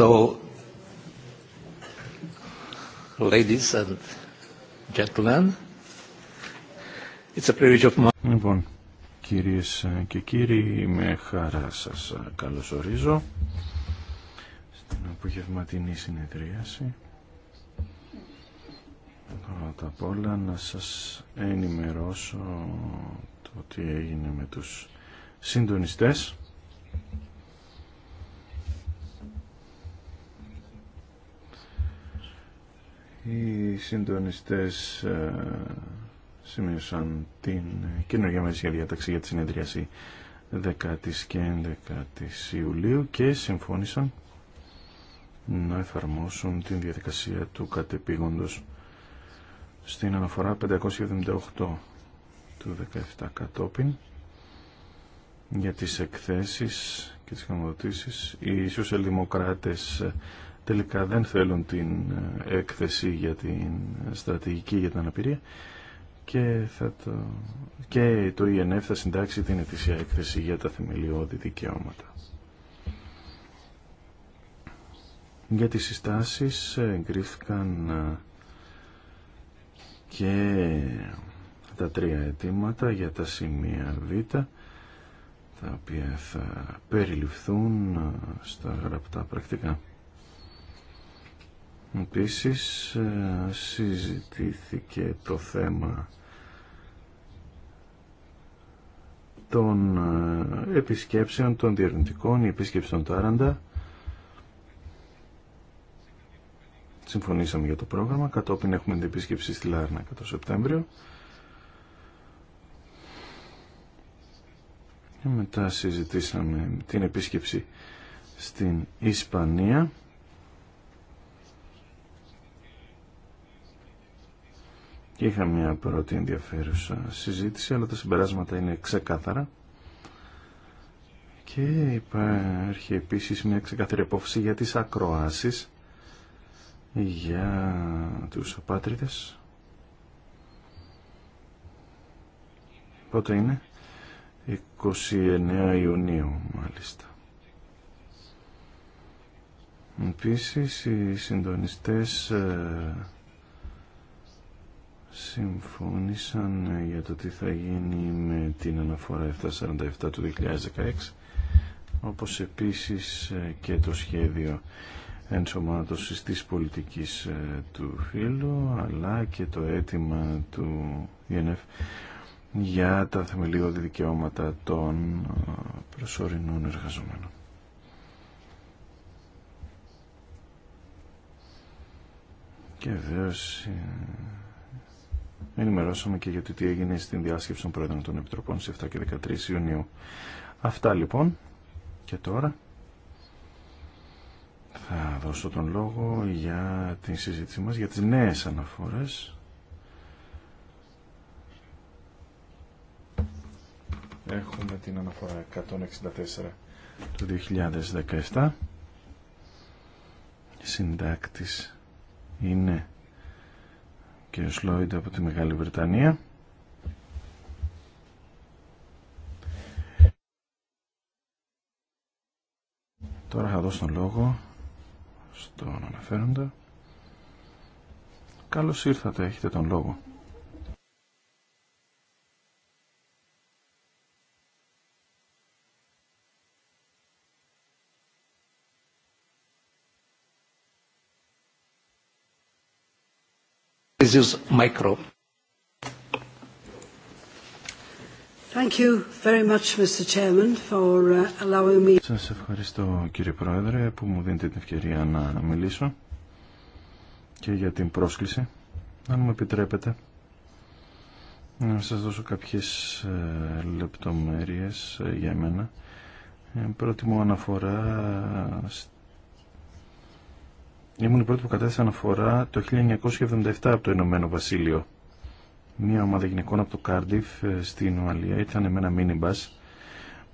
So, Λοιπόν, κυρίες και κύριοι, με χαρά σας καλωσορίζω στην απογευματινή συνεδρίαση. Πρώτα απ' όλα να σας ενημερώσω το τι έγινε με τους συντονιστές Οι συντονιστές ε, σημείωσαν την καινούργια για διάταξη για τη συνεδρίαση 10 και 11 Ιουλίου και συμφώνησαν να εφαρμόσουν την διαδικασία του κατεπήγοντος στην αναφορά 578 του 17 κατόπιν για τις εκθέσεις και τις χρηματοδοτήσεις. Οι σοσιαλδημοκράτες ε, τελικά δεν θέλουν την ε, έκθεση για την στρατηγική για την αναπηρία και, θα το... και το e θα συντάξει την ετήσια έκθεση για τα θεμελιώδη δικαιώματα. Για τις συστάσεις εγκρίθηκαν ε, και τα τρία αιτήματα για τα σημεία Β τα οποία θα περιληφθούν ε, στα γραπτά πρακτικά. Επίσης ε, συζητήθηκε το θέμα των ε, επισκέψεων των διερευνητικών, η επίσκεψη των Τάραντα. Συμφωνήσαμε για το πρόγραμμα, κατόπιν έχουμε την επίσκεψη στη Λάρνακα το Σεπτέμβριο. Και μετά συζητήσαμε την επίσκεψη στην Ισπανία είχα μια πρώτη ενδιαφέρουσα συζήτηση αλλά τα συμπεράσματα είναι ξεκάθαρα και υπάρχει επίσης μια ξεκάθαρη απόφαση για τις ακροάσεις για τους απάτριδες πότε είναι 29 Ιουνίου μάλιστα Επίσης οι συντονιστές ε, συμφώνησαν για το τι θα γίνει με την αναφορά 747 του 2016 όπως επίσης ε, και το σχέδιο ενσωμάτωσης της πολιτικής ε, του φίλου αλλά και το αίτημα του ΙΕΝΕΦ για τα θεμελιώδη δικαιώματα των ε, προσωρινών εργαζομένων. Και βέβαια ενημερώσαμε και για το τι έγινε στην διάσκεψη των Πρόεδρων των Επιτροπών στις 7 και 13 Ιουνίου. Αυτά λοιπόν και τώρα θα δώσω τον λόγο για την συζήτησή μας για τις νέες αναφορές. Έχουμε την αναφορά 164 του 2017. Συντάκτης είναι κ. Σλόιντ από τη Μεγάλη Βρετανία. Τώρα θα δώσω τον λόγο στον αναφέροντα. Καλώς ήρθατε, έχετε τον λόγο. Σας ευχαριστώ κύριε Πρόεδρε που μου δίνετε την ευκαιρία να μιλήσω και για την πρόσκληση. Αν μου επιτρέπετε να σας δώσω κάποιες ε, λεπτομέρειες ε, για μένα. Ε, Πρώτη μου αναφορά Ήμουν η πρώτη που κατέθεσα αναφορά το 1977 από το Ηνωμένο Βασίλειο. Μία ομάδα γυναικών από το Κάρντιφ ε, στην Ουαλία ήταν με ένα μίνιμπας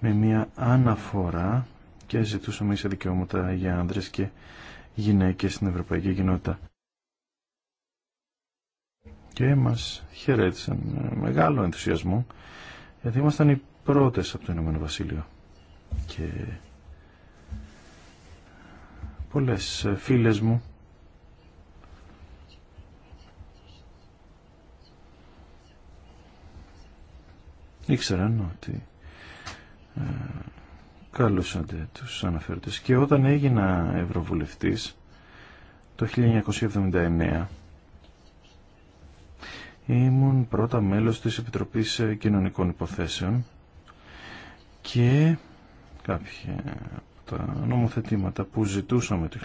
με μία αναφορά και ζητούσαμε ίσα δικαιώματα για άνδρες και γυναίκες στην Ευρωπαϊκή Κοινότητα. Και μας χαιρέτησαν με μεγάλο ενθουσιασμό γιατί ήμασταν οι πρώτες από το Ηνωμένο Βασίλειο. Και πολλές ε, φίλες μου ήξεραν ότι ε, τους αναφέρτες. Και όταν έγινα ευρωβουλευτής το 1979 ήμουν πρώτα μέλος της Επιτροπής ε, Κοινωνικών Υποθέσεων και κάποια τα νομοθετήματα που ζητούσαμε το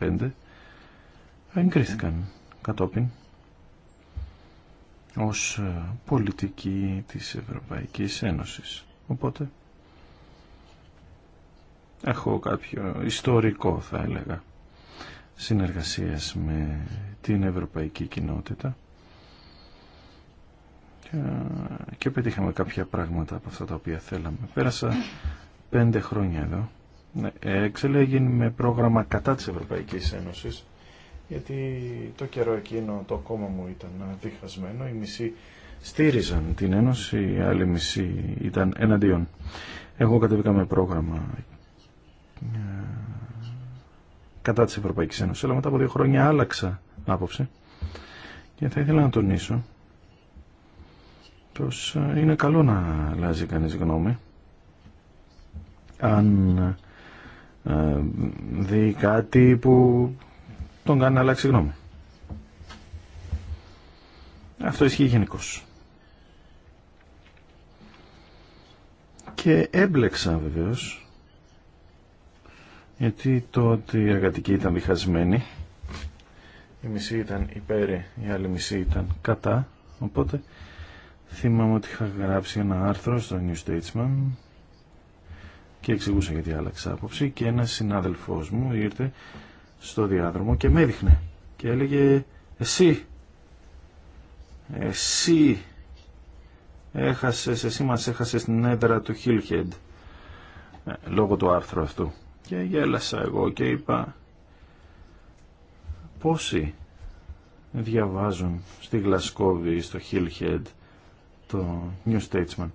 1975 εγκρίθηκαν κατόπιν ως ε, πολιτική της Ευρωπαϊκής Ένωσης. Οπότε έχω κάποιο ιστορικό θα έλεγα συνεργασίας με την Ευρωπαϊκή Κοινότητα και ε, πετύχαμε κάποια πράγματα από αυτά τα οποία θέλαμε. Πέρασα πέντε χρόνια εδώ ναι, εξελέγει με πρόγραμμα κατά της Ευρωπαϊκής Ένωσης γιατί το καιρό εκείνο το κόμμα μου ήταν διχασμένο, η μισοί στήριζαν την Ένωση, οι άλλοι μισοί ήταν εναντίον. Εγώ κατεβήκα με πρόγραμμα ε, κατά της Ευρωπαϊκής Ένωσης, αλλά μετά από δύο χρόνια άλλαξα άποψη και θα ήθελα να τονίσω πως ε, είναι καλό να αλλάζει κανείς γνώμη αν ε, δει κάτι που τον κάνει να αλλάξει γνώμη. Αυτό ισχύει γενικώ. Και έμπλεξα βεβαίως γιατί το ότι η Αγατική ήταν διχασμένη η μισή ήταν υπέρ, η άλλη μισή ήταν κατά οπότε θυμάμαι ότι είχα γράψει ένα άρθρο στο New Statesman και εξηγούσα γιατί άλλαξα άποψη και ένας συνάδελφό μου ήρθε στο διάδρομο και με έδειχνε και έλεγε «Εσύ, εσύ έχασες, εσύ μας έχασες την έδρα του Hillhead» ε, λόγω του άρθρου αυτού και γέλασα εγώ και είπα «Πόσοι διαβάζουν στη Γλασκόβη, στο Hillhead, το New Statesman»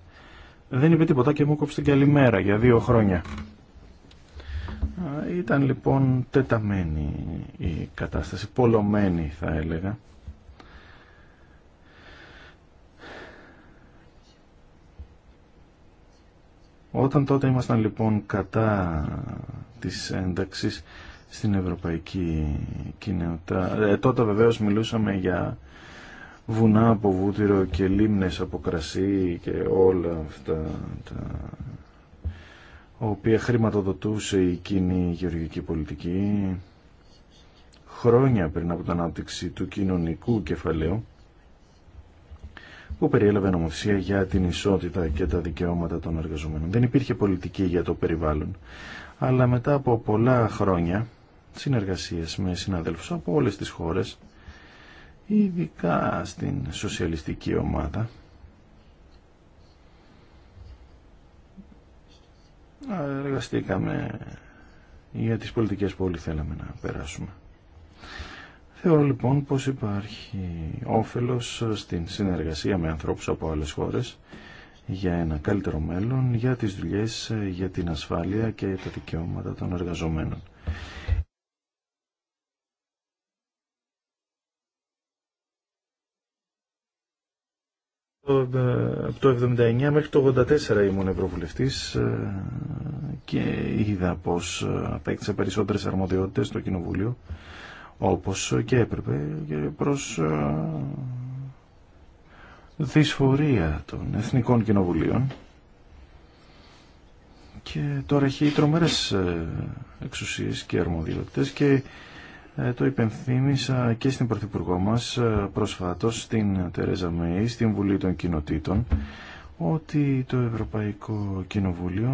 δεν είπε τίποτα και μου κόψε την καλημέρα για δύο χρόνια. Ήταν λοιπόν τεταμένη η κατάσταση, πολλωμένη θα έλεγα. Όταν τότε ήμασταν λοιπόν κατά της ένταξης στην Ευρωπαϊκή Κοινότητα, ε, τότε βεβαίως μιλούσαμε για βουνά από βούτυρο και λίμνες από κρασί και όλα αυτά τα οποία χρηματοδοτούσε η κοινή γεωργική πολιτική χρόνια πριν από την ανάπτυξη του κοινωνικού κεφαλαίου που περιέλαβε νομοθεσία για την ισότητα και τα δικαιώματα των εργαζομένων. Δεν υπήρχε πολιτική για το περιβάλλον, αλλά μετά από πολλά χρόνια συνεργασίες με συναδέλφους από όλες τις χώρες ειδικά στην σοσιαλιστική ομάδα εργαστήκαμε για τις πολιτικές που όλοι θέλαμε να περάσουμε. Θεωρώ λοιπόν πως υπάρχει όφελος στην συνεργασία με ανθρώπους από άλλες χώρες για ένα καλύτερο μέλλον, για τις δουλειές, για την ασφάλεια και τα δικαιώματα των εργαζομένων. Ε, από το 79 μέχρι το 84 ήμουν ευρωβουλευτής ε, και είδα πως ε, απέκτησε περισσότερες αρμοδιότητες στο Κοινοβούλιο όπως και έπρεπε και προς δυσφορία των Εθνικών Κοινοβουλίων και τώρα έχει τρομερές εξουσίες και αρμοδιότητες και ε, το υπενθύμησα και στην Πρωθυπουργό μας ε, προσφάτως, στην Τερέζα Μέη, στην Βουλή των Κοινοτήτων, ότι το Ευρωπαϊκό Κοινοβούλιο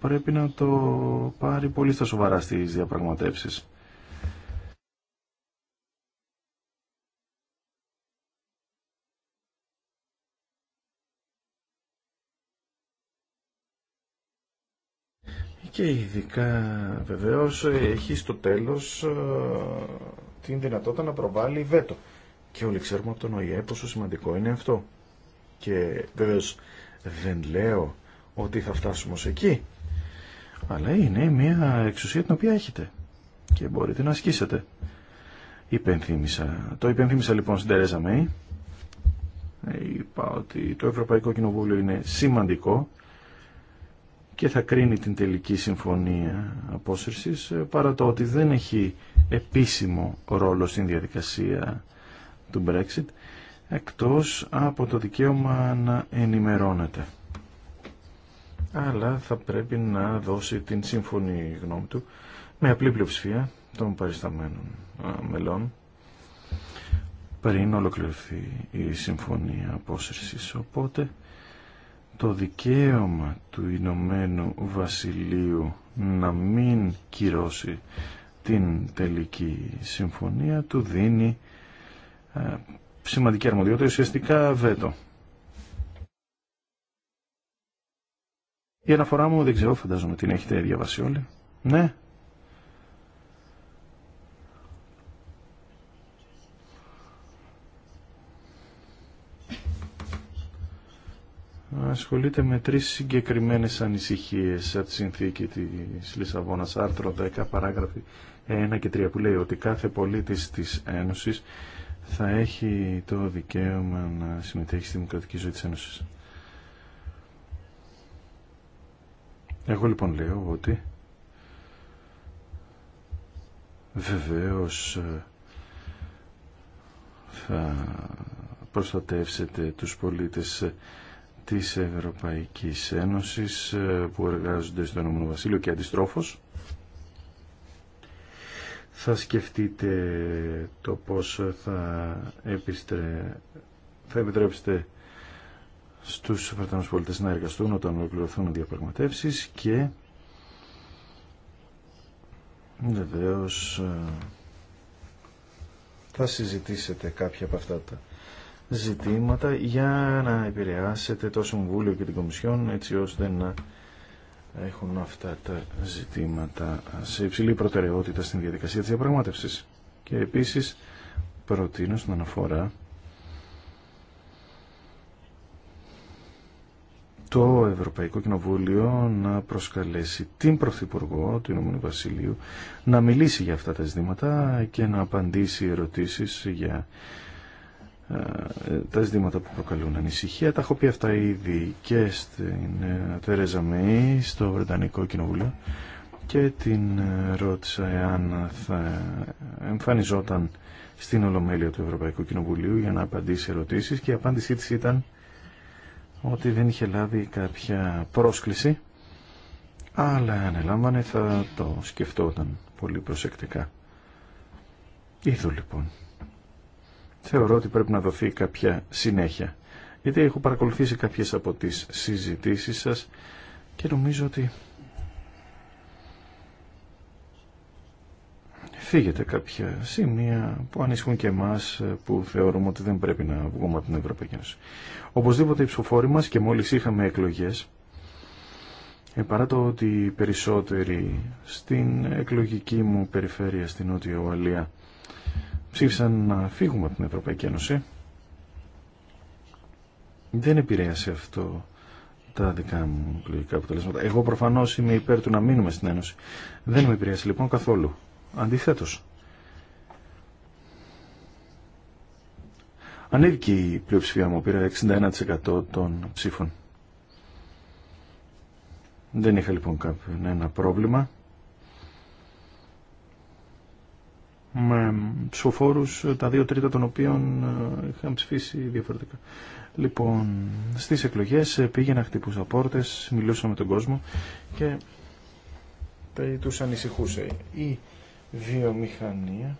πρέπει να το πάρει πολύ στα σοβαρά στις διαπραγματεύσεις. Και ειδικά βεβαίως έχει στο τέλος ε, την δυνατότητα να προβάλλει βέτο. Και όλοι ξέρουμε από τον ΟΗΕ πόσο σημαντικό είναι αυτό. Και βεβαίως δεν λέω ότι θα φτάσουμε ως εκεί. Αλλά είναι μια εξουσία την οποία έχετε και μπορείτε να ασκήσετε. Υπενθύμησα. Το υπενθύμησα λοιπόν στην Τερέζα Μέη. Είπα ότι το Ευρωπαϊκό Κοινοβούλιο είναι σημαντικό και θα κρίνει την τελική συμφωνία απόσυρσης ε, παρά το ότι δεν έχει επίσημο ρόλο στην διαδικασία του Brexit εκτός από το δικαίωμα να ενημερώνεται. Αλλά θα πρέπει να δώσει την σύμφωνη γνώμη του με απλή πλειοψηφία των παρισταμένων ε, μελών πριν ολοκληρωθεί η συμφωνία απόσυρσης. Οπότε το δικαίωμα του Ηνωμένου Βασιλείου να μην κυρώσει την τελική συμφωνία του δίνει ε, σημαντική αρμοδιότητα, ουσιαστικά βέτο. Η αναφορά μου δεν ξέρω, φαντάζομαι την έχετε διαβάσει όλοι. Ναι, ασχολείται με τρεις συγκεκριμένες ανησυχίες από τη συνθήκη της Λισαβόνας, άρθρο 10, παράγραφη 1 και 3, που λέει ότι κάθε πολίτης της Ένωσης θα έχει το δικαίωμα να συμμετέχει στη δημοκρατική ζωή της Ένωσης. Εγώ λοιπόν λέω ότι βεβαίως ε, θα προστατεύσετε τους πολίτες ε, της Ευρωπαϊκής Ένωσης ε, που εργάζονται στον Ηνωμένο Βασίλειο και αντιστρόφως. Θα σκεφτείτε το πώς θα, επιστρε... επιτρέψετε στους Βρετανούς πολίτες να εργαστούν όταν ολοκληρωθούν διαπραγματεύσεις και βεβαίως ε, θα συζητήσετε κάποια από αυτά τα ζητήματα για να επηρεάσετε το Συμβούλιο και την Κομισιόν έτσι ώστε να έχουν αυτά τα ζητήματα σε υψηλή προτεραιότητα στην διαδικασία της διαπραγμάτευσης. Και επίσης προτείνω στην αναφορά το Ευρωπαϊκό Κοινοβούλιο να προσκαλέσει την Πρωθυπουργό του Ηνωμένου Βασιλείου να μιλήσει για αυτά τα ζητήματα και να απαντήσει ερωτήσεις για ε, ε, τα ζητήματα που προκαλούν ανησυχία. Τα έχω πει αυτά ήδη και στην ε, Τερέζα Μεή, στο Βρετανικό Κοινοβούλιο και την ρώτησα εάν θα εμφανιζόταν στην Ολομέλεια του Ευρωπαϊκού Κοινοβουλίου για να απαντήσει ερωτήσεις και η απάντησή της ήταν ότι δεν είχε λάβει κάποια πρόσκληση αλλά αν ελάμβανε θα το σκεφτόταν πολύ προσεκτικά. Είδω λοιπόν θεωρώ ότι πρέπει να δοθεί κάποια συνέχεια. Γιατί έχω παρακολουθήσει κάποιες από τις συζητήσεις σας και νομίζω ότι φύγεται κάποια σημεία που ανησυχούν και εμάς που θεωρούμε ότι δεν πρέπει να βγούμε από την Ευρωπαϊκή Ένωση. Οπωσδήποτε οι ψηφοφόροι μας και μόλις είχαμε εκλογές ε, παρά το ότι περισσότεροι στην εκλογική μου περιφέρεια στην Νότια Ουαλία ψήφισαν να φύγουμε από την Ευρωπαϊκή Ένωση. Δεν επηρέασε αυτό τα δικά μου εκλογικά αποτελέσματα. Εγώ προφανώ είμαι υπέρ του να μείνουμε στην Ένωση. Δεν με επηρέασε λοιπόν καθόλου. Αντιθέτω. Ανέβηκε η πλειοψηφία μου, πήρα 61% των ψήφων. Δεν είχα λοιπόν κάποιο ένα πρόβλημα. με ψηφοφόρου τα δύο τρίτα των οποίων ε, είχαν ψηφίσει διαφορετικά. Λοιπόν, στις εκλογές ε, πήγαινα χτυπούσα πόρτες, μιλούσα με τον κόσμο και τους ανησυχούσε η βιομηχανία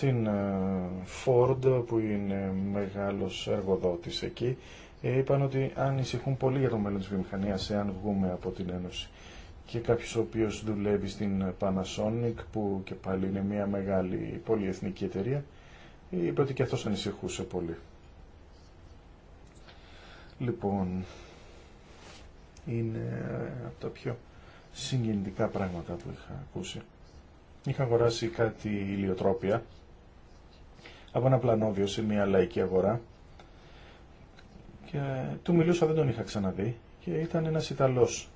την ε, Ford που είναι μεγάλος εργοδότης εκεί είπαν ότι ανησυχούν πολύ για το μέλλον της βιομηχανίας εάν βγούμε από την Ένωση και κάποιος ο οποίος δουλεύει στην Panasonic που και πάλι είναι μια μεγάλη πολυεθνική εταιρεία είπε ότι και αυτός ανησυχούσε πολύ. Λοιπόν, είναι από τα πιο συγκινητικά πράγματα που είχα ακούσει. Είχα αγοράσει κάτι ηλιοτρόπια από ένα πλανόδιο σε μια λαϊκή αγορά και του μιλούσα δεν τον είχα ξαναδεί και ήταν ένας Ιταλός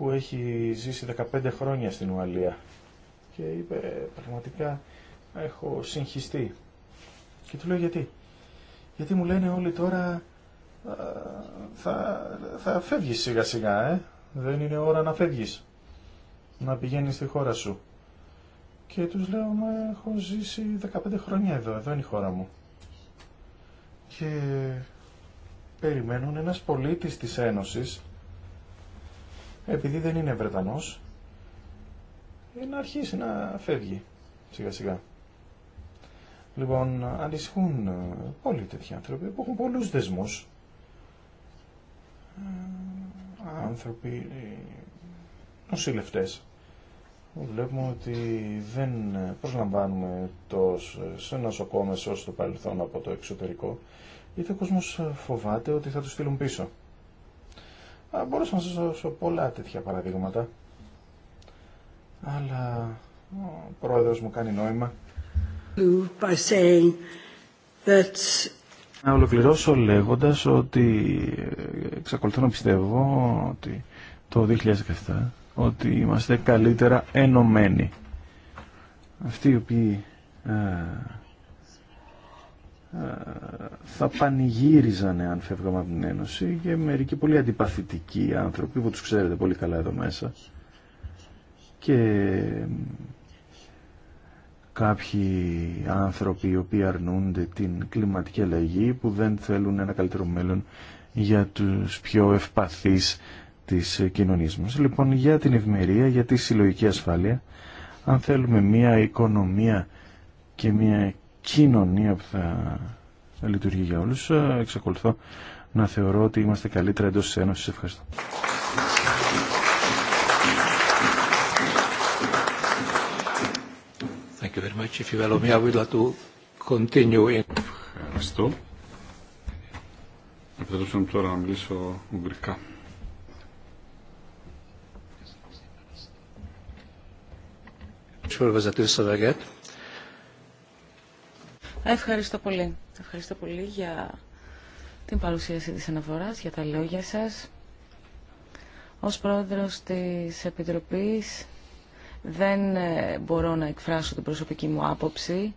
που έχει ζήσει 15 χρόνια στην Ουαλία και είπε πραγματικά έχω συγχυστεί και του λέω γιατί γιατί μου λένε όλοι τώρα θα, θα φεύγεις σιγά σιγά ε? δεν είναι ώρα να φεύγεις να πηγαίνεις στη χώρα σου και τους λέω μα έχω ζήσει 15 χρόνια εδώ εδώ είναι η χώρα μου και περιμένουν ένας πολίτης της Ένωσης επειδή δεν είναι Βρετανός, να αρχίσει να φεύγει σιγά σιγά. Λοιπόν, ανησυχούν ε, πολλοί τέτοιοι άνθρωποι που έχουν πολλούς δεσμούς. Ε, άνθρωποι, ε, νοσηλευτές. Βλέπουμε ότι δεν προσλαμβάνουμε σε νοσοκόμες όσο το παρελθόν από το εξωτερικό, γιατί ο κόσμος φοβάται ότι θα τους στείλουν πίσω. Μπορούσα να σας δώσω πολλά τέτοια παραδείγματα. Αλλά ο πρόεδρος μου κάνει νόημα. By Να ολοκληρώσω λέγοντας ότι εξακολουθώ να πιστεύω ότι το 2017 ότι είμαστε καλύτερα ενωμένοι. Αυτοί οι οποίοι ε, θα πανηγύριζανε αν φεύγαμε από την Ένωση και μερικοί πολύ αντιπαθητικοί άνθρωποι που τους ξέρετε πολύ καλά εδώ μέσα και κάποιοι άνθρωποι οι οποίοι αρνούνται την κλιματική αλλαγή που δεν θέλουν ένα καλύτερο μέλλον για τους πιο ευπαθείς της κοινωνίας μας. Λοιπόν, για την ευμερία, για τη συλλογική ασφάλεια, αν θέλουμε μια οικονομία και μια κοινωνία που θα λειτουργεί για όλους. Ε, εξακολουθώ να θεωρώ ότι είμαστε καλύτερα εντός της Ένωσης. Ευχαριστώ. Thank you very much. If you allow me, I would like to continue in... Ευχαριστώ. Επιτρέψτε μου τώρα να μιλήσω ουγγρικά. Ευχαριστώ. Ευχαριστώ πολύ. Ευχαριστώ πολύ για την παρουσίαση της αναφοράς, για τα λόγια σας. Ως πρόεδρος της Επιτροπής δεν ε, μπορώ να εκφράσω την προσωπική μου άποψη,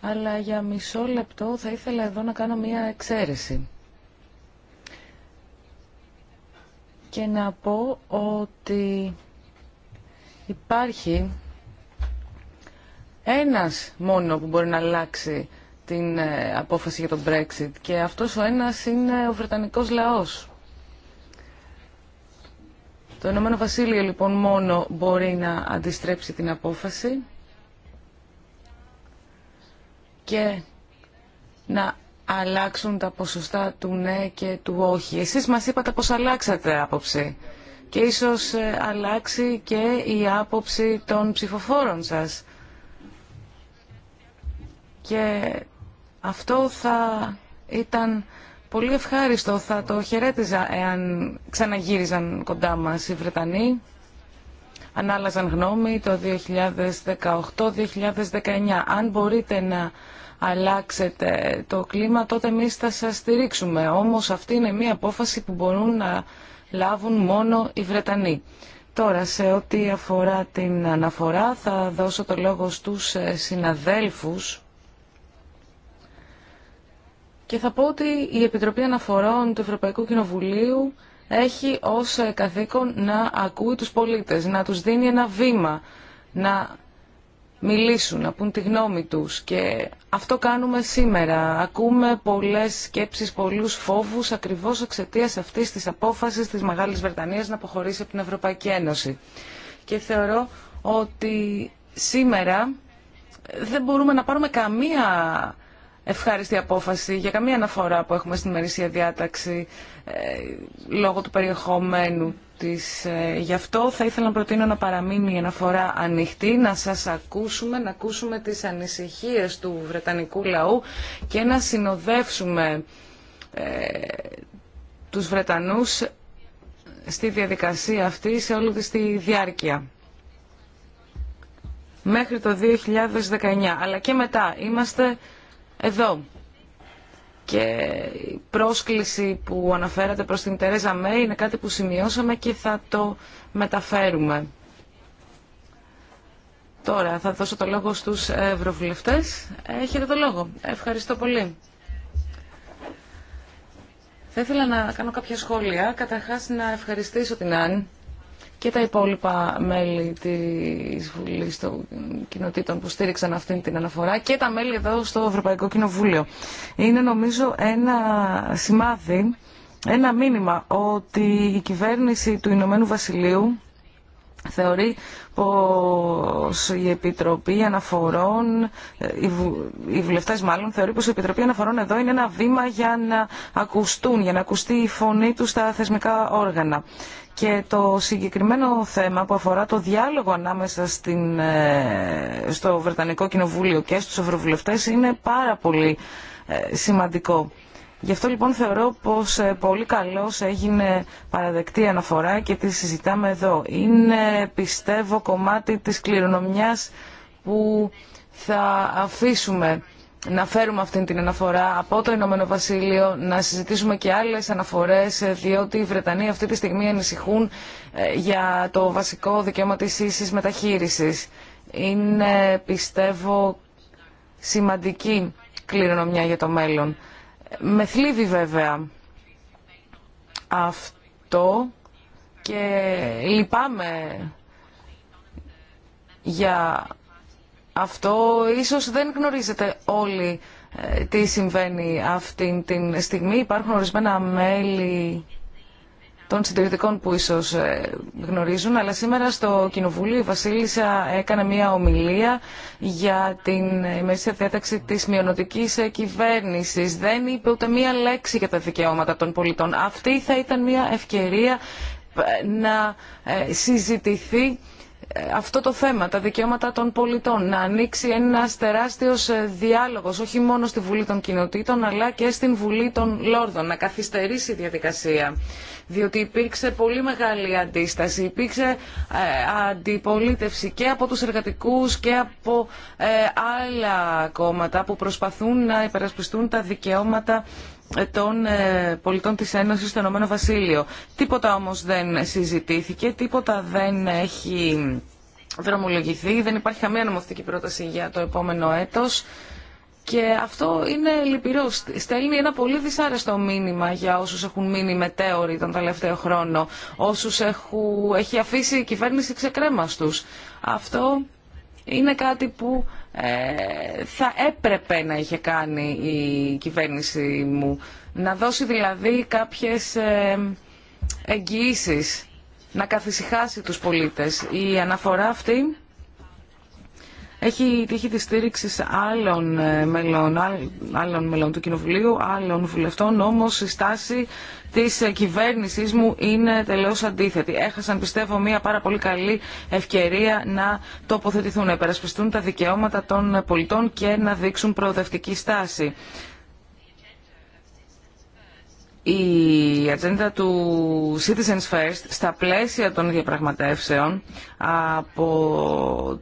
αλλά για μισό λεπτό θα ήθελα εδώ να κάνω μία εξαίρεση. Και να πω ότι υπάρχει ένας μόνο που μπορεί να αλλάξει την ε, απόφαση για τον Brexit και αυτός ο ένας είναι ο Βρετανικός λαός. Το Ηνωμένο Βασίλειο λοιπόν μόνο μπορεί να αντιστρέψει την απόφαση και να αλλάξουν τα ποσοστά του ναι και του όχι. Εσείς μας είπατε πως αλλάξατε άποψη και ίσως ε, αλλάξει και η άποψη των ψηφοφόρων σας και αυτό θα ήταν πολύ ευχάριστο, θα το χαιρέτιζα εάν ξαναγύριζαν κοντά μας οι Βρετανοί. Ανάλαζαν γνώμη το 2018-2019. Αν μπορείτε να αλλάξετε το κλίμα, τότε εμεί θα σας στηρίξουμε. Όμως αυτή είναι μια απόφαση που μπορούν να λάβουν μόνο οι Βρετανοί. Τώρα, σε ό,τι αφορά την αναφορά, θα δώσω το λόγο στους συναδέλφους και θα πω ότι η Επιτροπή Αναφορών του Ευρωπαϊκού Κοινοβουλίου έχει ως ε, καθήκον να ακούει τους πολίτες, να τους δίνει ένα βήμα, να μιλήσουν, να πούν τη γνώμη τους. Και αυτό κάνουμε σήμερα. Ακούμε πολλές σκέψεις, πολλούς φόβους, ακριβώς εξαιτία αυτής της απόφασης της Μεγάλης Βρετανίας να αποχωρήσει από την Ευρωπαϊκή Ένωση. Και θεωρώ ότι σήμερα δεν μπορούμε να πάρουμε καμία ευχάριστη απόφαση για καμία αναφορά που έχουμε στην μερισία διάταξη ε, λόγω του περιεχομένου της. Ε, γι' αυτό θα ήθελα να προτείνω να παραμείνει η αναφορά ανοιχτή, να σας ακούσουμε, να ακούσουμε τις ανησυχίες του Βρετανικού λαού και να συνοδεύσουμε ε, τους Βρετανούς στη διαδικασία αυτή σε όλη τη διάρκεια. Μέχρι το 2019, αλλά και μετά είμαστε εδώ. Και η πρόσκληση που αναφέρατε προς την Τερέζα Μέη είναι κάτι που σημειώσαμε και θα το μεταφέρουμε. Τώρα θα δώσω το λόγο στους ευρωβουλευτές. Έχετε το λόγο. Ευχαριστώ πολύ. Θα ήθελα να κάνω κάποια σχόλια. Καταρχάς να ευχαριστήσω την Άννη και τα υπόλοιπα μέλη της Βουλής των Κοινοτήτων που στήριξαν αυτή την αναφορά και τα μέλη εδώ στο Ευρωπαϊκό Κοινοβούλιο. Είναι νομίζω ένα σημάδι, ένα μήνυμα ότι η κυβέρνηση του Ηνωμένου Βασιλείου θεωρεί πως η Επιτροπή Αναφορών, ε, οι βουλευτές μάλλον, θεωρεί πως η Επιτροπή Αναφορών εδώ είναι ένα βήμα για να ακουστούν, για να ακουστεί η φωνή τους στα θεσμικά όργανα. Και το συγκεκριμένο θέμα που αφορά το διάλογο ανάμεσα στην, ε, στο Βρετανικό Κοινοβούλιο και στους Ευρωβουλευτές είναι πάρα πολύ ε, σημαντικό. Γι' αυτό λοιπόν θεωρώ πως ε, πολύ καλώς έγινε παραδεκτή αναφορά και τη συζητάμε εδώ. Είναι πιστεύω κομμάτι της κληρονομιάς που θα αφήσουμε να φέρουμε αυτή την αναφορά από το Ηνωμένο Βασίλειο, να συζητήσουμε και άλλες αναφορές, ε, διότι οι Βρετανοί αυτή τη στιγμή ανησυχούν ε, για το βασικό δικαίωμα της ίσης μεταχείρισης. Είναι, πιστεύω, σημαντική κληρονομιά για το μέλλον. Με θλίβει βέβαια αυτό και λυπάμαι για αυτό ίσως δεν γνωρίζετε όλοι ε, τι συμβαίνει αυτή τη στιγμή. Υπάρχουν ορισμένα μέλη των συντηρητικών που ίσως ε, γνωρίζουν, αλλά σήμερα στο Κοινοβούλιο η Βασίλισσα έκανε μια ομιλία για την ημερήσια θέταξη της μειονοτικής ε, κυβέρνησης. Δεν είπε ούτε μία λέξη για τα δικαιώματα των πολιτών. Αυτή θα ήταν μια ευκαιρία να συζητηθεί ε, αυτό το θέμα, τα δικαιώματα των πολιτών, να ανοίξει ένα τεράστιο ε, διάλογος, όχι μόνο στη Βουλή των Κοινοτήτων, αλλά και στην Βουλή των Λόρδων, να καθυστερήσει η διαδικασία. Διότι υπήρξε πολύ μεγάλη αντίσταση, υπήρξε ε, αντιπολίτευση και από τους εργατικούς και από άλλα κόμματα που προσπαθούν να υπερασπιστούν τα δικαιώματα των ε, πολιτών της Ένωσης στο Ηνωμένο Βασίλειο. Τίποτα όμως δεν συζητήθηκε, τίποτα δεν έχει δρομολογηθεί, δεν υπάρχει καμία νομοθετική πρόταση για το επόμενο έτος και αυτό είναι λυπηρό. Στέλνει ένα πολύ δυσάρεστο μήνυμα για όσους έχουν μείνει μετέωροι τον τελευταίο χρόνο, όσους έχει αφήσει η κυβέρνηση στους. Αυτό είναι κάτι που ε, θα έπρεπε να είχε κάνει η κυβέρνηση μου. Να δώσει δηλαδή κάποιες ε, εγγυήσεις, να καθησυχάσει τους πολίτες. Η αναφορά αυτή έχει τύχει τη στήριξη άλλων ε, μελών, άλλων μελών του Κοινοβουλίου, άλλων βουλευτών, όμω η στάση της ε, κυβέρνηση μου είναι τελείως αντίθετη. Έχασαν, πιστεύω, μια πάρα πολύ καλή ευκαιρία να τοποθετηθούν, να υπερασπιστούν τα δικαιώματα των ε, πολιτών και να δείξουν προοδευτική στάση η ατζέντα του Citizens First στα πλαίσια των διαπραγματεύσεων από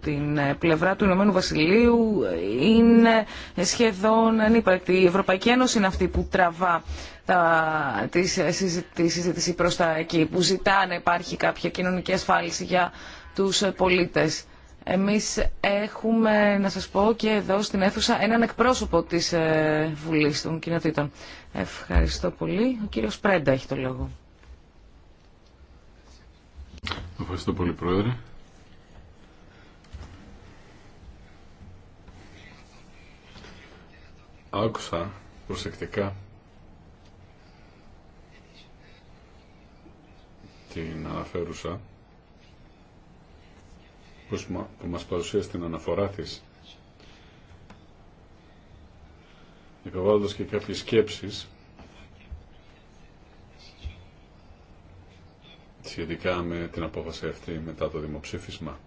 την πλευρά του Ηνωμένου Βασιλείου είναι σχεδόν ανύπαρκτη. Η Ευρωπαϊκή Ένωση είναι αυτή που τραβά τη, συζήτηση προς τα εκεί, που ζητά να υπάρχει κάποια κοινωνική ασφάλιση για τους πολίτες. Εμείς έχουμε, να σας πω και εδώ στην αίθουσα, έναν εκπρόσωπο της ε, Βουλής των Κοινοτήτων. Ευχαριστώ πολύ. Ο κύριος Πρέντα έχει το λόγο. Ευχαριστώ πολύ, Πρόεδρε. Άκουσα προσεκτικά την αναφέρουσα που μας παρουσίασε την αναφορά της, υποβάλλοντας και κάποιες σκέψεις σχετικά με την απόφαση αυτή μετά το δημοψήφισμα.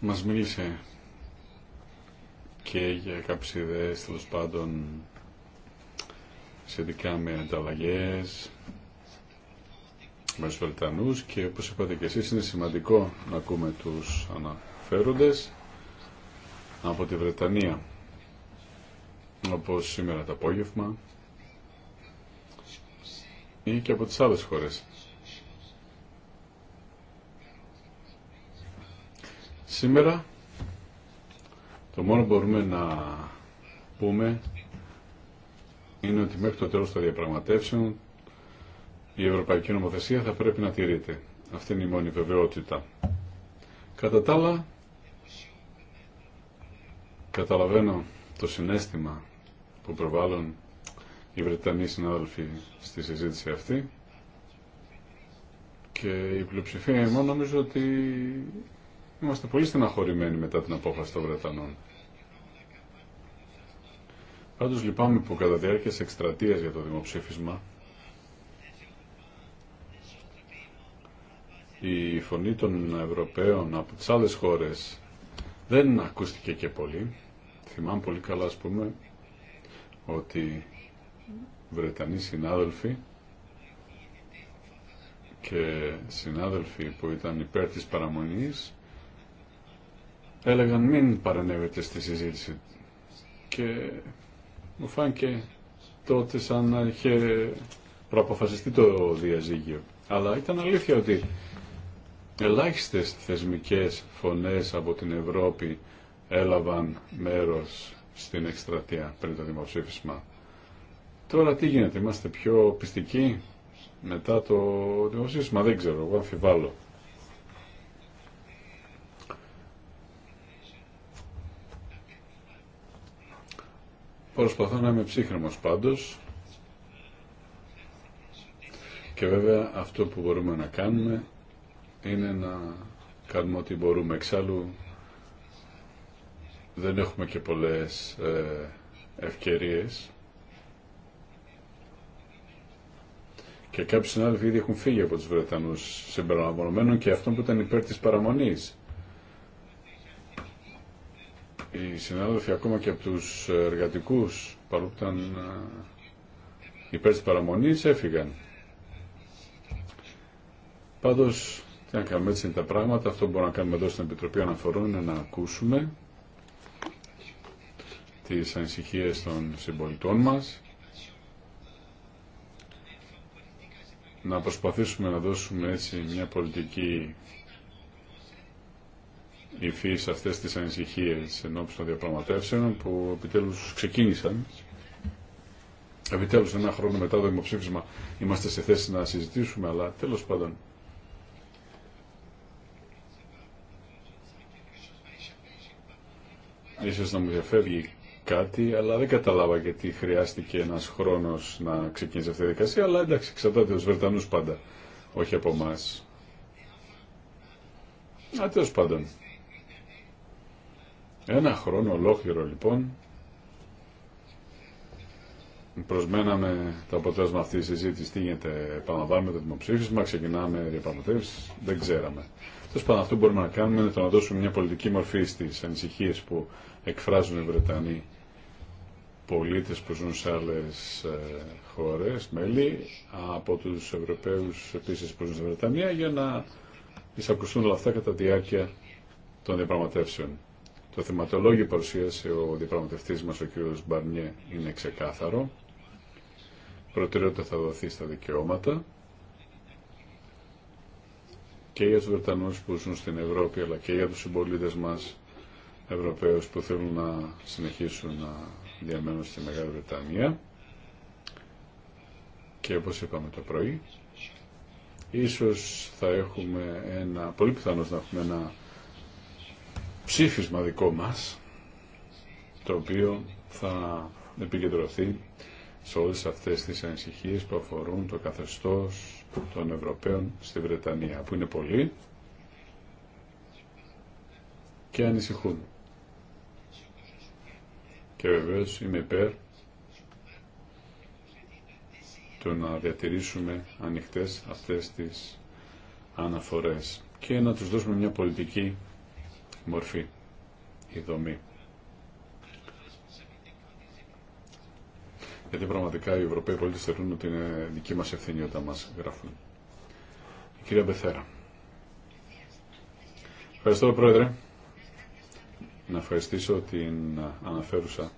Μας μίλησε και για κάποιες ιδέες, τέλο πάντων, σχετικά με ανταλλαγές, με και όπως είπατε και εσείς είναι σημαντικό να ακούμε τους αναφέροντες από τη Βρετανία όπως σήμερα το απόγευμα ή και από τις άλλες χώρες. Σήμερα το μόνο που μπορούμε να πούμε είναι ότι μέχρι το τέλος των διαπραγματεύσεων η ευρωπαϊκή νομοθεσία θα πρέπει να τηρείται. Αυτή είναι η μόνη βεβαιότητα. Κατά τα άλλα, καταλαβαίνω το συνέστημα που προβάλλουν οι Βρετανοί συνάδελφοι στη συζήτηση αυτή και η πλειοψηφία ημών νομίζω ότι είμαστε πολύ στεναχωρημένοι μετά την απόφαση των Βρετανών. Πάντως λυπάμαι που κατά τη διάρκεια για το δημοψήφισμα η φωνή των Ευρωπαίων από τις άλλες χώρες δεν ακούστηκε και πολύ. Θυμάμαι πολύ καλά, ας πούμε, ότι Βρετανοί συνάδελφοι και συνάδελφοι που ήταν υπέρ της παραμονής έλεγαν μην παρανεύετε στη συζήτηση και μου φάνηκε τότε σαν να είχε προαποφασιστεί το διαζύγιο. Αλλά ήταν αλήθεια ότι ελάχιστες θεσμικές φωνές από την Ευρώπη έλαβαν μέρος στην εκστρατεία πριν το δημοψήφισμα. Τώρα τι γίνεται, είμαστε πιο πιστικοί μετά το δημοψήφισμα, δεν ξέρω, εγώ αμφιβάλλω. Προσπαθώ να είμαι ψύχρεμος πάντως και βέβαια αυτό που μπορούμε να κάνουμε είναι να κάνουμε ό,τι μπορούμε. Εξάλλου δεν έχουμε και πολλές ε, ευκαιρίες και κάποιοι συνάδελφοι ήδη έχουν φύγει από τους Βρετανούς συμπεριλαμβανομένων και αυτών που ήταν υπέρ της παραμονής. Οι συνάδελφοι ακόμα και από τους εργατικούς παρόλο που ήταν ε, υπέρ της παραμονής έφυγαν. Πάντως και αν κάνουμε έτσι είναι τα πράγματα, αυτό που μπορούμε να κάνουμε εδώ στην Επιτροπή Αναφορών είναι να ακούσουμε τι ανησυχίες των συμπολιτών μας, να προσπαθήσουμε να δώσουμε έτσι μια πολιτική υφή σε αυτές τις ανησυχίες ώψη των διαπραγματεύσεων που επιτέλους ξεκίνησαν. Επιτέλους ένα χρόνο μετά το δημοψήφισμα είμαστε σε θέση να συζητήσουμε, αλλά τέλος πάντων Ίσως να μου διαφεύγει κάτι, αλλά δεν καταλάβα γιατί χρειάστηκε ένας χρόνος να ξεκινήσει αυτή η δικασία, αλλά εντάξει, εξαρτάται του Βρετανούς πάντα, όχι από εμά. Α, τέλος πάντων. Ένα χρόνο ολόκληρο λοιπόν προσμέναμε το αποτέλεσμα αυτή τη συζήτηση. Τι γίνεται, επαναλαμβάνουμε το δημοψήφισμα, ξεκινάμε διαπραγματεύσει. Δεν ξέραμε. Τέλο πάντων, αυτό που μπορούμε να κάνουμε είναι το να δώσουμε μια πολιτική μορφή στι ανησυχίε που εκφράζουν οι Βρετανοί πολίτες που ζουν σε άλλες ε, χώρες, μέλη, από τους Ευρωπαίους επίσης που ζουν στη Βρετανία, για να εισακουστούν όλα αυτά κατά τη διάρκεια των διαπραγματεύσεων. Το θεματολόγιο παρουσίασε ο διαπραγματεύτη μας, ο κ. Μπαρνιέ, είναι ξεκάθαρο. Προτεραιότητα θα δοθεί στα δικαιώματα και για τους Βρετανούς που ζουν στην Ευρώπη, αλλά και για τους συμπολίτε μας Ευρωπαίους που θέλουν να συνεχίσουν να διαμένουν στη Μεγάλη Βρετανία και όπως είπαμε το πρωί ίσως θα έχουμε ένα, πολύ πιθανώς να έχουμε ένα ψήφισμα δικό μας το οποίο θα επικεντρωθεί σε όλες αυτές τις ανησυχίες που αφορούν το καθεστώς των Ευρωπαίων στη Βρετανία, που είναι πολλοί και ανησυχούν και βεβαίως είμαι υπέρ το να διατηρήσουμε ανοιχτές αυτές τις αναφορές και να τους δώσουμε μια πολιτική μορφή, η δομή. Γιατί πραγματικά οι Ευρωπαίοι πολίτε θεωρούν ότι είναι δική μας ευθύνη όταν μας γράφουν. Η κυρία Μπεθέρα. Ευχαριστώ, Πρόεδρε να ευχαριστήσω την αναφέρουσα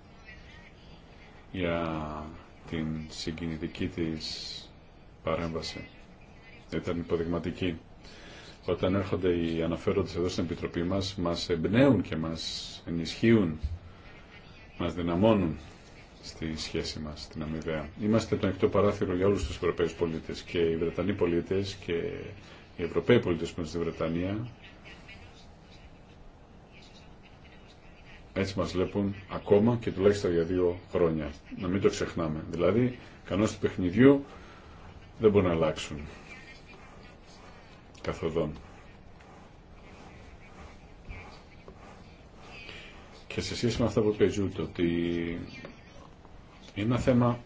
για την συγκινητική της παρέμβαση. Ήταν υποδειγματική. Όταν έρχονται οι αναφέροντες εδώ στην Επιτροπή μας, μας εμπνέουν και μας ενισχύουν, μας δυναμώνουν στη σχέση μας, την αμοιβαία. Είμαστε το ανοιχτό παράθυρο για όλους τους Ευρωπαίους πολίτες και οι Βρετανοί πολίτες και οι Ευρωπαίοι πολίτες που είναι στη Βρετανία Έτσι μας βλέπουν ακόμα και τουλάχιστον για δύο χρόνια. Να μην το ξεχνάμε. Δηλαδή, κανόνες του παιχνιδιού δεν μπορούν να αλλάξουν. Καθοδόν. Και σε σχέση με αυτά που είπε ότι είναι ένα θέμα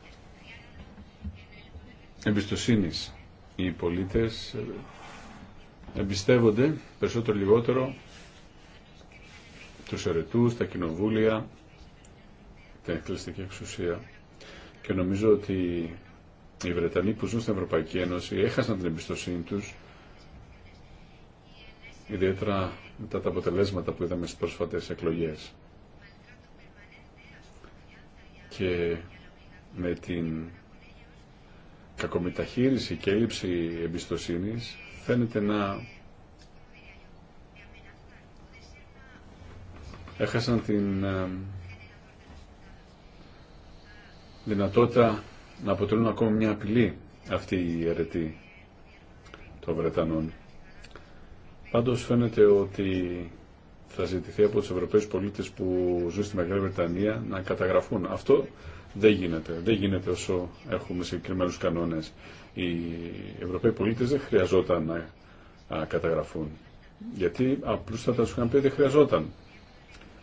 εμπιστοσύνης. Οι πολίτες εμπιστεύονται περισσότερο λιγότερο τους ερετούς, τα κοινοβούλια, την εκκληστική εξουσία. Και νομίζω ότι οι Βρετανοί που ζουν στην Ευρωπαϊκή Ένωση έχασαν την εμπιστοσύνη τους, ιδιαίτερα μετά τα αποτελέσματα που είδαμε στις πρόσφατες εκλογές. Και με την κακομεταχείριση και έλλειψη εμπιστοσύνης φαίνεται να έχασαν την ε, δυνατότητα να αποτελούν ακόμα μια απειλή αυτή η αιρετή των Βρετανών. Πάντως φαίνεται ότι θα ζητηθεί από τους Ευρωπαίους πολίτες που ζουν στη Μεγάλη Βρετανία να καταγραφούν. Αυτό δεν γίνεται. Δεν γίνεται όσο έχουμε συγκεκριμένου κανόνες. Οι Ευρωπαίοι πολίτες δεν χρειαζόταν να καταγραφούν. Γιατί απλούστατα σου είχαν πει δεν χρειαζόταν.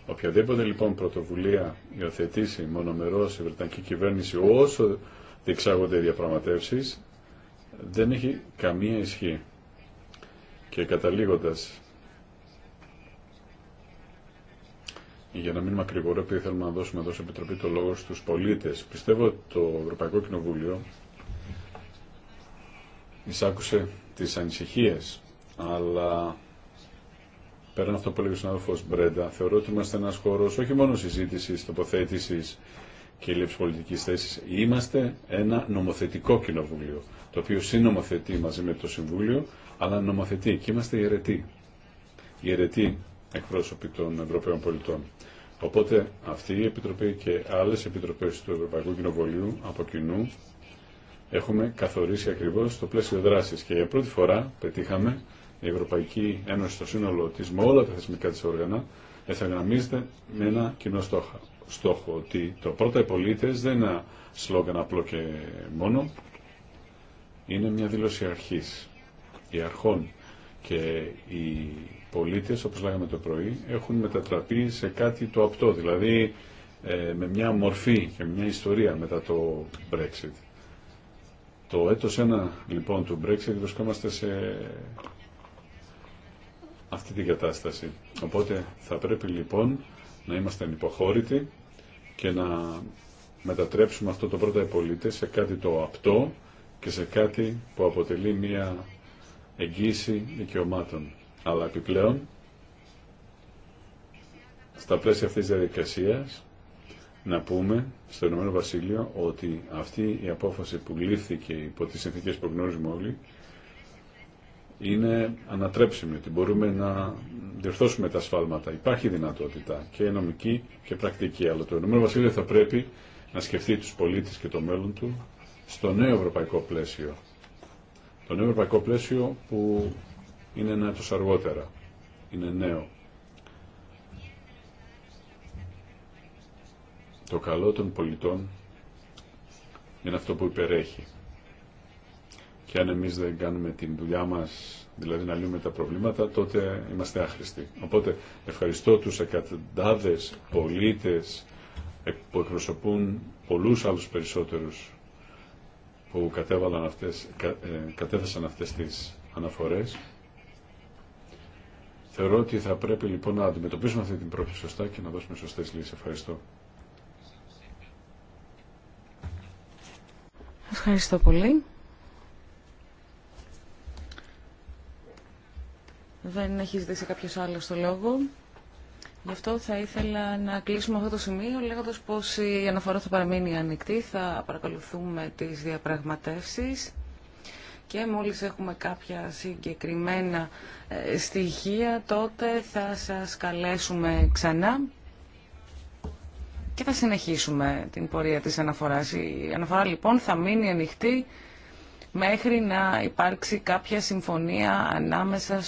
Οποιαδήποτε λοιπόν πρωτοβουλία υιοθετήσει μονομερό η Βρετανική κυβέρνηση όσο διεξάγονται οι διαπραγματεύσει δεν έχει καμία ισχύ. Και καταλήγοντα. για να μην μακρηγορώ, επειδή θέλουμε να δώσουμε εδώ στην Επιτροπή το λόγο στους πολίτες, πιστεύω ότι το Ευρωπαϊκό Κοινοβούλιο εισάκουσε τις ανησυχίες, αλλά πέραν αυτό που έλεγε ο συνάδελφο Μπρέντα, θεωρώ ότι είμαστε ένα χώρο όχι μόνο συζήτηση, τοποθέτηση και λήψη πολιτική θέση. Είμαστε ένα νομοθετικό κοινοβούλιο, το οποίο συνομοθετεί μαζί με το Συμβούλιο, αλλά νομοθετεί και είμαστε ιερετοί. Ιερετοί εκπρόσωποι των Ευρωπαίων πολιτών. Οπότε αυτή η Επιτροπή και άλλες επιτροπές του Ευρωπαϊκού Κοινοβουλίου από κοινού έχουμε καθορίσει ακριβώς το πλαίσιο δράσης και για πρώτη φορά πετύχαμε η Ευρωπαϊκή Ένωση στο σύνολό τη με όλα τα θεσμικά τη όργανα εθαγραμμίζεται με ένα κοινό στόχο. ότι το πρώτο, οι πολίτε δεν είναι ένα σλόγγαν απλό και μόνο, είναι μια δήλωση αρχή Οι αρχών. Και οι πολίτε, όπως λέγαμε το πρωί, έχουν μετατραπεί σε κάτι το απτό, δηλαδή ε, με μια μορφή και μια ιστορία μετά το Brexit. Το έτος ένα λοιπόν του Brexit βρισκόμαστε σε αυτή την κατάσταση. Οπότε θα πρέπει λοιπόν να είμαστε ανυποχώρητοι και να μετατρέψουμε αυτό το πρώτο επολίτε σε κάτι το απτό και σε κάτι που αποτελεί μια εγγύηση δικαιωμάτων. Αλλά επιπλέον, στα πλαίσια αυτής της διαδικασίας, να πούμε στο Ηνωμένο Βασίλειο ότι αυτή η απόφαση που λήφθηκε υπό τις συνθήκες που γνωρίζουμε όλοι είναι ανατρέψιμη, ότι μπορούμε να διορθώσουμε τα σφάλματα. Υπάρχει δυνατότητα και νομική και πρακτική, αλλά το Ηνωμένο Βασίλειο θα πρέπει να σκεφτεί τους πολίτες και το μέλλον του στο νέο ευρωπαϊκό πλαίσιο. Το νέο ευρωπαϊκό πλαίσιο που είναι ένα έτος αργότερα. Είναι νέο. Το καλό των πολιτών είναι αυτό που υπερέχει και αν εμείς δεν κάνουμε την δουλειά μας, δηλαδή να λύνουμε τα προβλήματα, τότε είμαστε άχρηστοι. Οπότε ευχαριστώ τους εκατοντάδες πολίτες που εκπροσωπούν πολλούς άλλους περισσότερους που κατέβαλαν αυτές, κα, ε, κατέθεσαν αυτές τις αναφορές. Θεωρώ ότι θα πρέπει λοιπόν να αντιμετωπίσουμε αυτή την πρόκληση σωστά και να δώσουμε σωστές λύσεις. Ευχαριστώ. Ευχαριστώ πολύ. Δεν έχει ζητήσει κάποιο άλλο το λόγο. Γι' αυτό θα ήθελα να κλείσουμε αυτό το σημείο λέγοντα πω η αναφορά θα παραμείνει ανοιχτή, θα παρακολουθούμε τι διαπραγματεύσει και μόλις έχουμε κάποια συγκεκριμένα ε, στοιχεία τότε θα σας καλέσουμε ξανά και θα συνεχίσουμε την πορεία της αναφοράς. Η αναφορά λοιπόν θα μείνει ανοιχτή μέχρι να υπάρξει κάποια συμφωνία ανάμεσα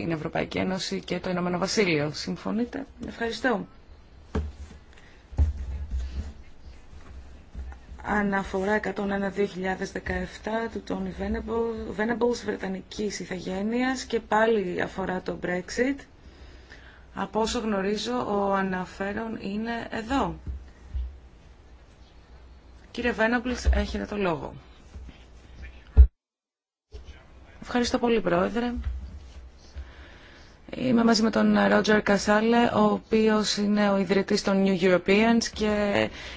την Ευρωπαϊκή Ένωση και το Ηνωμένο Βασίλειο. Συμφωνείτε. Ευχαριστώ. Αναφορά 101-2017 του Τόνι Venables, Βρετανικής Ιθαγένειας και πάλι αφορά το Brexit. Από όσο γνωρίζω, ο αναφέρον είναι εδώ. Κύριε Βένεμπολς, έχετε το λόγο. Ευχαριστώ πολύ, Πρόεδρε. Είμαι μαζί με τον Ρότζερ Κασάλε, ο οποίος είναι ο ιδρυτής των New Europeans και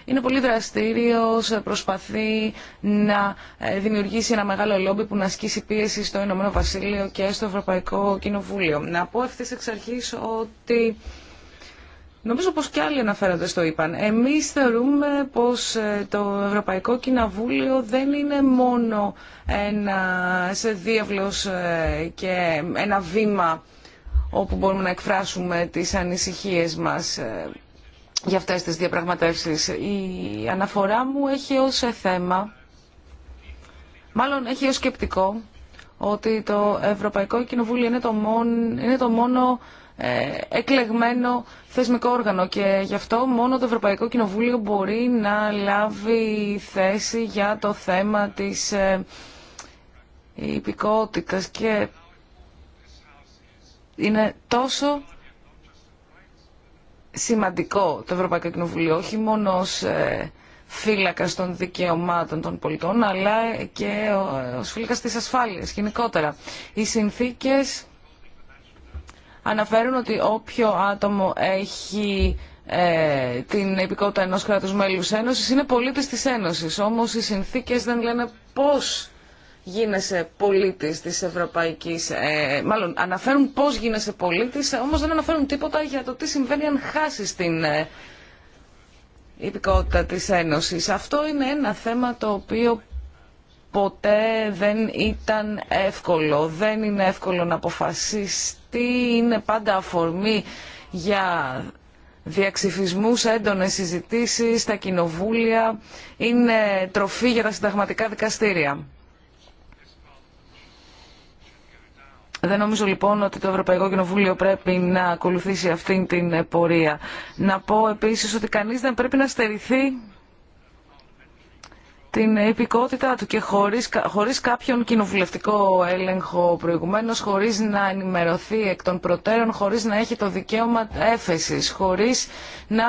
είναι πολύ δραστήριος, προσπαθεί να ε, δημιουργήσει ένα μεγάλο λόμπι που να ασκήσει πίεση στο Ηνωμένο Βασίλειο και στο Ευρωπαϊκό Κοινοβούλιο. Να πω ευθύς εξ αρχής ότι... Νομίζω πως και άλλοι αναφέρονται στο είπαν. Εμείς θεωρούμε πως ε, το Ευρωπαϊκό Κοινοβούλιο δεν είναι μόνο ένα διάβλος ε, και ένα βήμα όπου μπορούμε να εκφράσουμε τις ανησυχίες μας ε, για αυτές τις διαπραγματεύσεις. Η αναφορά μου έχει ως θέμα, μάλλον έχει ως σκεπτικό, ότι το Ευρωπαϊκό Κοινοβούλιο είναι το μόνο, είναι το μόνο ε, εκλεγμένο θεσμικό όργανο και γι' αυτό μόνο το Ευρωπαϊκό Κοινοβούλιο μπορεί να λάβει θέση για το θέμα της ε, υπηκότητας και είναι τόσο σημαντικό το Ευρωπαϊκό Κοινοβουλίο, όχι μόνο ως ε, φύλακα των δικαιωμάτων των πολιτών, αλλά και ε, ως φύλακας της ασφάλειας γενικότερα. Οι συνθήκες αναφέρουν ότι όποιο άτομο έχει ε, την επικότητα ενός κράτους μέλους Ένωσης είναι πολίτης της Ένωσης. Όμως οι συνθήκες δεν λένε πώς γίνεσαι πολίτης της Ευρωπαϊκής, ε, μάλλον αναφέρουν πώς γίνεσαι πολίτης, ε, όμως δεν αναφέρουν τίποτα για το τι συμβαίνει αν χάσεις την ε, υπηκότητα της Ένωσης. Αυτό είναι ένα θέμα το οποίο ποτέ δεν ήταν εύκολο. Δεν είναι εύκολο να αποφασιστεί, είναι πάντα αφορμή για διαξυφισμούς, έντονες συζητήσεις, τα κοινοβούλια, είναι τροφή για τα συνταγματικά δικαστήρια. Δεν νομίζω λοιπόν ότι το Ευρωπαϊκό Κοινοβούλιο πρέπει να ακολουθήσει αυτή την πορεία. Να πω επίσης ότι κανείς δεν πρέπει να στερηθεί την υπηκότητά του και χωρίς, χωρίς κάποιον κοινοβουλευτικό έλεγχο προηγουμένως, χωρίς να ενημερωθεί εκ των προτέρων, χωρίς να έχει το δικαίωμα έφεσης, χωρίς να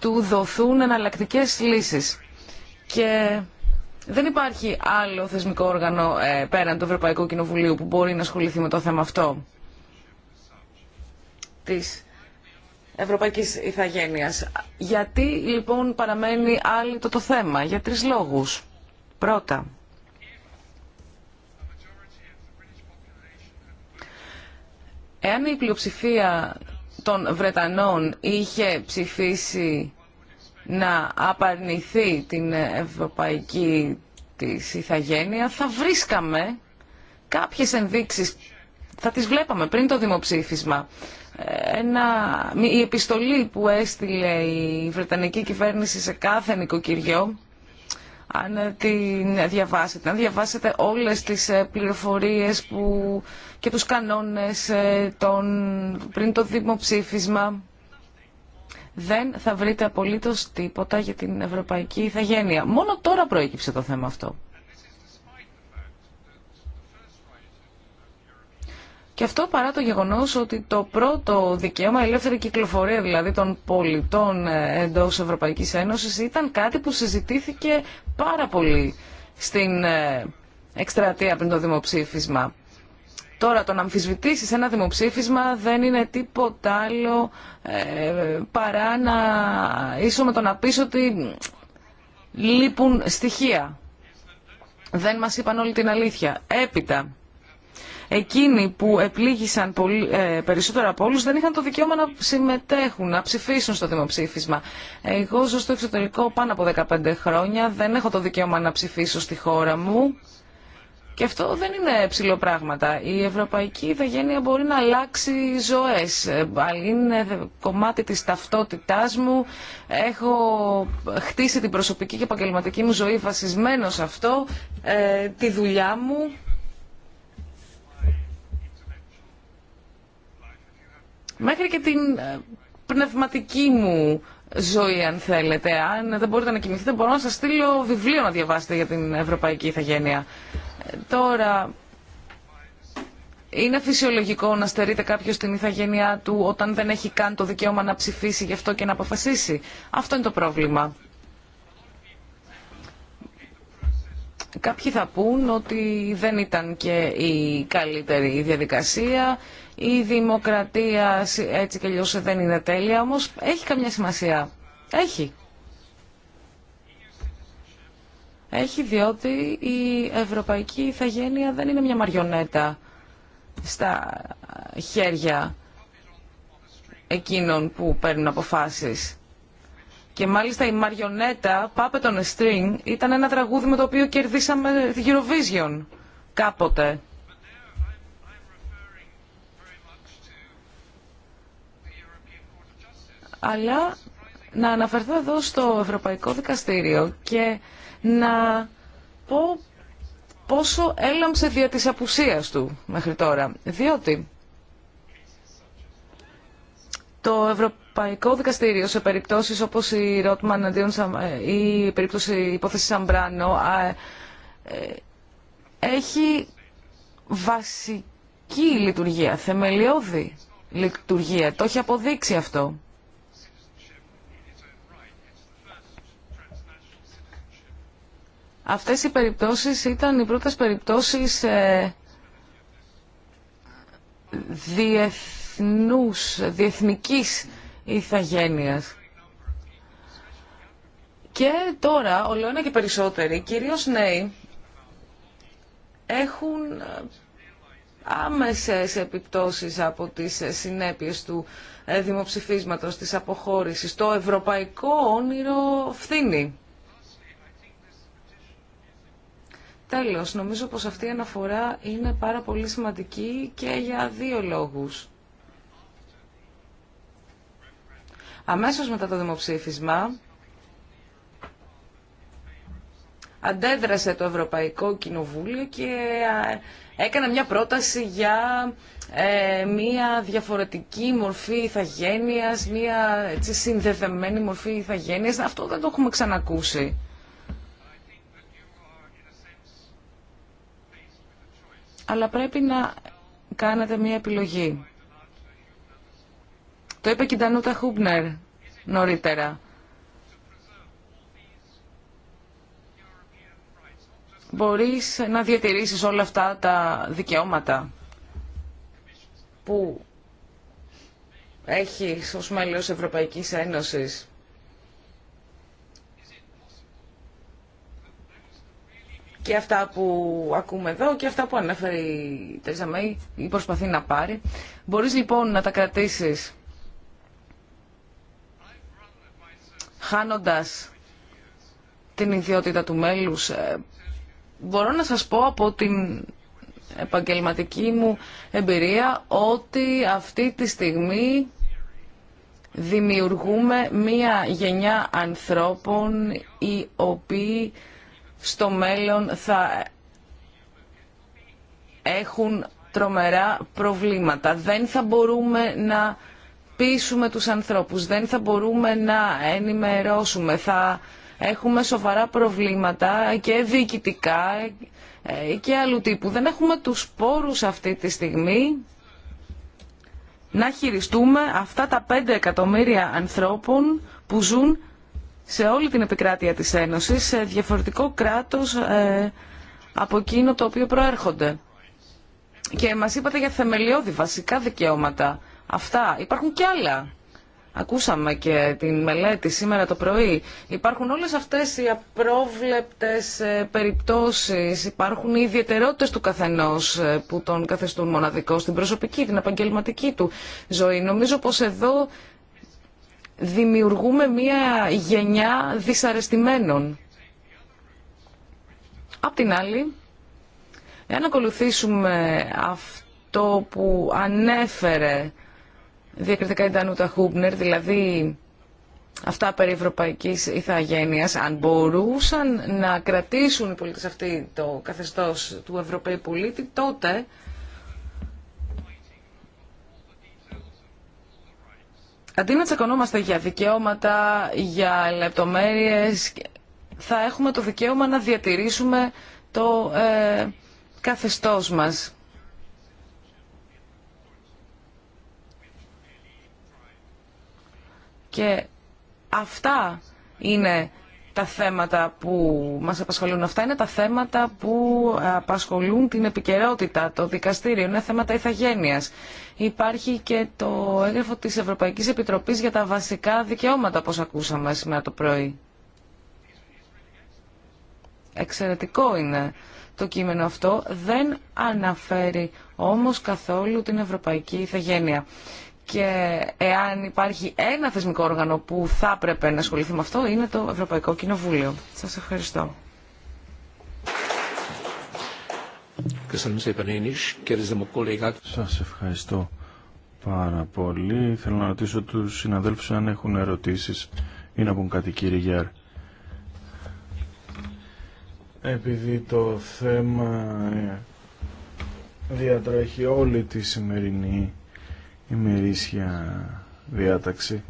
του δοθούν εναλλακτικές λύσεις. Και δεν υπάρχει άλλο θεσμικό όργανο ε, πέραν του Ευρωπαϊκού Κοινοβουλίου που μπορεί να ασχοληθεί με το θέμα αυτό της Ευρωπαϊκής Ιθαγένειας. Γιατί λοιπόν παραμένει άλλη το, το θέμα, για τρεις λόγους. Πρώτα, εάν η πλειοψηφία των Βρετανών είχε ψηφίσει να απαρνηθεί την ευρωπαϊκή της ηθαγένεια, θα βρίσκαμε κάποιες ενδείξεις, θα τις βλέπαμε πριν το δημοψήφισμα. Ένα, η επιστολή που έστειλε η Βρετανική κυβέρνηση σε κάθε νοικοκυριό, αν την διαβάσετε, αν διαβάσετε όλες τις ε, πληροφορίες που, και τους κανόνες ε, τον, πριν το δημοψήφισμα, δεν θα βρείτε απολύτω τίποτα για την ευρωπαϊκή ηθαγένεια. Μόνο τώρα προέκυψε το θέμα αυτό. Και αυτό παρά το γεγονός ότι το πρώτο δικαίωμα, η ελεύθερη κυκλοφορία δηλαδή των πολιτών ε, εντό ευρωπαϊκή Ένωση ήταν κάτι που συζητήθηκε πάρα πολύ στην ε, εκστρατεία πριν το δημοψήφισμα. Τώρα το να αμφισβητήσεις ένα δημοψήφισμα δεν είναι τίποτα άλλο ε, παρά να ίσω με το να πεις ότι λείπουν στοιχεία. Δεν μας είπαν όλη την αλήθεια. Έπειτα, εκείνοι που επλήγησαν πολύ, ε, περισσότερο από όλους δεν είχαν το δικαίωμα να συμμετέχουν, να ψηφίσουν στο δημοψήφισμα. Εγώ ζω στο εξωτερικό πάνω από 15 χρόνια, δεν έχω το δικαίωμα να ψηφίσω στη χώρα μου. Και αυτό δεν είναι ψηλό πράγματα. Η ευρωπαϊκή ηθαγένεια μπορεί να αλλάξει ζωές. Ε, είναι κομμάτι της ταυτότητάς μου. Έχω χτίσει την προσωπική και επαγγελματική μου ζωή βασισμένο σε αυτό, ε, τη δουλειά μου. Μέχρι και την ε, πνευματική μου ζωή, αν θέλετε. Αν δεν μπορείτε να κοιμηθείτε, μπορώ να σας στείλω βιβλίο να διαβάσετε για την ευρωπαϊκή ηθαγένεια. Τώρα, είναι φυσιολογικό να στερείται κάποιο την ηθαγένειά του όταν δεν έχει καν το δικαίωμα να ψηφίσει γι' αυτό και να αποφασίσει. Αυτό είναι το πρόβλημα. Κάποιοι θα πούν ότι δεν ήταν και η καλύτερη διαδικασία, η δημοκρατία έτσι και αλλιώς δεν είναι τέλεια, όμως έχει καμιά σημασία. Έχει έχει διότι η ευρωπαϊκή ηθαγένεια δεν είναι μια μαριονέτα στα χέρια εκείνων που παίρνουν αποφάσεις. Και μάλιστα η μαριονέτα πάπε on a String ήταν ένα τραγούδι με το οποίο κερδίσαμε τη Eurovision κάποτε. Αλλά να αναφερθώ εδώ στο Ευρωπαϊκό Δικαστήριο και να πω πόσο έλαμψε δια της απουσίας του μέχρι τώρα. Διότι το Ευρωπαϊκό Δικαστήριο σε περιπτώσεις όπως η αντίον ε, η περίπτωση υπόθεση Σαμπράνο ε, έχει βασική λειτουργία, θεμελιώδη λειτουργία. Το έχει αποδείξει αυτό. Αυτές οι περιπτώσεις ήταν οι πρώτες περιπτώσεις ε, διεθνούς, διεθνικής ηθαγένειας. Και τώρα, ολοένα και περισσότεροι, κυρίως νέοι, έχουν άμεσες επιπτώσεις από τις συνέπειες του ε, δημοψηφίσματος, της αποχώρησης. Το ευρωπαϊκό όνειρο φθήνει. Τέλος, νομίζω πως αυτή η αναφορά είναι πάρα πολύ σημαντική και για δύο λόγους. Αμέσως μετά το δημοψήφισμα, αντέδρασε το Ευρωπαϊκό Κοινοβούλιο και έκανε μια πρόταση για ε, μια διαφορετική μορφή ηθαγένειας, μια έτσι, συνδεδεμένη μορφή ηθαγένειας. Αυτό δεν το έχουμε ξανακούσει. αλλά πρέπει να κάνετε μία επιλογή. Το είπε και η Ντανούτα Χούμπνερ νωρίτερα. Μπορείς να διατηρήσεις όλα αυτά τα δικαιώματα που έχει ως μέλος Ευρωπαϊκής Ένωσης και αυτά που ακούμε εδώ και αυτά που ανέφερε η Τερίζα Μέη ή προσπαθεί να πάρει. Μπορείς λοιπόν να τα κρατήσεις χάνοντας την ιδιότητα του μέλους. Ε, μπορώ να σας πω από την επαγγελματική μου εμπειρία ότι αυτή τη στιγμή δημιουργούμε μία γενιά ανθρώπων οι οποίοι στο μέλλον θα έχουν τρομερά προβλήματα. Δεν θα μπορούμε να πείσουμε τους ανθρώπους, δεν θα μπορούμε να ενημερώσουμε, θα έχουμε σοβαρά προβλήματα και διοικητικά ε, και άλλου τύπου. Δεν έχουμε τους πόρους αυτή τη στιγμή να χειριστούμε αυτά τα 5 εκατομμύρια ανθρώπων που ζουν σε όλη την επικράτεια της Ένωσης σε διαφορετικό κράτος ε, από εκείνο το οποίο προέρχονται. Και μας είπατε για θεμελιώδη βασικά δικαιώματα. Αυτά. Υπάρχουν και άλλα. Ακούσαμε και την μελέτη σήμερα το πρωί. Υπάρχουν όλες αυτές οι απρόβλεπτες ε, περιπτώσεις, υπάρχουν οι ιδιαιτερότητες του καθενός ε, που τον καθεστούν μοναδικό στην προσωπική, την επαγγελματική του ζωή. Νομίζω πως εδώ δημιουργούμε μία γενιά δυσαρεστημένων. Απ' την άλλη, εάν ακολουθήσουμε αυτό που ανέφερε διακριτικά η Ντανούτα Χούμπνερ, δηλαδή αυτά περί ευρωπαϊκής ηθαγένειας, αν μπορούσαν να κρατήσουν οι πολίτες αυτοί το καθεστώς του Ευρωπαίου πολίτη, τότε αντί να τσακωνόμαστε για δικαιώματα, για λεπτομέρειες, θα έχουμε το δικαίωμα να διατηρήσουμε το ε, καθεστώς μας. Και αυτά είναι τα θέματα που μας απασχολούν. Αυτά είναι τα θέματα που απασχολούν την επικαιρότητα, το δικαστήριο, είναι θέματα ηθαγένειας. Υπάρχει και το έγγραφο της Ευρωπαϊκής Επιτροπής για τα βασικά δικαιώματα, όπως ακούσαμε σήμερα το πρωί. Εξαιρετικό είναι το κείμενο αυτό, δεν αναφέρει όμως καθόλου την ευρωπαϊκή ηθαγένεια και εάν υπάρχει ένα θεσμικό όργανο που θα έπρεπε να ασχοληθεί με αυτό είναι το Ευρωπαϊκό Κοινοβούλιο. Σας ευχαριστώ. Σας ευχαριστώ πάρα πολύ. Θέλω να ρωτήσω τους συναδέλφους αν έχουν ερωτήσεις ή να πούν κάτι κύριε Γιάρ. Επειδή το θέμα ε, διατρέχει όλη τη σημερινή ημερήσια διάταξη.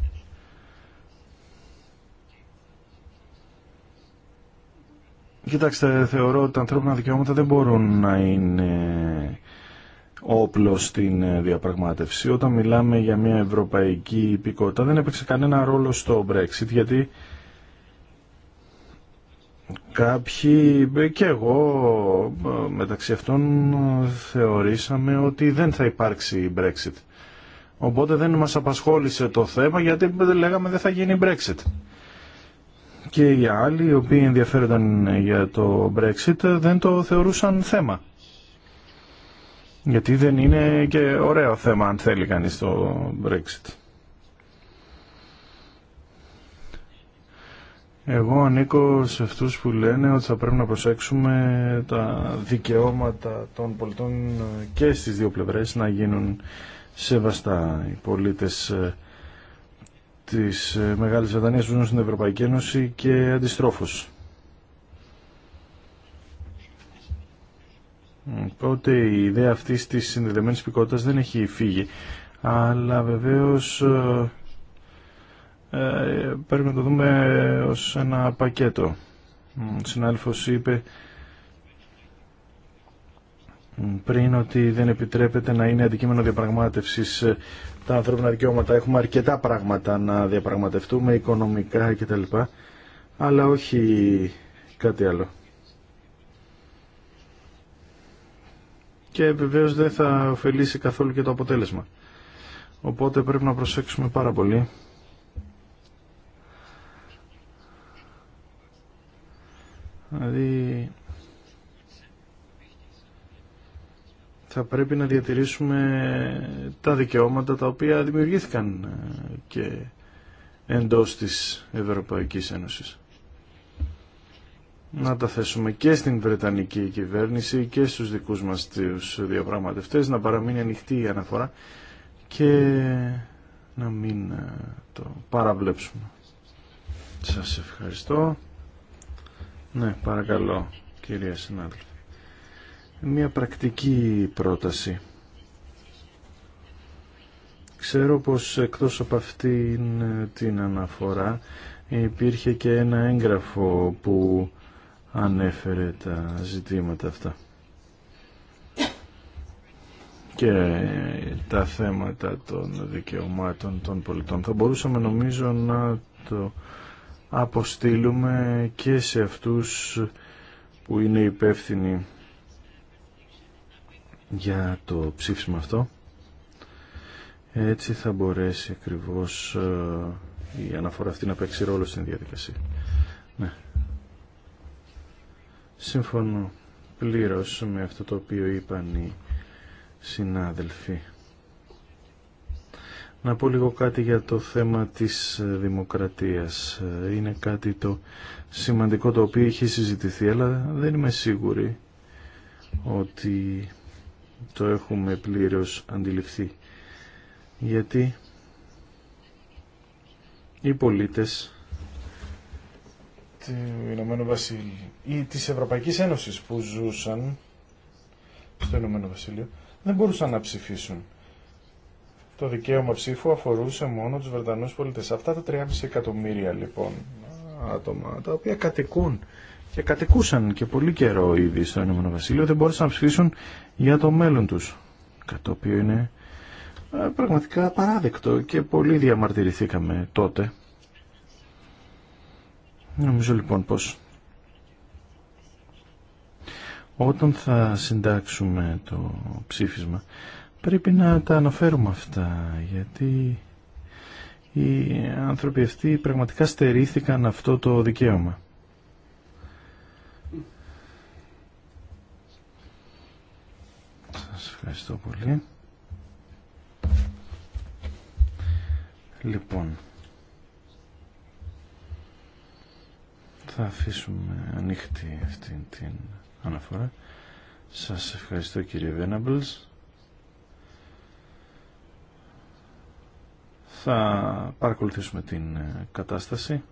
Κοιτάξτε, θεωρώ ότι τα ανθρώπινα δικαιώματα δεν μπορούν να είναι όπλο στην διαπραγμάτευση. Όταν μιλάμε για μια ευρωπαϊκή υπηκότητα δεν έπαιξε κανένα ρόλο στο Brexit γιατί κάποιοι ε, και εγώ ε, μεταξύ αυτών ε, θεωρήσαμε ότι δεν θα υπάρξει Brexit. Οπότε δεν μας απασχόλησε το θέμα γιατί λέγαμε δεν θα γίνει Brexit. Και οι άλλοι οι οποίοι ενδιαφέρονταν για το Brexit δεν το θεωρούσαν θέμα. Γιατί δεν είναι και ωραίο θέμα αν θέλει κανείς το Brexit. Εγώ ανήκω σε αυτούς που λένε ότι θα πρέπει να προσέξουμε τα δικαιώματα των πολιτών και στις δύο πλευρές να γίνουν σεβαστά οι πολίτες ε, της ε, Μεγάλης Βρετανίας που ζουν στην Ευρωπαϊκή Ένωση και αντιστρόφως. Οπότε η ιδέα αυτή τη συνδεδεμένη υπηκότητα δεν έχει φύγει. Αλλά βεβαίως ε, πρέπει να το δούμε ως ένα πακέτο. Ο είπε πριν ότι δεν επιτρέπεται να είναι αντικείμενο διαπραγμάτευσης ε, τα ανθρώπινα δικαιώματα. Έχουμε αρκετά πράγματα να διαπραγματευτούμε, οικονομικά κτλ. Αλλά όχι κάτι άλλο. Και βεβαίω δεν θα ωφελήσει καθόλου και το αποτέλεσμα. Οπότε πρέπει να προσέξουμε πάρα πολύ. Δηλαδή θα πρέπει να διατηρήσουμε τα δικαιώματα τα οποία δημιουργήθηκαν ε, και εντός της Ευρωπαϊκής Ένωσης. Να τα θέσουμε και στην Βρετανική κυβέρνηση και στους δικούς μας τους διαπραγματευτές, να παραμείνει ανοιχτή η αναφορά και να μην ε, το παραβλέψουμε. Σας ευχαριστώ. Ναι, παρακαλώ κυρία συνάδελφα μια πρακτική πρόταση. Ξέρω πως εκτός από αυτήν την αναφορά υπήρχε και ένα έγγραφο που ανέφερε τα ζητήματα αυτά και τα θέματα των δικαιωμάτων των πολιτών. Θα μπορούσαμε νομίζω να το αποστείλουμε και σε αυτούς που είναι υπεύθυνοι για το ψήφισμα αυτό. Έτσι θα μπορέσει ακριβώ ε, η αναφορά αυτή να παίξει ρόλο στην διαδικασία. Ναι. Συμφωνώ πλήρως με αυτό το οποίο είπαν οι συνάδελφοι. Να πω λίγο κάτι για το θέμα της ε, δημοκρατίας. Ε, είναι κάτι το σημαντικό το οποίο έχει συζητηθεί, αλλά δεν είμαι σίγουρη ότι το έχουμε πλήρως αντιληφθεί. Γιατί οι πολίτες του Ηνωμένου Βασίλειου ή της Ευρωπαϊκής Ένωσης που ζούσαν στο Ηνωμένο Βασίλειο δεν μπορούσαν να ψηφίσουν. Το δικαίωμα ψήφου αφορούσε μόνο τους Βρετανούς πολίτες. Αυτά τα 3,5 εκατομμύρια λοιπόν άτομα τα οποία κατοικούν και κατοικούσαν και πολύ καιρό ήδη στο Ηνωμένο Βασίλειο δεν μπόρεσαν να ψηφίσουν για το μέλλον τους κάτι το οποίο είναι ε, πραγματικά παράδεκτο και πολύ διαμαρτυρηθήκαμε τότε νομίζω λοιπόν πως όταν θα συντάξουμε το ψήφισμα πρέπει να τα αναφέρουμε αυτά γιατί οι άνθρωποι αυτοί πραγματικά στερήθηκαν αυτό το δικαίωμα Σας ευχαριστώ πολύ. Λοιπόν, θα αφήσουμε ανοιχτή αυτή την αναφορά. Σας ευχαριστώ κύριε Venables. Θα παρακολουθήσουμε την ε, κατάσταση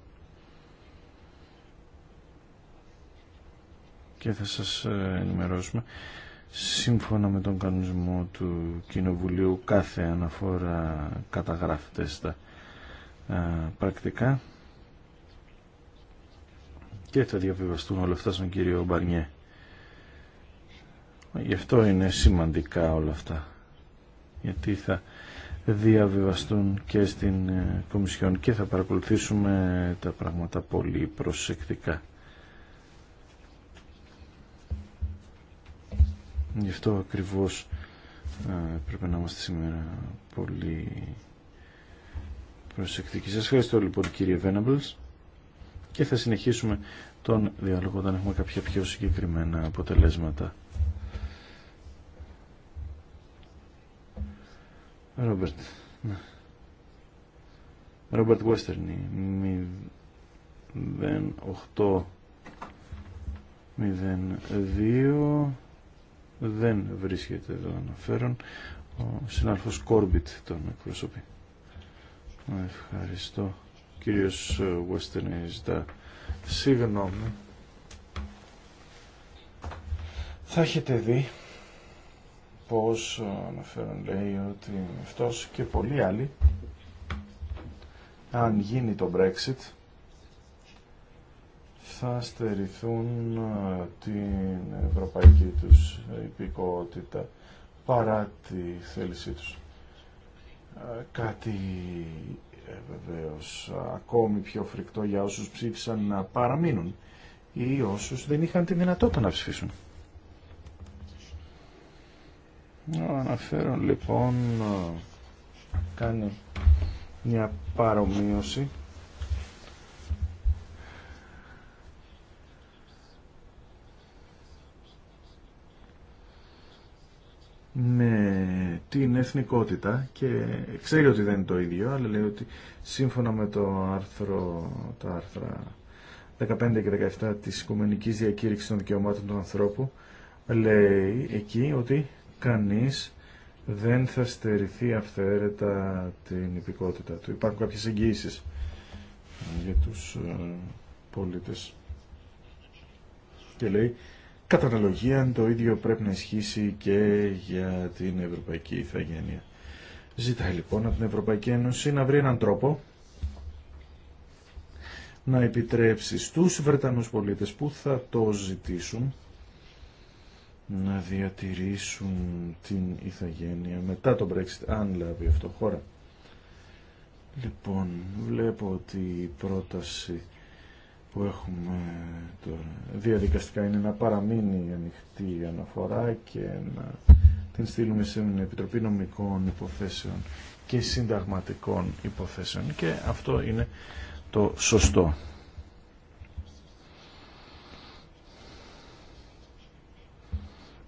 και θα σας ε, ενημερώσουμε. Σύμφωνα με τον κανονισμό του Κοινοβουλίου κάθε αναφορά καταγράφεται στα πρακτικά και θα διαβιβαστούν όλα αυτά στον κύριο Μπαρνιέ. Γι' αυτό είναι σημαντικά όλα αυτά. Γιατί θα διαβιβαστούν και στην ε, Κομισιόν και θα παρακολουθήσουμε τα πράγματα πολύ προσεκτικά. Γι' αυτό ακριβώς ε, πρέπει να είμαστε σήμερα πολύ προσεκτικοί. Σας ευχαριστώ λοιπόν κύριε Βέναμπλς και θα συνεχίσουμε τον διάλογο όταν έχουμε κάποια πιο συγκεκριμένα αποτελέσματα. Ρόμπερτ. Ναι. Ρόμπερτ Βέστερνι. 08 δεν βρίσκεται εδώ αναφέρον. Ο συνάδελφος Κόρμπιτ τον εκπροσωπεί. Ευχαριστώ. Κύριος Western ζητά συγγνώμη. Θα έχετε δει πως αναφέρον λέει ότι αυτός και πολλοί άλλοι αν γίνει το Brexit θα στερηθούν ε, την ευρωπαϊκή τους υπηκότητα παρά τη θέλησή τους. Ε, κάτι ε, βεβαίω ακόμη πιο φρικτό για όσους ψήφισαν να παραμείνουν ή όσους δεν είχαν τη δυνατότητα να ψηφίσουν. Αναφέρω λοιπόν κάνει μια παρομοίωση με την εθνικότητα και ξέρει ότι δεν είναι το ίδιο, αλλά λέει ότι σύμφωνα με το άρθρο, τα άρθρα 15 και 17 της Οικουμενικής Διακήρυξης των Δικαιωμάτων του Ανθρώπου, λέει εκεί ότι κανείς δεν θα στερηθεί αυθαίρετα την υπηκότητα του. Υπάρχουν κάποιες εγγύησεις ε, για τους ε, πολίτες. Και λέει Κατά αναλογία, το ίδιο πρέπει να ισχύσει και για την Ευρωπαϊκή Ιθαγένεια. Ζητάει λοιπόν από την Ευρωπαϊκή Ένωση να βρει έναν τρόπο να επιτρέψει στους Βρετανούς πολίτες που θα το ζητήσουν να διατηρήσουν την Ιθαγένεια μετά τον Brexit, αν λάβει αυτό χώρα. Λοιπόν, βλέπω ότι η πρόταση που έχουμε τώρα διαδικαστικά είναι να παραμείνει ανοιχτή η αναφορά και να την στείλουμε σε μια Επιτροπή Νομικών Υποθέσεων και Συνταγματικών Υποθέσεων και αυτό είναι το σωστό.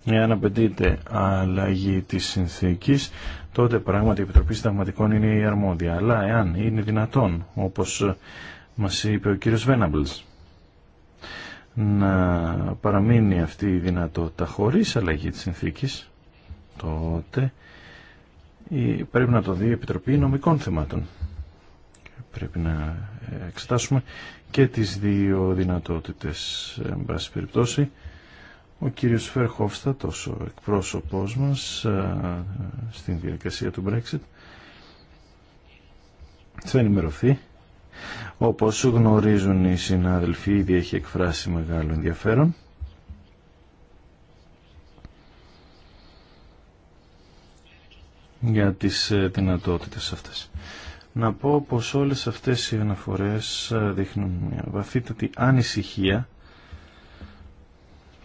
Εάν απαιτείται αλλαγή της συνθήκης, τότε πράγματι η Επιτροπή Συνταγματικών είναι η αρμόδια. Αλλά εάν είναι δυνατόν, όπως μας είπε ο κύριος Βέναμπλς να παραμείνει αυτή η δυνατότητα χωρίς αλλαγή της συνθήκης τότε πρέπει να το δει η Επιτροπή Νομικών Θεμάτων πρέπει να εξετάσουμε και τις δύο δυνατότητες εν πάση περιπτώσει ο κύριος Φερχόφστα τόσο εκπρόσωπός μας στην διαδικασία του Brexit θα ενημερωθεί όπως γνωρίζουν οι συνάδελφοι, ήδη έχει εκφράσει μεγάλο ενδιαφέρον. για τις ε, δυνατότητες αυτές. Να πω πως όλες αυτές οι αναφορές ε, δείχνουν μια βαθύτατη ανησυχία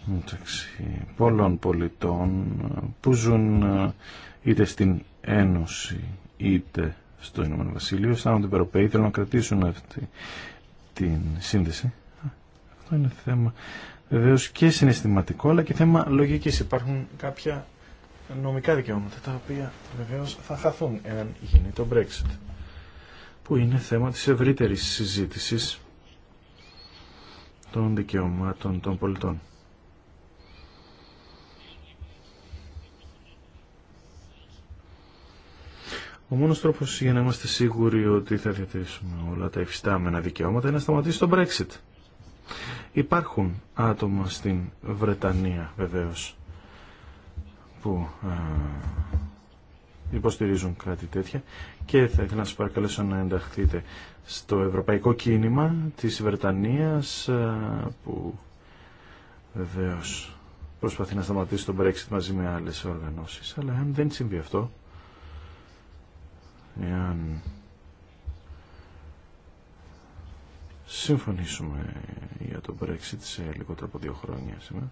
μεταξύ πολλών πολιτών ε, που ζουν είτε στην Ένωση είτε στο Ηνωμένο Βασίλειο αισθάνονται Ευρωπαίοι, θέλουν να κρατήσουν αυτή την σύνδεση. Αυτό είναι θέμα βεβαίω και συναισθηματικό, αλλά και θέμα λογική. Υπάρχουν κάποια νομικά δικαιώματα τα οποία βεβαίω θα χαθούν εάν γίνει το Brexit. Που είναι θέμα τη ευρύτερη συζήτηση των δικαιωμάτων των πολιτών. Ο μόνο τρόπο για να είμαστε σίγουροι ότι θα διατηρήσουμε όλα τα υφιστάμενα δικαιώματα είναι να σταματήσει το Brexit. Υπάρχουν άτομα στην Βρετανία βεβαίως που υποστηρίζουν κάτι τέτοια και θα ήθελα να σα παρακαλέσω να ενταχθείτε στο ευρωπαϊκό κίνημα της Βρετανίας που βεβαίω προσπαθεί να σταματήσει το Brexit μαζί με άλλε οργανώσει, αλλά αν δεν συμβεί αυτό εάν συμφωνήσουμε για το Brexit σε λιγότερο από δύο χρόνια σήμερα,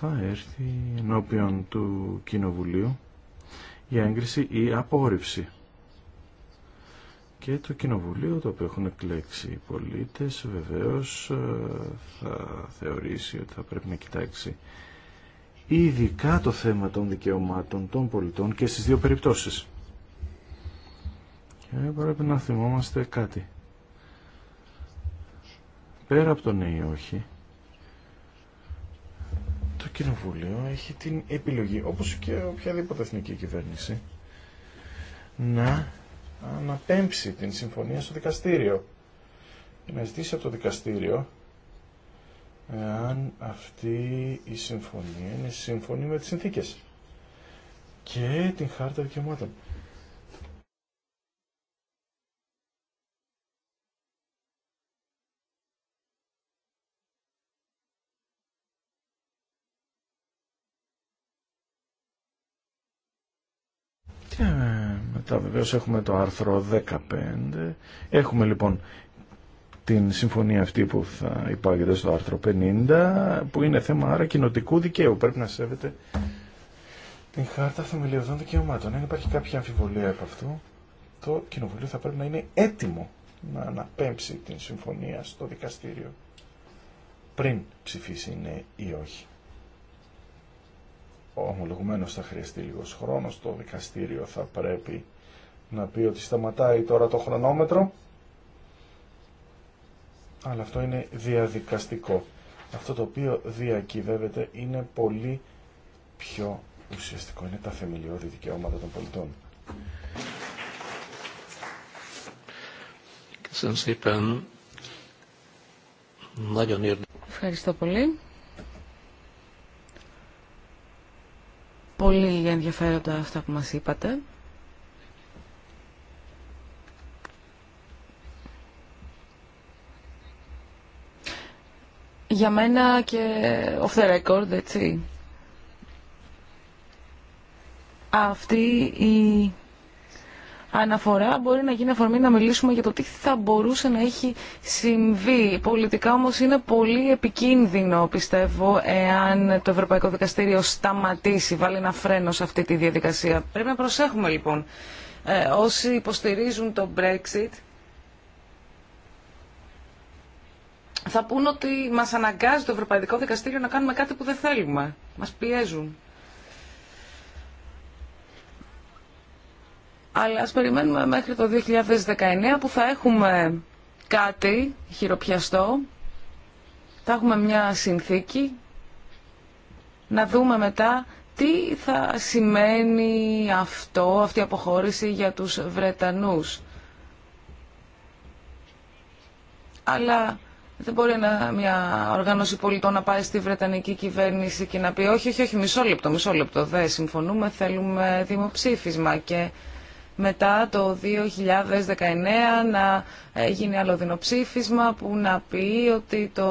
θα έρθει ενώπιον του Κοινοβουλίου για έγκριση ή απόρριψη. Και το Κοινοβουλίο, το οποίο έχουν εκλέξει οι πολίτες, βεβαίως ε, θα θεωρήσει ότι θα πρέπει να κοιτάξει ειδικά το θέμα των δικαιωμάτων των πολιτών και στις δύο περιπτώσεις. Και ε, πρέπει να θυμόμαστε κάτι. Πέρα από το ναι ή όχι, το Κοινοβούλιο έχει την επιλογή, όπως και οποιαδήποτε εθνική κυβέρνηση, να αναπέμψει την συμφωνία στο δικαστήριο και να ζητήσει από το δικαστήριο εάν αυτή η συμφωνία είναι σύμφωνη με τις συνθήκες και την χάρτα δικαιωμάτων. Και ε, μετά βεβαίω έχουμε το άρθρο 15. Έχουμε λοιπόν την συμφωνία αυτή που θα υπάγεται στο άρθρο 50, που είναι θέμα άρα κοινοτικού δικαίου. Πρέπει να σέβεται την χάρτα θεμελιωδών δικαιωμάτων. Αν υπάρχει κάποια αμφιβολία από αυτό, το κοινοβουλίο θα πρέπει να είναι έτοιμο να αναπέμψει την συμφωνία στο δικαστήριο πριν ψηφίσει ναι ή όχι ομολογουμένως θα χρειαστεί λίγος χρόνος, το δικαστήριο θα πρέπει να πει ότι σταματάει τώρα το χρονόμετρο, αλλά αυτό είναι διαδικαστικό. Αυτό το οποίο διακυβεύεται είναι πολύ πιο ουσιαστικό, είναι τα θεμελιώδη δικαιώματα των πολιτών. Ευχαριστώ πολύ. Πολύ ενδιαφέροντα αυτά που μας είπατε. Για μένα και off the record, έτσι. Αυτή η αναφορά μπορεί να γίνει αφορμή να μιλήσουμε για το τι θα μπορούσε να έχει συμβεί. Πολιτικά όμως είναι πολύ επικίνδυνο πιστεύω εάν το Ευρωπαϊκό Δικαστήριο σταματήσει, βάλει ένα φρένο σε αυτή τη διαδικασία. Πρέπει να προσέχουμε λοιπόν. Ε, όσοι υποστηρίζουν το Brexit θα πούν ότι μας αναγκάζει το Ευρωπαϊκό Δικαστήριο να κάνουμε κάτι που δεν θέλουμε. Μας πιέζουν. Αλλά ας περιμένουμε μέχρι το 2019 που θα έχουμε κάτι χειροπιαστό, θα έχουμε μια συνθήκη, να δούμε μετά τι θα σημαίνει αυτό, αυτή η αποχώρηση για τους Βρετανούς. Αλλά δεν μπορεί να, μια οργάνωση πολιτών να πάει στη Βρετανική κυβέρνηση και να πει όχι, όχι, όχι, μισό λεπτό, μισό λεπτό, δεν συμφωνούμε, θέλουμε δημοψήφισμα και μετά το 2019 να γίνει άλλο δημοψήφισμα που να πει ότι το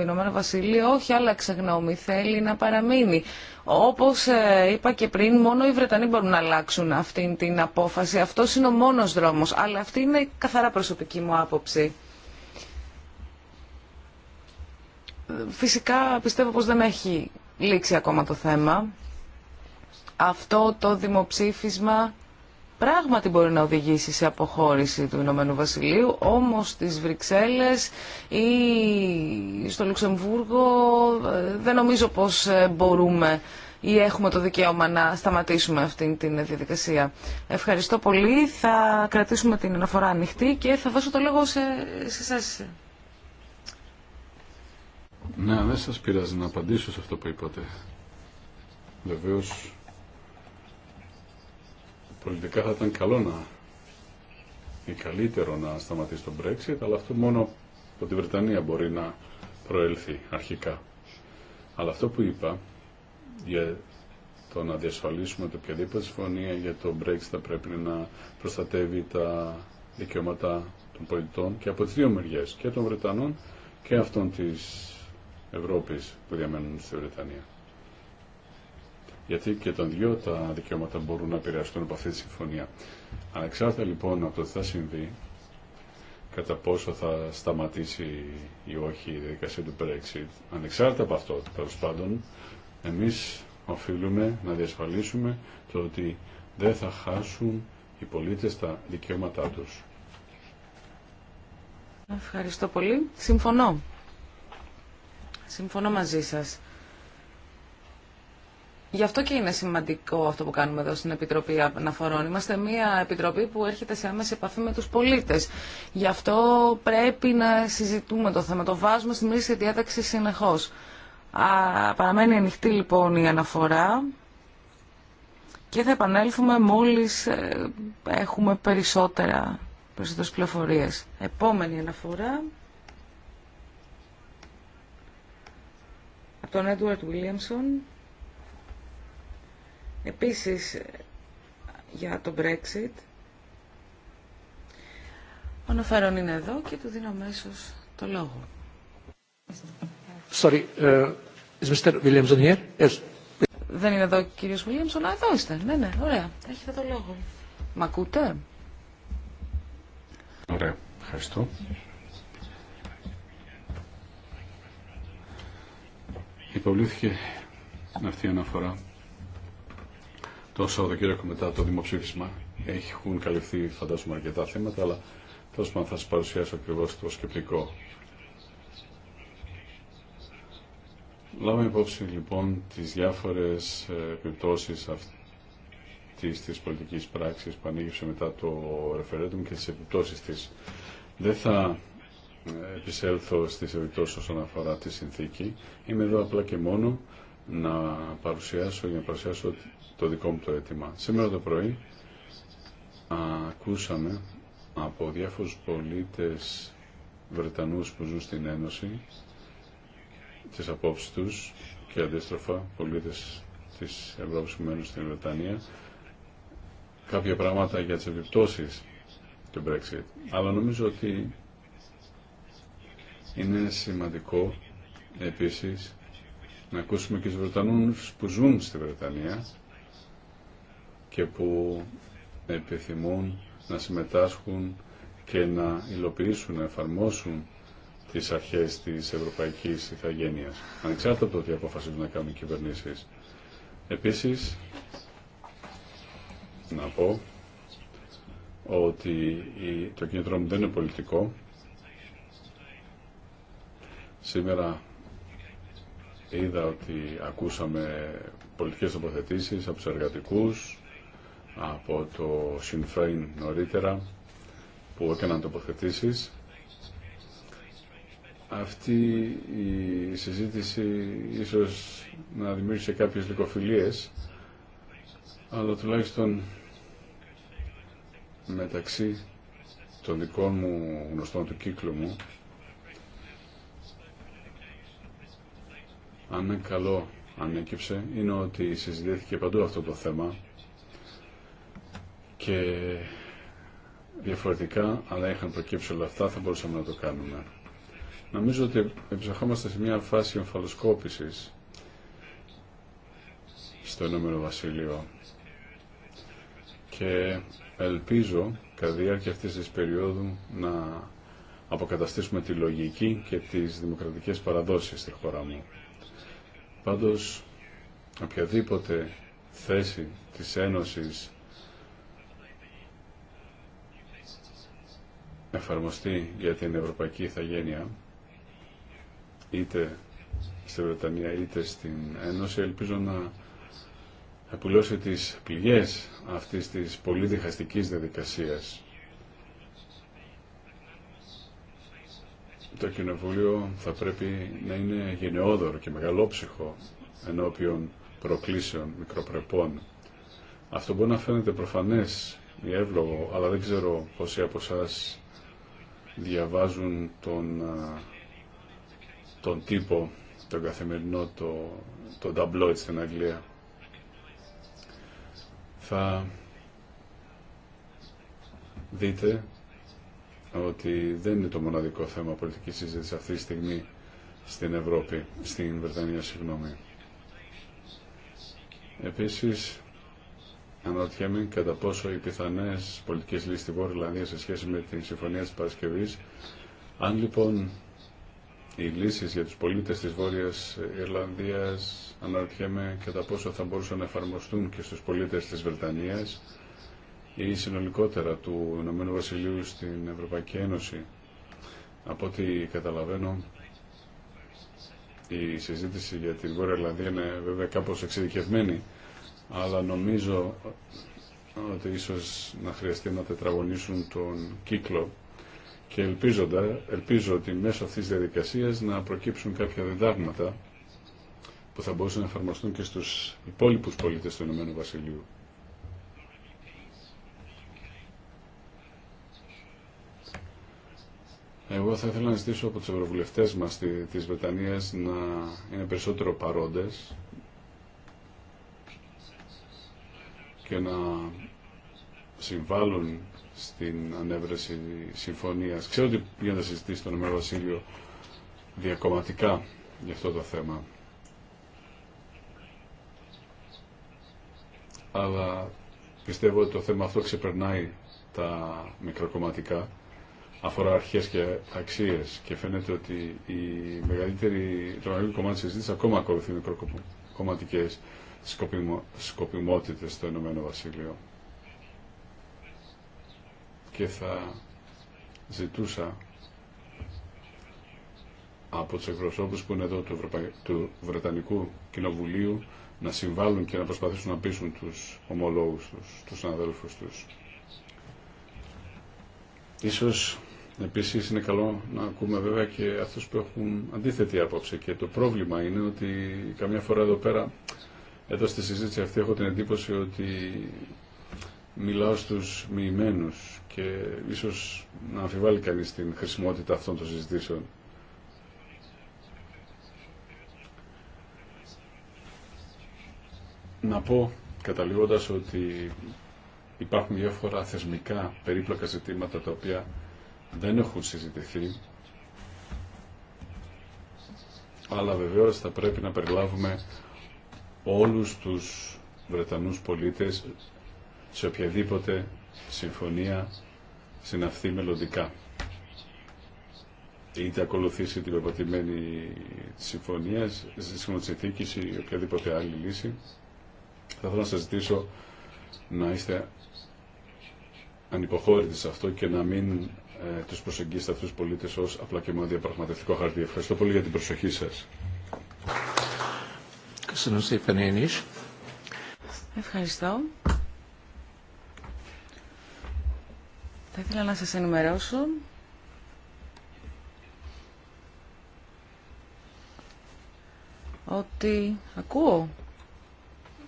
Ηνωμένο Βασίλειο όχι άλλαξε γνώμη, θέλει να παραμείνει. Όπως ε, είπα και πριν, μόνο οι Βρετανοί μπορούν να αλλάξουν αυτή την απόφαση. Αυτό είναι ο μόνος δρόμος, αλλά αυτή είναι καθαρά προσωπική μου άποψη. Φυσικά πιστεύω πως δεν έχει λήξει ακόμα το θέμα. Αυτό το δημοψήφισμα πράγματι μπορεί να οδηγήσει σε αποχώρηση του Ηνωμένου Βασιλείου, όμως στις Βρυξέλλες ή στο Λουξεμβούργο ε, δεν νομίζω πως ε, μπορούμε ή έχουμε το δικαίωμα να σταματήσουμε αυτή την διαδικασία. Ευχαριστώ πολύ. Θα κρατήσουμε την αναφορά ανοιχτή και θα δώσω το λόγο σε, σε Ναι, δεν σας πειράζει να απαντήσω σε αυτό που είπατε. Βεβαίως πολιτικά θα ήταν καλό να ή καλύτερο να σταματήσει το Brexit, αλλά αυτό μόνο από τη Βρετανία μπορεί να προέλθει αρχικά. Αλλά αυτό που είπα για το να διασφαλίσουμε ότι οποιαδήποτε συμφωνία για το Brexit θα πρέπει να προστατεύει τα δικαιώματα των πολιτών και από τις δύο μεριές, και των Βρετανών και αυτών της Ευρώπης που διαμένουν στη Βρετανία γιατί και τα δυο τα δικαιώματα μπορούν να επηρεαστούν από αυτή τη συμφωνία. Ανεξάρτητα λοιπόν από το τι θα συμβεί, κατά πόσο θα σταματήσει ή όχι η διαδικασία του Brexit, ανεξάρτητα από αυτό τέλο πάντων, εμείς οφείλουμε να διασφαλίσουμε το ότι δεν θα χάσουν οι πολίτες τα δικαιώματά τους. Ευχαριστώ πολύ. Συμφωνώ. Συμφωνώ μαζί σας. Γι' αυτό και είναι σημαντικό αυτό που κάνουμε εδώ στην Επιτροπή Αναφορών. Είμαστε μια επιτροπή που έρχεται σε άμεση επαφή με τους πολίτες. Γι' αυτό πρέπει να συζητούμε το θέμα, το βάζουμε στη μίληση διάταξη συνεχώ. παραμένει ανοιχτή λοιπόν η αναφορά και θα επανέλθουμε μόλις ε, έχουμε περισσότερα, περισσότερες Επόμενη αναφορά... Από τον Edward Williamson. Επίσης, για το Brexit, ο Νοφέρον είναι εδώ και του δίνω αμέσω το λόγο. Sorry, ε, is Mr. Williamson here? Yes. Δεν είναι εδώ ο κύριος Williamson, αλλά εδώ είστε. Ναι, ναι, ωραία. Έχετε το λόγο. Μ' ακούτε? Ωραία, ευχαριστώ. Υποβλήθηκε αυτή η αναφορά το Σαββατοκύριακο μετά το δημοψήφισμα. Έχουν καλυφθεί φαντάζομαι αρκετά θέματα, αλλά τόσο πάντων θα σα παρουσιάσω ακριβώ το σκεπτικό. Λάβαμε υπόψη λοιπόν τις διάφορες ε, επιπτώσεις αυτής της πολιτικής πράξης που ανοίγησε μετά το referendum και τι επιπτώσει τη. Δεν θα ε, επισέλθω στις επιπτώσει όσον αφορά τη συνθήκη. Είμαι εδώ απλά και μόνο να παρουσιάσω, για να παρουσιάσω το δικό μου το αίτημα. Σήμερα το πρωί ακούσαμε από διάφορους πολίτες Βρετανούς που ζουν στην Ένωση τις απόψεις τους και αντίστροφα πολίτες της Ευρώπης που μένουν στην Βρετανία κάποια πράγματα για τις επιπτώσεις του Brexit. Αλλά νομίζω ότι είναι σημαντικό επίσης να ακούσουμε και τους Βρετανούς που ζουν στη Βρετανία και που επιθυμούν να συμμετάσχουν και να υλοποιήσουν, να εφαρμόσουν τις αρχές της ευρωπαϊκής ιθαγένειας. ανεξάρτητα από το τι αποφασίζουν να κάνουν οι κυβερνήσεις. Επίσης, να πω ότι το κίνητρό μου δεν είναι πολιτικό. Σήμερα είδα ότι ακούσαμε πολιτικές τοποθετήσει από τους εργατικούς, από το Συνφρέιν νωρίτερα που έκαναν τοποθετήσει. Αυτή η συζήτηση ίσως να δημιούργησε κάποιες δικοφιλίες, αλλά τουλάχιστον μεταξύ των δικών μου γνωστών του κύκλου μου, αν είναι καλό ανέκυψε, είναι ότι συζητήθηκε παντού αυτό το θέμα και διαφορετικά, αλλά είχαν προκύψει όλα αυτά, θα μπορούσαμε να το κάνουμε. Νομίζω ότι εψαχόμαστε σε μια φάση εμφαλοσκόπησης στο Ηνωμένο Βασίλειο και ελπίζω κατά διάρκεια αυτής της περίοδου να αποκαταστήσουμε τη λογική και τις δημοκρατικές παραδόσεις στη χώρα μου. Πάντως, οποιαδήποτε θέση της Ένωσης εφαρμοστεί για την Ευρωπαϊκή Ιθαγένεια είτε στη Βρετανία είτε στην Ένωση ελπίζω να επουλώσει τις πληγές αυτής της πολύ διχαστικής διαδικασίας. Το Κοινοβούλιο θα πρέπει να είναι γενναιόδωρο και μεγαλόψυχο ενώπιον προκλήσεων μικροπρεπών. Αυτό μπορεί να φαίνεται προφανές ή εύλογο, αλλά δεν ξέρω πόσοι από διαβάζουν τον, τον τύπο, τον καθημερινό, το, το tabloid στην Αγγλία. Θα δείτε ότι δεν είναι το μοναδικό θέμα πολιτικής συζήτησης αυτή τη στιγμή στην Ευρώπη, στην Βρετανία, συγγνώμη. Επίσης, Αναρωτιέμαι κατά πόσο οι πιθανέ πολιτικέ λύσει στη Βόρεια Ιρλανδία σε σχέση με την Συμφωνία τη Παρασκευή. Αν λοιπόν οι λύσει για του πολίτε τη Βόρεια Ιρλανδία αναρωτιέμαι κατά πόσο θα μπορούσαν να εφαρμοστούν και στου πολίτε τη Βρετανία ή συνολικότερα του Ηνωμένου Βασιλείου στην Ευρωπαϊκή Ένωση. Από ό,τι καταλαβαίνω, η συζήτηση για τη Βόρεια Ιρλανδία είναι βέβαια κάπως εξειδικευμένη αλλά νομίζω ότι ίσως να χρειαστεί να τετραγωνίσουν τον κύκλο και ελπίζοντα, ελπίζω ότι μέσω αυτής της διαδικασίας να προκύψουν κάποια διδάγματα που θα μπορούσαν να εφαρμοστούν και στους υπόλοιπους πολίτες του Ηνωμένου Βασιλείου. Εγώ θα ήθελα να ζητήσω από τους ευρωβουλευτές μας της Βρετανίας να είναι περισσότερο παρόντες και να συμβάλλουν στην ανέβρεση συμφωνίας. Ξέρω ότι να συζητήσει τον Ομέρο Βασίλειο διακομματικά για αυτό το θέμα. Αλλά πιστεύω ότι το θέμα αυτό ξεπερνάει τα μικροκομματικά, αφορά αρχές και αξίες και φαίνεται ότι η μεγαλύτερη, το μεγαλύτερο κομμάτι της συζήτησης ακόμα ακολουθεί μικροκομματικές σκοπιμο, σκοπιμότητες στο Ηνωμένο Βασίλειο. Και θα ζητούσα από τους εκπροσώπους που είναι εδώ του, Βρετανικού Κοινοβουλίου να συμβάλλουν και να προσπαθήσουν να πείσουν τους ομολόγους τους, τους συναδέλφους τους. Ίσως επίσης είναι καλό να ακούμε βέβαια και αυτούς που έχουν αντίθετη άποψη και το πρόβλημα είναι ότι καμιά φορά εδώ πέρα εδώ στη συζήτηση αυτή έχω την εντύπωση ότι μιλάω στους μοιημένους και ίσως να αμφιβάλλει κανείς την χρησιμότητα αυτών των συζητήσεων. Να πω, καταλήγοντας, ότι υπάρχουν διάφορα θεσμικά περίπλοκα ζητήματα τα οποία δεν έχουν συζητηθεί αλλά βεβαίως θα πρέπει να περιλάβουμε όλους τους Βρετανούς πολίτες σε οποιαδήποτε συμφωνία συναυθεί μελλοντικά. Είτε ακολουθήσει την πεπατημένη συμφωνία, συμφωνησιακής ή οποιαδήποτε άλλη λύση. Θα ήθελα να σας ζητήσω να είστε ανυποχώρητοι σε αυτό και να μην ε, τους προσεγγίσετε αυτούς τους πολίτες ως απλά και μόνο διαπραγματευτικό χαρτί. Ευχαριστώ πολύ για την προσοχή σας. Ευχαριστώ. Θα ήθελα να σας ενημερώσω ότι ακούω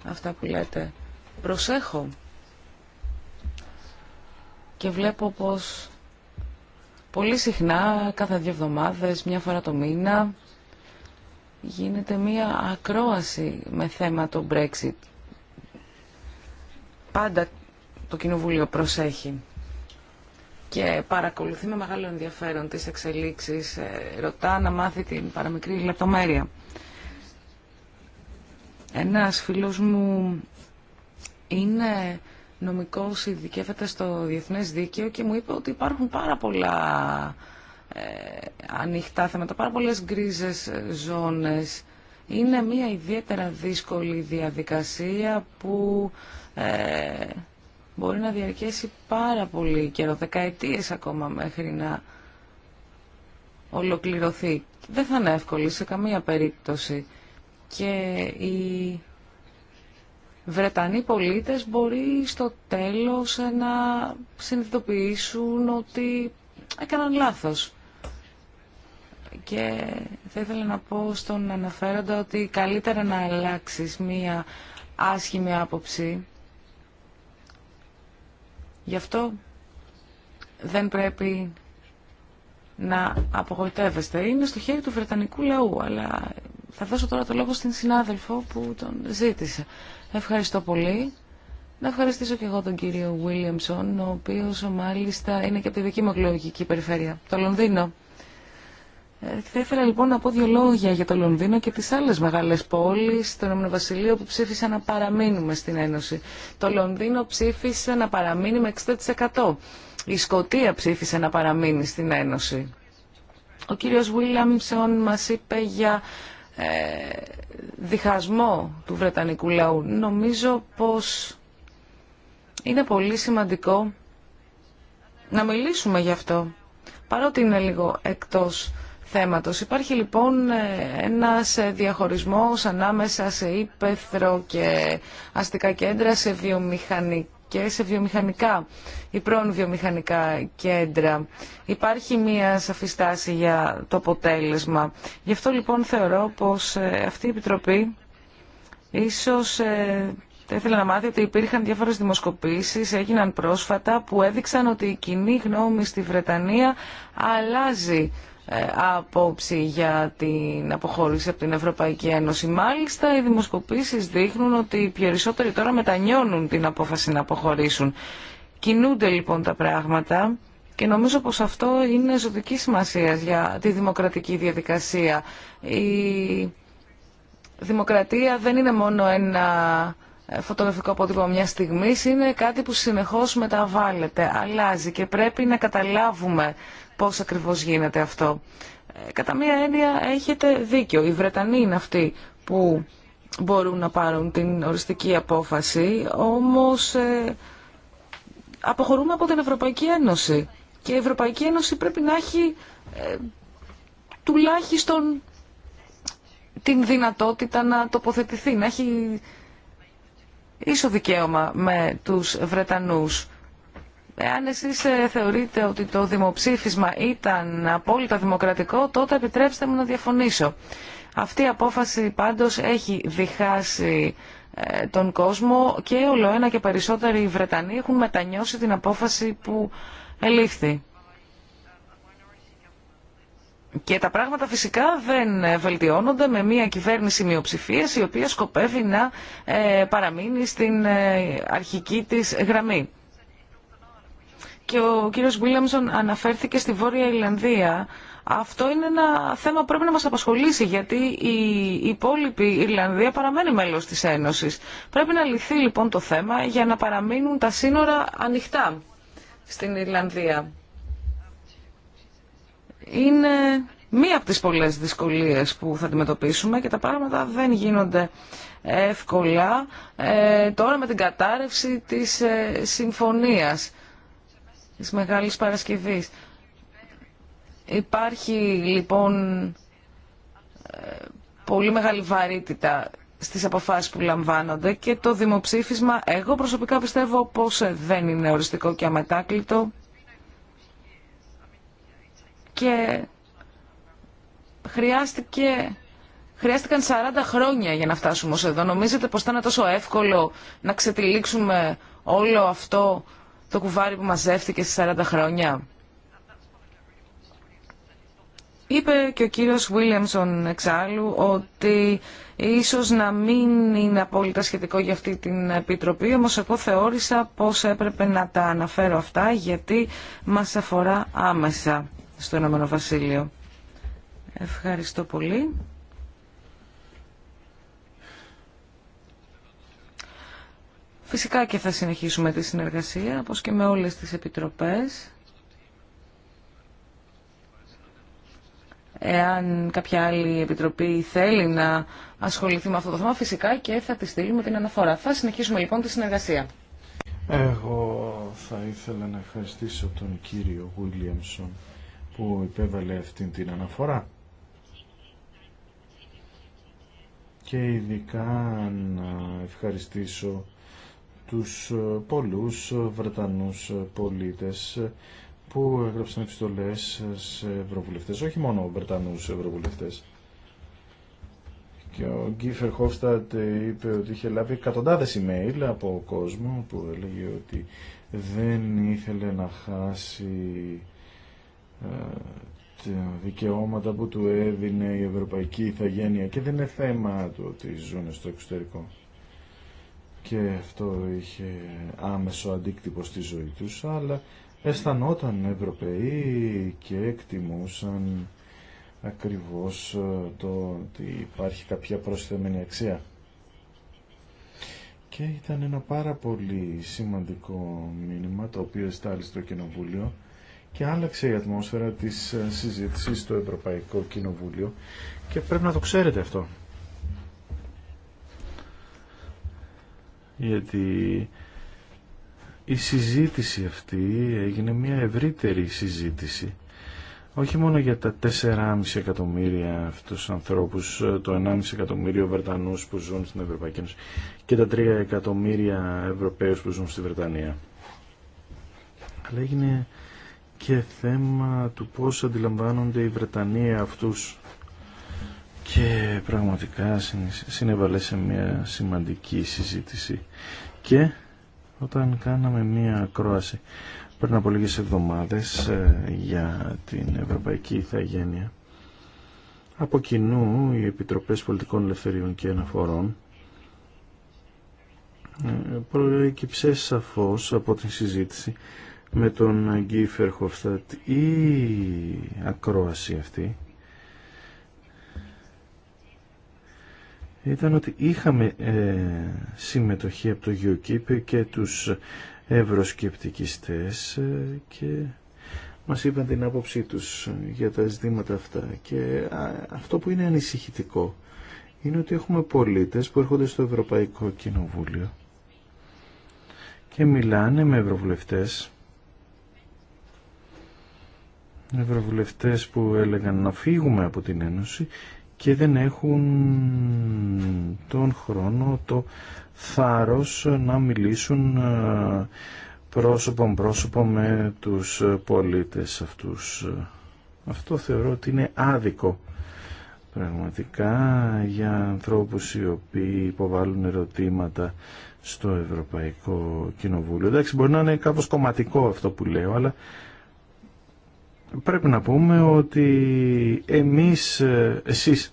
αυτά που λέτε. Προσέχω και βλέπω πως πολύ συχνά, κάθε δύο εβδομάδες, μια φορά το μήνα, γίνεται μία ακρόαση με θέμα το Brexit. Πάντα το Κοινοβούλιο προσέχει και παρακολουθεί με μεγάλο ενδιαφέρον τις εξελίξεις, ε, ρωτά να μάθει την παραμικρή λεπτομέρεια. Ένας φίλος μου είναι νομικός, ειδικεύεται στο διεθνές δίκαιο και μου είπε ότι υπάρχουν πάρα πολλά ε, ανοιχτά θέματα, πάρα πολλές γκρίζες ζώνες. Είναι μια ιδιαίτερα δύσκολη διαδικασία που ε, μπορεί να διαρκέσει πάρα πολύ καιρό, δεκαετίες ακόμα μέχρι να ολοκληρωθεί. Δεν θα είναι εύκολη σε καμία περίπτωση. Και οι Βρετανοί πολίτες μπορεί στο τέλος να συνειδητοποιήσουν ότι έκαναν λάθος. Και θα ήθελα να πω στον αναφέροντα ότι καλύτερα να αλλάξεις μία άσχημη άποψη. Γι' αυτό δεν πρέπει να απογοητεύεστε. Είναι στο χέρι του Βρετανικού λαού, αλλά θα δώσω τώρα το λόγο στην συνάδελφο που τον ζήτησε. Ευχαριστώ πολύ. Να ευχαριστήσω και εγώ τον κύριο Βίλιαμσον, ο οποίος μάλιστα είναι και από τη δική μου εκλογική περιφέρεια, το Λονδίνο. Θα ήθελα λοιπόν να πω δύο λόγια για το Λονδίνο και τις άλλες μεγάλες πόλεις το Ηνωμένου που ψήφισαν να παραμείνουμε στην Ένωση. Το Λονδίνο ψήφισε να παραμείνει με 60%. Η Σκοτία ψήφισε να παραμείνει στην Ένωση. Ο κύριος Βουίλαμσον μας είπε για ε, διχασμό του Βρετανικού λαού. Νομίζω πως είναι πολύ σημαντικό να μιλήσουμε γι' αυτό, παρότι είναι λίγο εκτός θέματος. Υπάρχει λοιπόν ένας διαχωρισμός ανάμεσα σε ύπεθρο και αστικά κέντρα, σε και σε βιομηχανικά, ή πρώην βιομηχανικά κέντρα. Υπάρχει μία σαφή στάση για το αποτέλεσμα. Γι' αυτό λοιπόν θεωρώ πως ε, αυτή η Επιτροπή ίσως ε, θα ήθελα να μάθει ότι υπήρχαν διάφορες δημοσκοπήσεις, έγιναν πρόσφατα, που έδειξαν ότι η κοινή γνώμη στη Βρετανία αλλάζει ε, άποψη για την αποχώρηση από την Ευρωπαϊκή Ένωση. Μάλιστα, οι δημοσκοπήσεις δείχνουν ότι οι περισσότεροι τώρα μετανιώνουν την απόφαση να αποχωρήσουν. Κινούνται λοιπόν τα πράγματα και νομίζω πως αυτό είναι ζωτική σημασία για τη δημοκρατική διαδικασία. Η δημοκρατία δεν είναι μόνο ένα φωτογραφικό αποτύπωμα μια στιγμή είναι κάτι που συνεχώς μεταβάλλεται, αλλάζει και πρέπει να καταλάβουμε πώς ακριβώς γίνεται αυτό. Ε, κατά μία έννοια έχετε δίκιο. Οι Βρετανοί είναι αυτοί που μπορούν να πάρουν την οριστική απόφαση, όμως ε, αποχωρούμε από την Ευρωπαϊκή Ένωση. Και η Ευρωπαϊκή Ένωση πρέπει να έχει ε, τουλάχιστον την δυνατότητα να τοποθετηθεί, να έχει ίσο δικαίωμα με τους Βρετανούς. Εάν εσείς ε, θεωρείτε ότι το δημοψήφισμα ήταν απόλυτα δημοκρατικό, τότε επιτρέψτε μου να διαφωνήσω. Αυτή η απόφαση πάντως έχει διχάσει ε, τον κόσμο και όλο ένα και περισσότεροι Βρετανοί έχουν μετανιώσει την απόφαση που ελήφθη. Και τα πράγματα φυσικά δεν ε, βελτιώνονται με μια κυβέρνηση μειοψηφία η οποία σκοπεύει να παραμείνει στην αρχική της γραμμή και ο κύριος Βίλαμσον αναφέρθηκε στη Βόρεια Ιρλανδία. Αυτό είναι ένα θέμα που πρέπει να μας απασχολήσει γιατί η υπόλοιπη Ιρλανδία παραμένει μέλος της Ένωσης. Πρέπει να λυθεί λοιπόν το θέμα για να παραμείνουν τα σύνορα ανοιχτά στην Ιρλανδία. Είναι μία από τις πολλές δυσκολίες που θα αντιμετωπίσουμε και τα πράγματα δεν γίνονται εύκολα ε, τώρα με την κατάρρευση της ε, συμφωνίας της Μεγάλης Παρασκευής. Υπάρχει λοιπόν ε, πολύ μεγάλη βαρύτητα στις αποφάσεις που λαμβάνονται και το δημοψήφισμα εγώ προσωπικά πιστεύω πως ε, δεν είναι οριστικό και αμετάκλητο και χρειάστηκε Χρειάστηκαν 40 χρόνια για να φτάσουμε ως εδώ. Νομίζετε πως θα τόσο εύκολο να ξετυλίξουμε όλο αυτό το κουβάρι που μαζεύτηκε σε 40 χρόνια. Είπε και ο κύριος Βίλιαμσον εξάλλου ότι ίσως να μην είναι απόλυτα σχετικό για αυτή την επιτροπή, όμως εγώ θεώρησα πως έπρεπε να τα αναφέρω αυτά γιατί μας αφορά άμεσα στο Ηνωμένο Βασίλειο. Ευχαριστώ πολύ. Φυσικά και θα συνεχίσουμε τη συνεργασία, όπως και με όλες τις επιτροπές. Εάν κάποια άλλη επιτροπή θέλει να ασχοληθεί με αυτό το θέμα, φυσικά και θα τη στείλουμε την αναφορά. Θα συνεχίσουμε λοιπόν τη συνεργασία. Εγώ θα ήθελα να ευχαριστήσω τον κύριο Γουίλιαμσον που υπέβαλε αυτή την αναφορά και ειδικά να ευχαριστήσω τους ε, πολλούς ε, Βρετανούς ε, πολίτες που έγραψαν επιστολές σε ευρωβουλευτές, όχι μόνο Βρετανούς ευρωβουλευτές. Και ο Γκίφερ Χόφστατ είπε ότι είχε λάβει εκατοντάδες email από κόσμο που έλεγε ότι δεν ήθελε να χάσει τα δικαιώματα που του έδινε η Ευρωπαϊκή Ιθαγένεια και δεν είναι θέμα του ότι ζουν στο εξωτερικό και αυτό είχε άμεσο αντίκτυπο στη ζωή τους, αλλά αισθανόταν Ευρωπαίοι και εκτιμούσαν ακριβώς ε, το ότι υπάρχει κάποια προσθεμένη αξία. Και ήταν ένα πάρα πολύ σημαντικό μήνυμα το οποίο εστάλει στο Κοινοβούλιο και άλλαξε η ατμόσφαιρα της ε, συζήτησης στο Ευρωπαϊκό Κοινοβούλιο και πρέπει να το ξέρετε αυτό. γιατί η συζήτηση αυτή έγινε μια ευρύτερη συζήτηση όχι μόνο για τα 4,5 εκατομμύρια αυτούς τους ανθρώπους, το 1,5 εκατομμύριο Βρετανούς που ζουν στην Ευρωπαϊκή Ένωση και τα 3 εκατομμύρια Ευρωπαίους που ζουν στη Βρετανία. Αλλά έγινε και θέμα του πώς αντιλαμβάνονται οι Βρετανοί αυτούς και πραγματικά συνέβαλε σε μια σημαντική συζήτηση και όταν κάναμε μια ακρόαση πριν από λίγες εβδομάδες ε, για την Ευρωπαϊκή Ιθαγένεια από κοινού οι Επιτροπές Πολιτικών Ελευθεριών και Αναφορών ε, προέκυψε σαφώς από την συζήτηση με τον Αγγί Φερχοφθατ η ακρόαση αυτή ήταν ότι είχαμε ε, συμμετοχή από το UKIP και τους ευρωσκεπτικιστές ε, και μας είπαν την άποψή τους για τα ζητήματα αυτά. Και αυτό που είναι ανησυχητικό είναι ότι έχουμε πολίτες που έρχονται στο Ευρωπαϊκό Κοινοβούλιο και μιλάνε με ευρωβουλευτές ευρωβουλευτές που έλεγαν να φύγουμε από την Ένωση και δεν έχουν τον χρόνο, το θάρρος να μιλήσουν ε, πρόσωπον πρόσωπο με τους πολίτες αυτούς. Αυτό θεωρώ ότι είναι άδικο πραγματικά για ανθρώπους οι οποίοι υποβάλλουν ερωτήματα στο Ευρωπαϊκό Κοινοβούλιο. Εντάξει, μπορεί να είναι κάπως κομματικό αυτό που λέω, αλλά πρέπει να πούμε ότι εμείς, εσείς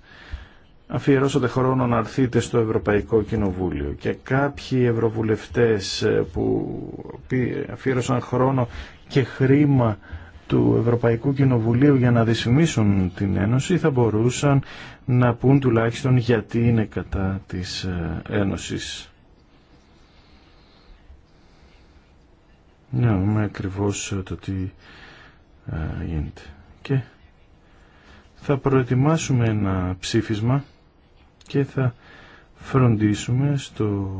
αφιερώσατε χρόνο να αρθείτε στο Ευρωπαϊκό Κοινοβούλιο και κάποιοι ευρωβουλευτές ε, που αφιέρωσαν χρόνο και χρήμα του Ευρωπαϊκού Κοινοβουλίου για να δυσφημίσουν την Ένωση θα μπορούσαν να πούν τουλάχιστον γιατί είναι κατά της ε, Ένωσης. Ναι, με ακριβώς το και θα προετοιμάσουμε ένα ψήφισμα και θα φροντίσουμε στο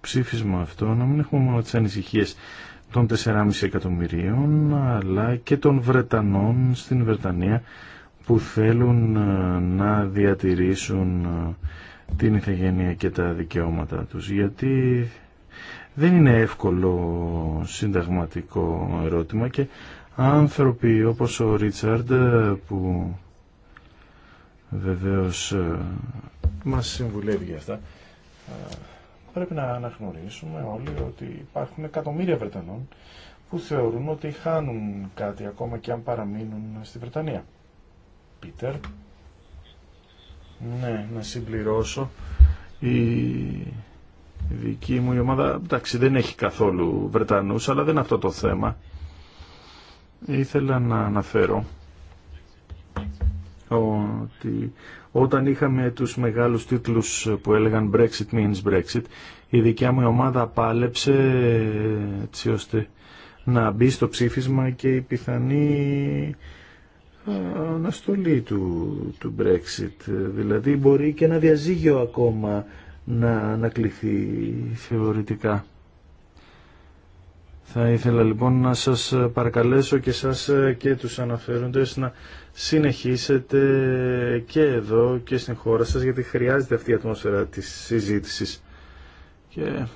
ψήφισμα αυτό να μην έχουμε μόνο τις ανησυχίες των 4,5 εκατομμυρίων αλλά και των Βρετανών στην Βρετανία που θέλουν ε, να διατηρήσουν ε, την ηθαγένεια και τα δικαιώματα τους γιατί δεν είναι εύκολο συνταγματικό ερώτημα και άνθρωποι όπως ο Ρίτσαρντ που βεβαίως ε, μας συμβουλεύει για αυτά ε, πρέπει να αναγνωρίσουμε όλοι ότι υπάρχουν εκατομμύρια Βρετανών που θεωρούν ότι χάνουν κάτι ακόμα και αν παραμείνουν στη Βρετανία. Πίτερ. Ναι, να συμπληρώσω. Η δική μου η ομάδα, εντάξει δεν έχει καθόλου Βρετανούς, αλλά δεν είναι αυτό το θέμα ήθελα να αναφέρω ότι όταν είχαμε τους μεγάλους τίτλους που έλεγαν Brexit means Brexit, η δικιά μου ομάδα πάλεψε έτσι ώστε να μπει στο ψήφισμα και η πιθανή αναστολή του, του Brexit. Δηλαδή μπορεί και ένα διαζύγιο ακόμα να ανακληθεί θεωρητικά. Θα ήθελα λοιπόν να σας παρακαλέσω και σας και τους αναφέροντες να συνεχίσετε και εδώ και στην χώρα σας γιατί χρειάζεται αυτή η ατμόσφαιρα της συζήτησης. Και...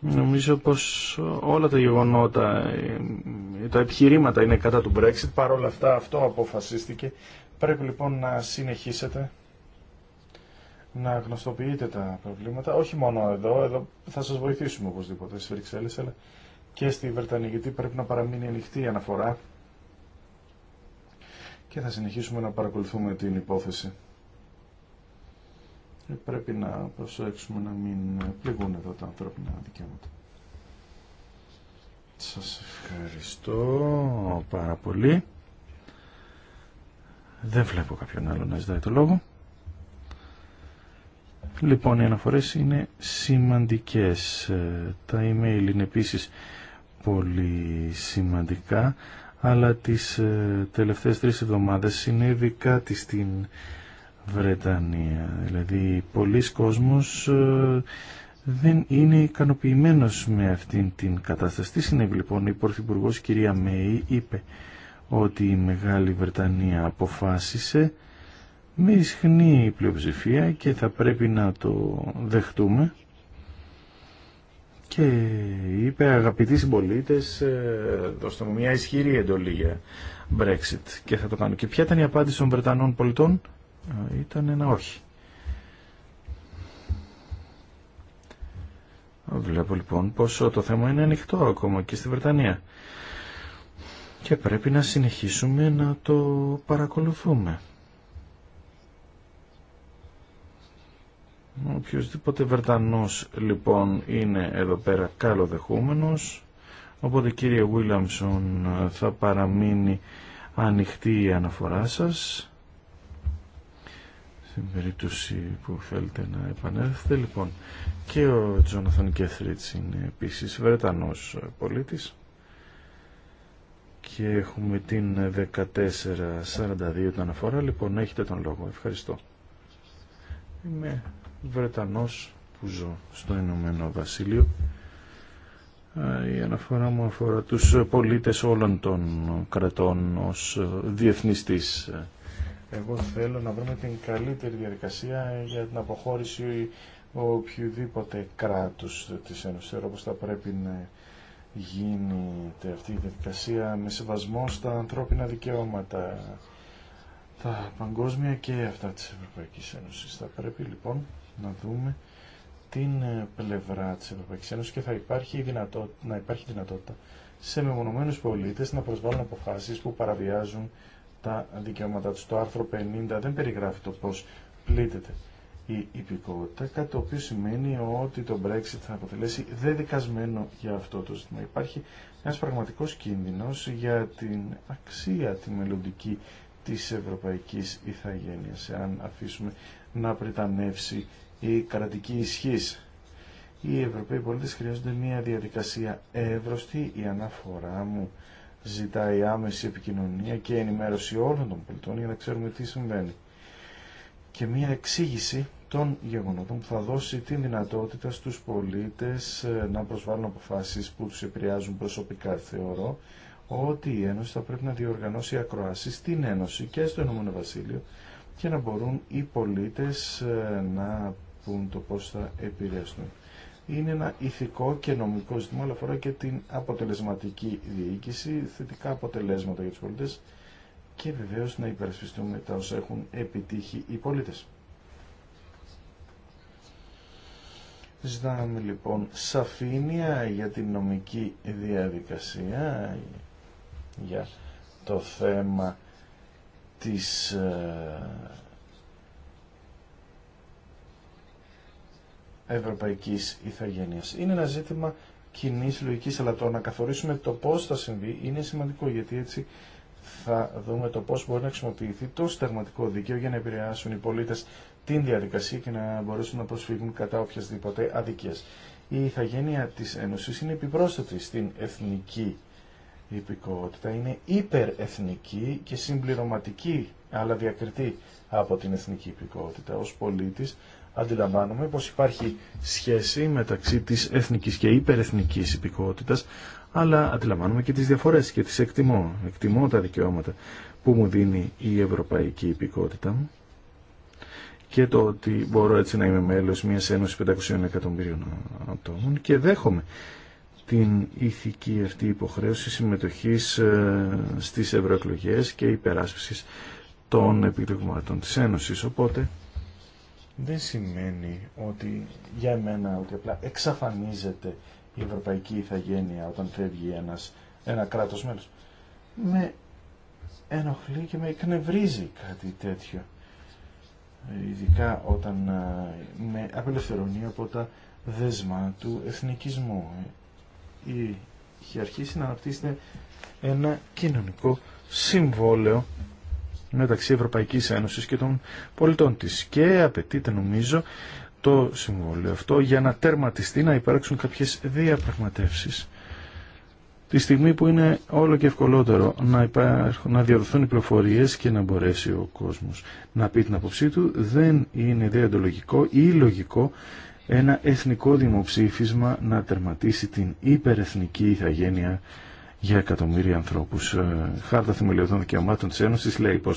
Νομίζω πως όλα τα γεγονότα, τα επιχειρήματα είναι κατά του Brexit, παρόλα αυτά αυτό αποφασίστηκε. Πρέπει λοιπόν να συνεχίσετε να γνωστοποιείτε τα προβλήματα, όχι μόνο εδώ, εδώ θα σας βοηθήσουμε οπωσδήποτε στις Βρυξέλλες, αλλά και στη Βρετανία, γιατί πρέπει να παραμείνει ανοιχτή η αναφορά και θα συνεχίσουμε να παρακολουθούμε την υπόθεση. Ε, πρέπει να προσέξουμε να μην πληγούν εδώ τα ανθρώπινα δικαιώματα. Σας ευχαριστώ πάρα πολύ. Δεν βλέπω κάποιον άλλο να ζητάει το λόγο. Λοιπόν, οι αναφορές είναι σημαντικές. Ε, τα email είναι επίσης πολύ σημαντικά, αλλά τις ε, τελευταίες τρεις εβδομάδες συνέβη κάτι στην Βρετανία. Δηλαδή, πολλοί κόσμος ε, δεν είναι ικανοποιημένος με αυτήν την κατάσταση. Τι συνέβη λοιπόν, η Πρωθυπουργός κυρία Μέη είπε ότι η Μεγάλη Βρετανία αποφάσισε με ισχνή πλειοψηφία και θα πρέπει να το δεχτούμε και είπε αγαπητοί συμπολίτε, ε, δώστε μου μια ισχυρή εντολή για Brexit και θα το κάνω. Και ποια ήταν η απάντηση των Βρετανών πολιτών, ήταν ένα όχι. Βλέπω λοιπόν πόσο το θέμα είναι ανοιχτό ακόμα και στη Βρετανία. Και πρέπει να συνεχίσουμε να το παρακολουθούμε. Οποιοςδήποτε Βρετανός λοιπόν είναι εδώ πέρα καλοδεχούμενος, οπότε κύριε Βίλαμσον θα παραμείνει ανοιχτή η αναφορά σας στην περίπτωση που θέλετε να επανέλθετε λοιπόν και ο Τζόναθαν Κέθριτς είναι επίσης Βρετανός πολίτης και έχουμε την 1442 την αναφορά λοιπόν έχετε τον λόγο ευχαριστώ Είμαι Βρετανός που ζω στο Ηνωμένο Βασίλειο. Η αναφορά μου αφορά τους πολίτες όλων των κρατών ως διεθνιστής. Εγώ θέλω να βρούμε την καλύτερη διαδικασία για την αποχώρηση οποιοδήποτε κράτους της Ένωσης. Θεωρώ πως θα πρέπει να γίνεται αυτή η διαδικασία με σεβασμό στα ανθρώπινα δικαιώματα τα παγκόσμια και αυτά της Ευρωπαϊκής Ένωσης. Θα πρέπει λοιπόν να δούμε την ε, πλευρά τη Ευρωπαϊκή Ένωση και θα υπάρχει δυνατότητα, να υπάρχει δυνατότητα σε μεμονωμένους πολίτε να προσβάλλουν αποφάσει που παραβιάζουν τα δικαιώματά του. Το άρθρο 50 δεν περιγράφει το πώ πλήττεται η υπηκότητα, κάτι το οποίο σημαίνει ότι το Brexit θα αποτελέσει δεδικασμένο για αυτό το ζήτημα. Υπάρχει ένα πραγματικό κίνδυνο για την αξία τη μελλοντική της ευρωπαϊκής ηθαγένειας, εάν αφήσουμε να πρετανεύσει η κρατική ισχύς. Οι Ευρωπαίοι πολίτες χρειάζονται μια διαδικασία εύρωστη. Η αναφορά μου ζητάει άμεση επικοινωνία και ενημέρωση όλων των πολιτών για να ξέρουμε τι συμβαίνει. Και μια εξήγηση των γεγονότων που θα δώσει τη δυνατότητα στους πολίτες ε, να προσβάλλουν αποφάσεις που τους επηρεάζουν προσωπικά. Θεωρώ ότι η Ένωση θα πρέπει να διοργανώσει ακροάσεις στην Ένωση και στο Ηνωμένο Βασίλειο και να μπορούν οι πολίτες ε, να το πώς θα Είναι ένα ηθικό και νομικό ζήτημα, αλλά αφορά και την αποτελεσματική διοίκηση, θετικά αποτελέσματα για τους πολίτες και βεβαίως να υπερασπιστούμε τα όσα έχουν επιτύχει οι πολίτες. Ζητάμε λοιπόν σαφήνεια για την νομική διαδικασία, για το θέμα της ε, Ευρωπαϊκή ηθαγένεια. Είναι ένα ζήτημα κοινή λογική, αλλά το να καθορίσουμε το πώ θα συμβεί είναι σημαντικό γιατί έτσι θα δούμε το πώ μπορεί να χρησιμοποιηθεί το στεγματικό δίκαιο για να επηρεάσουν οι πολίτε την διαδικασία και να μπορέσουν να προσφύγουν κατά οποιασδήποτε αδικία. Η ηθαγένεια τη Ένωση είναι επιπρόσθετη στην εθνική υπηκότητα, είναι υπερεθνική και συμπληρωματική αλλά διακριτή από την εθνική υπηκότητα. Ως πολίτης αντιλαμβάνομαι πως υπάρχει σχέση μεταξύ της εθνικής και υπερεθνικής υπηκότητας, αλλά αντιλαμβάνομαι και τις διαφορές και τις εκτιμώ. Εκτιμώ τα δικαιώματα που μου δίνει η ευρωπαϊκή υπηκότητα και το ότι μπορώ έτσι να είμαι μέλος μιας ένωσης 500 εκατομμύριων ατόμων και δέχομαι την ηθική αυτή υποχρέωση συμμετοχής ε, στις ευρωεκλογέ και υπεράσπισης των επιτευγμάτων της Ένωσης. Οπότε δεν σημαίνει ότι για μένα ότι απλά εξαφανίζεται η ευρωπαϊκή ηθαγένεια όταν φεύγει ένας, ένα κράτος μέλος. Με ενοχλεί και με εκνευρίζει κάτι τέτοιο. Ειδικά όταν με απελευθερώνει από τα δέσμα του εθνικισμού. Είχε αρχίσει να αναπτύσσεται ένα κοινωνικό συμβόλαιο μεταξύ Ευρωπαϊκής Ένωσης και των πολιτών της. Και απαιτείται νομίζω το συμβόλαιο αυτό για να τερματιστεί να υπάρξουν κάποιες διαπραγματεύσεις. Τη στιγμή που είναι όλο και ευκολότερο να, υπάρχουν, να διορθούν οι πληροφορίες και να μπορέσει ο κόσμος να πει την απόψή του, δεν είναι διαντολογικό ή λογικό ένα εθνικό δημοψήφισμα να τερματίσει την υπερεθνική ηθαγένεια για εκατομμύρια ανθρώπους. Ε, Χάρτα Θεμελιωδών Δικαιωμάτων τη Ένωση, λέει πω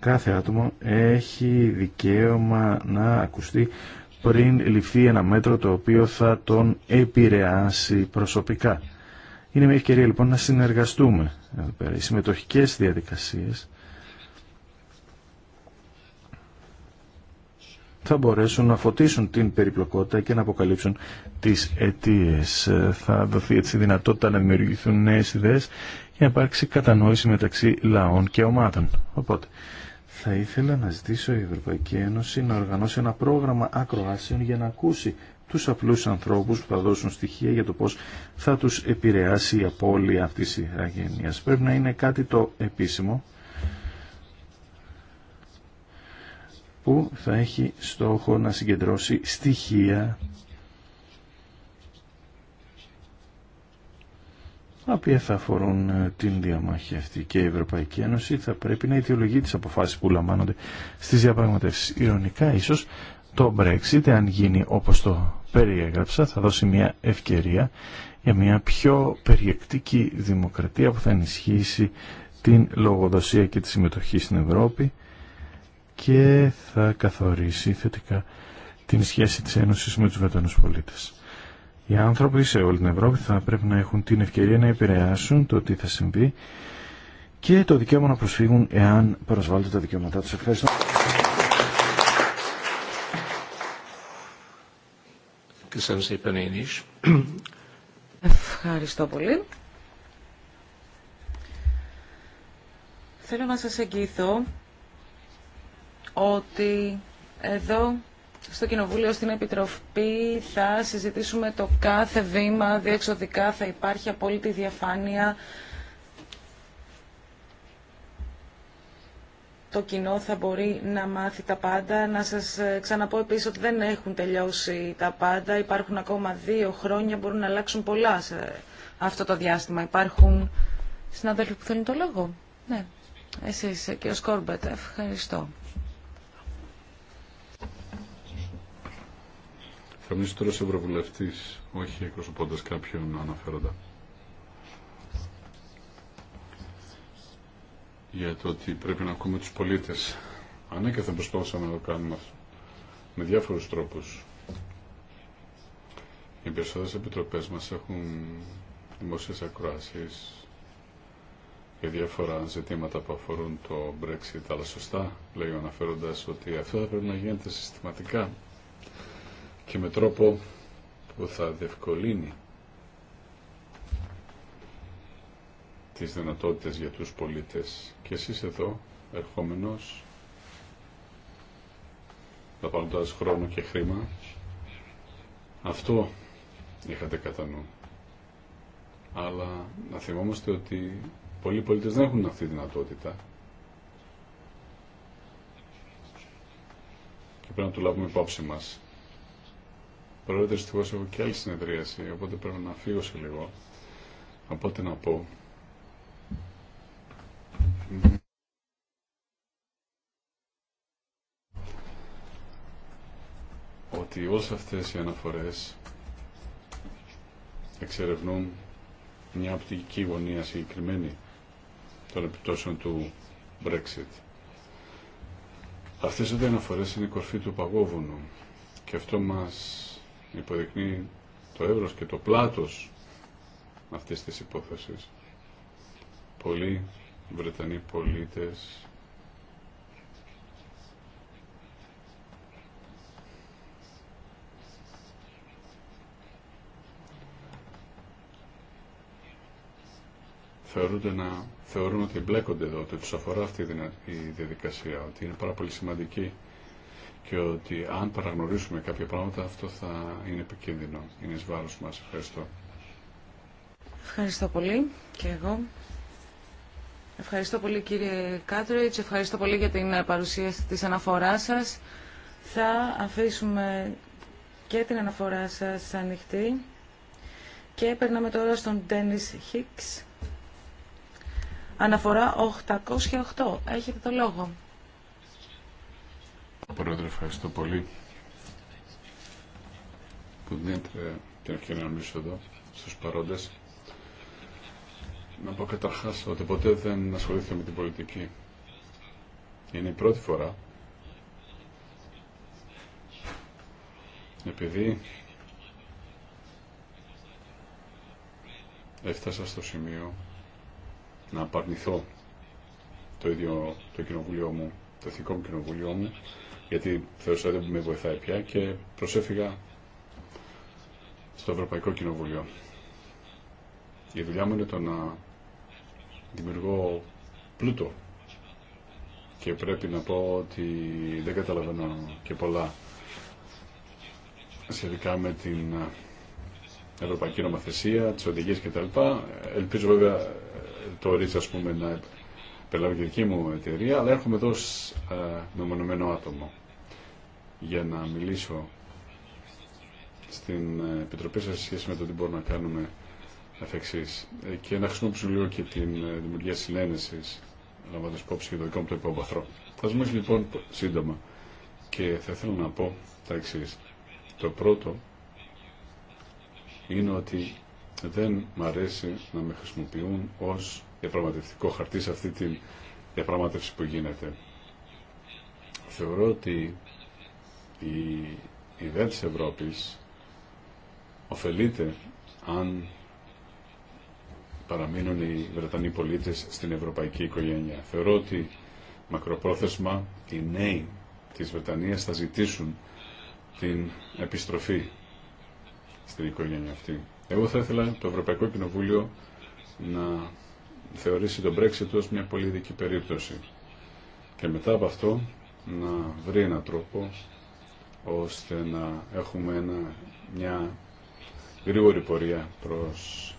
κάθε άτομο έχει δικαίωμα να ακουστεί πριν ληφθεί ένα μέτρο το οποίο θα τον επηρεάσει προσωπικά. Είναι μια ευκαιρία λοιπόν να συνεργαστούμε εδώ πέρα. Οι συμμετοχικές διαδικασίες θα μπορέσουν να φωτίσουν την περιπλοκότητα και να αποκαλύψουν τις αιτίες. Ε, θα δοθεί έτσι δυνατότητα να δημιουργηθούν νέες ιδέες και να υπάρξει κατανόηση μεταξύ λαών και ομάδων. Οπότε, θα ήθελα να ζητήσω η Ευρωπαϊκή Ένωση να οργανώσει ένα πρόγραμμα ακροάσεων για να ακούσει τους απλούς ανθρώπους που θα δώσουν στοιχεία για το πώς θα τους επηρεάσει η απώλεια αυτής της αγένειας. Πρέπει να είναι κάτι το επίσημο που θα έχει στόχο να συγκεντρώσει στοιχεία τα οποία θα αφορούν ε, την διαμάχη αυτή και η Ευρωπαϊκή Ένωση θα πρέπει να ιδεολογεί τις αποφάσεις που λαμβάνονται στις διαπραγματεύσεις. Ιρωνικά, ίσως το Brexit, αν γίνει όπως το περιέγραψα, θα δώσει μια ευκαιρία για μια πιο περιεκτική δημοκρατία που θα ενισχύσει την λογοδοσία και τη συμμετοχή στην Ευρώπη και θα καθορίσει θετικά την σχέση της Ένωσης με τους Βρετανούς πολίτες. Οι άνθρωποι σε όλη την Ευρώπη θα πρέπει να έχουν την ευκαιρία να επηρεάσουν το τι θα συμβεί και το δικαίωμα να προσφύγουν εάν προσβάλλονται τα δικαιώματά τους. Ευχαριστώ. Ευχαριστώ πολύ. Θέλω να σας εγγυηθώ ότι εδώ στο Κοινοβούλιο, στην Επιτροπή, θα συζητήσουμε το κάθε βήμα διεξοδικά, θα υπάρχει απόλυτη διαφάνεια. Το κοινό θα μπορεί να μάθει τα πάντα. Να σας ξαναπώ επίσης ότι δεν έχουν τελειώσει τα πάντα. Υπάρχουν ακόμα δύο χρόνια, μπορούν να αλλάξουν πολλά σε αυτό το διάστημα. Υπάρχουν συναδέλφοι που θέλουν το λόγο. Ναι, εσείς, κύριο Σκόρμπετ, ευχαριστώ. Καμνίζω τώρα σε ευρωβουλευτής, όχι εκπροσωπώντα κάποιον αναφέροντα. Για το ότι πρέπει να ακούμε του πολίτες. Ανέκαθεν προσπαθούσαμε να το κάνουμε αυτό. Με διάφορους τρόπους. Οι περισσότερες επιτροπές μας έχουν δημόσιε ακροάσει για διάφορα ζητήματα που αφορούν το Brexit, αλλά σωστά λέει ο αναφέροντα ότι αυτό θα πρέπει να γίνεται συστηματικά και με τρόπο που θα διευκολύνει τις δυνατότητες για τους πολίτες. Και εσείς εδώ, ερχόμενος, δαπανώντας χρόνο και χρήμα, αυτό είχατε κατά νου. Αλλά να θυμόμαστε ότι πολλοί πολίτες δεν έχουν αυτή τη δυνατότητα. Και πρέπει να το λάβουμε υπόψη μας. Πρόεδρε, δυστυχώ έχω και άλλη συνεδρίαση, οπότε πρέπει να φύγω σε λίγο. ό,τι να πω. ότι όλε αυτές οι αναφορές εξερευνούν μια οπτική γωνία συγκεκριμένη των επιπτώσεων του Brexit. Αυτές οι αναφορές είναι η κορφή του παγόβουνου και αυτό μας υποδεικνύει το εύρος και το πλάτος αυτής της υπόθεσης. Πολλοί Βρετανοί πολίτες θεωρούνται να θεωρούν ότι μπλέκονται εδώ, ότι τους αφορά αυτή η διαδικασία, ότι είναι πάρα πολύ σημαντική και ότι αν παραγνωρίσουμε κάποια πράγματα αυτό θα είναι επικίνδυνο. Είναι εις βάρος μας. Ευχαριστώ. Ευχαριστώ πολύ και εγώ. Ευχαριστώ πολύ κύριε Κάτριτς, ευχαριστώ πολύ για την ε, παρουσίαση της αναφοράς σας. Θα αφήσουμε και την αναφορά σας ανοιχτή και περνάμε τώρα στον Dennis Hicks. Αναφορά 808. Έχετε το λόγο. Πρόεδρε, ευχαριστώ πολύ που δίνετε την ευκαιρία να μιλήσω εδώ στους παρόντες. Να πω καταρχάς ότι ποτέ δεν ασχολήθηκα με την πολιτική. Είναι η πρώτη φορά επειδή έφτασα στο σημείο να απαρνηθώ το ίδιο το κοινοβουλίο μου, το εθνικό μου κοινοβουλίο μου, γιατί θεωρούσα δεν με βοηθάει πια και προσέφυγα στο Ευρωπαϊκό Κοινοβούλιο. Η δουλειά μου είναι το να δημιουργώ πλούτο και πρέπει να πω ότι δεν καταλαβαίνω και πολλά σχετικά με την ευρωπαϊκή νομοθεσία, τις οδηγίες κτλ. Ελπίζω βέβαια το ρίτσα ας πούμε να περιλάβει και δική μου εταιρεία, αλλά έρχομαι εδώ ως ε, μεμονωμένο άτομο για να μιλήσω στην ε, Επιτροπή σας σε σχέση με το τι μπορούμε να κάνουμε εφ' εξής. Ε, και να χρησιμοποιήσω λίγο και την ε, δημιουργία συνένεσης, λαμβάνοντας υπόψη και το δικό μου το υπόβαθρο. Θα σας μιλήσω λοιπόν σύντομα και θα ήθελα να πω τα εξή. Το πρώτο είναι ότι δεν μ' αρέσει να με χρησιμοποιούν ως διαπραγματευτικό χαρτί σε αυτή τη διαπραγμάτευση που γίνεται. Θεωρώ ότι η ιδέα της Ευρώπης ωφελείται αν παραμείνουν οι Βρετανοί πολίτες στην ευρωπαϊκή οικογένεια. Θεωρώ ότι μακροπρόθεσμα οι νέοι της Βρετανίας θα ζητήσουν την επιστροφή στην οικογένεια αυτή. Εγώ θα ήθελα το Ευρωπαϊκό Κοινοβούλιο να θεωρήσει τον Brexit ως μια πολύ περίπτωση και μετά από αυτό να βρει έναν τρόπο ώστε να έχουμε ένα, μια γρήγορη πορεία προς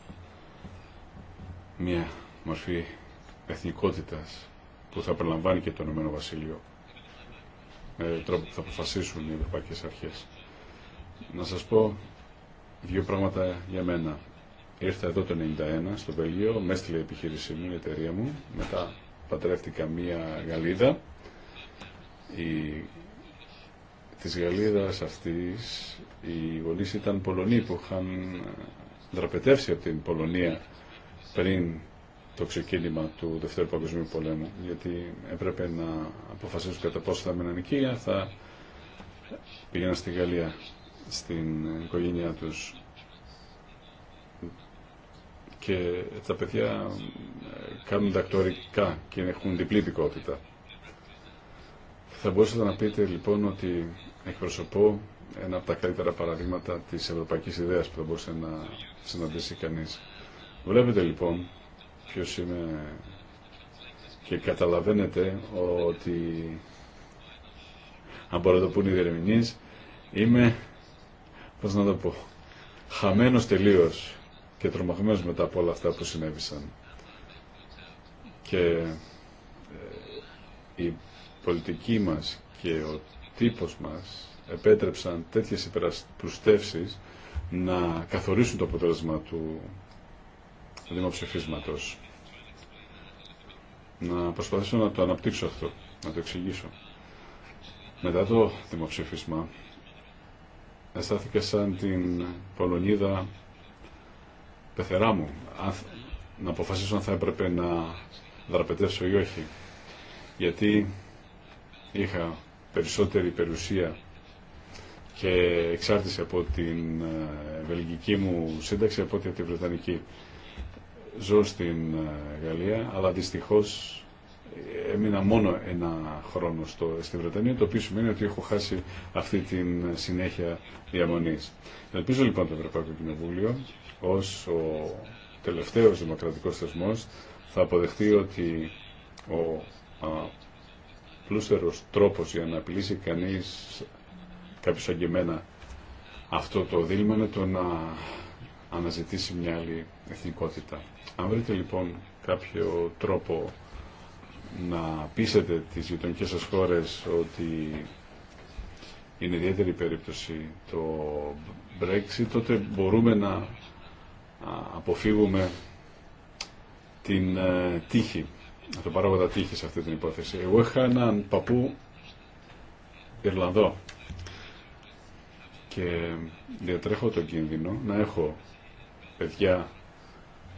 μια μορφή εθνικότητας που θα περιλαμβάνει και το Ηνωμένο Βασίλειο με τρόπο που θα αποφασίσουν οι ευρωπαϊκές αρχές. Να σας πω δύο πράγματα για μένα. Ήρθα εδώ το 1991 στο Βέλγιο, με έστειλε η επιχείρησή μου, η εταιρεία μου. Μετά πατρεύτηκα μία Γαλλίδα της Γαλλίδας αυτής οι γονείς ήταν Πολωνοί που είχαν δραπετεύσει από την Πολωνία πριν το ξεκίνημα του Δευτέρου Παγκοσμίου Πολέμου, γιατί έπρεπε να αποφασίσουν κατά πόσο θα μείναν εκεί, θα πήγαιναν στη Γαλλία, στην οικογένειά τους. Και τα παιδιά κάνουν τακτορικά και έχουν διπλή δικότητα Θα μπορούσατε να πείτε λοιπόν ότι εκπροσωπώ ένα από τα καλύτερα παραδείγματα της ευρωπαϊκής ιδέας που θα μπορούσε να συναντήσει κανείς. Βλέπετε λοιπόν ποιος είμαι και καταλαβαίνετε ότι αν μπορεί να το πούνε οι διερμηνείς είμαι πώς να το πω χαμένος τελείως και τρομαγμένος μετά από όλα αυτά που συνέβησαν και ε, η πολιτική μας και ο τύπος μας επέτρεψαν τέτοιες υπεραπλουστεύσεις να καθορίσουν το αποτέλεσμα του δημοψηφίσματος. Να προσπαθήσω να το αναπτύξω αυτό, να το εξηγήσω. Μετά το δημοψήφισμα αισθάθηκα σαν την Πολωνίδα πεθερά μου να αποφασίσω αν θα έπρεπε να δραπετεύσω ή όχι. Γιατί είχα περισσότερη περιουσία και εξάρτηση από την ε, βελγική μου σύνταξη από την Βρετανική. Ζω στην ε, Γαλλία, αλλά δυστυχώ ε, έμεινα μόνο ένα χρόνο στο, στη Βρετανία, το οποίο σημαίνει ότι έχω χάσει αυτή την συνέχεια διαμονής. Ελπίζω λοιπόν το Ευρωπαϊκό Κοινοβούλιο ω ο τελευταίος δημοκρατικός θεσμό θα αποδεχτεί ότι ο πλούστερος τρόπος για να πλήσει κανείς κάποιος αγγεμένα αυτό το δίλημα είναι το να αναζητήσει μια άλλη εθνικότητα. Αν βρείτε λοιπόν κάποιο τρόπο να πείσετε τις γειτονικές σας χώρες ότι είναι ιδιαίτερη περίπτωση το Brexit, τότε μπορούμε να αποφύγουμε την ε, τύχη να τον παράγοντα τύχη σε αυτή την υπόθεση. Εγώ είχα έναν παππού Ιρλανδό και διατρέχω τον κίνδυνο να έχω παιδιά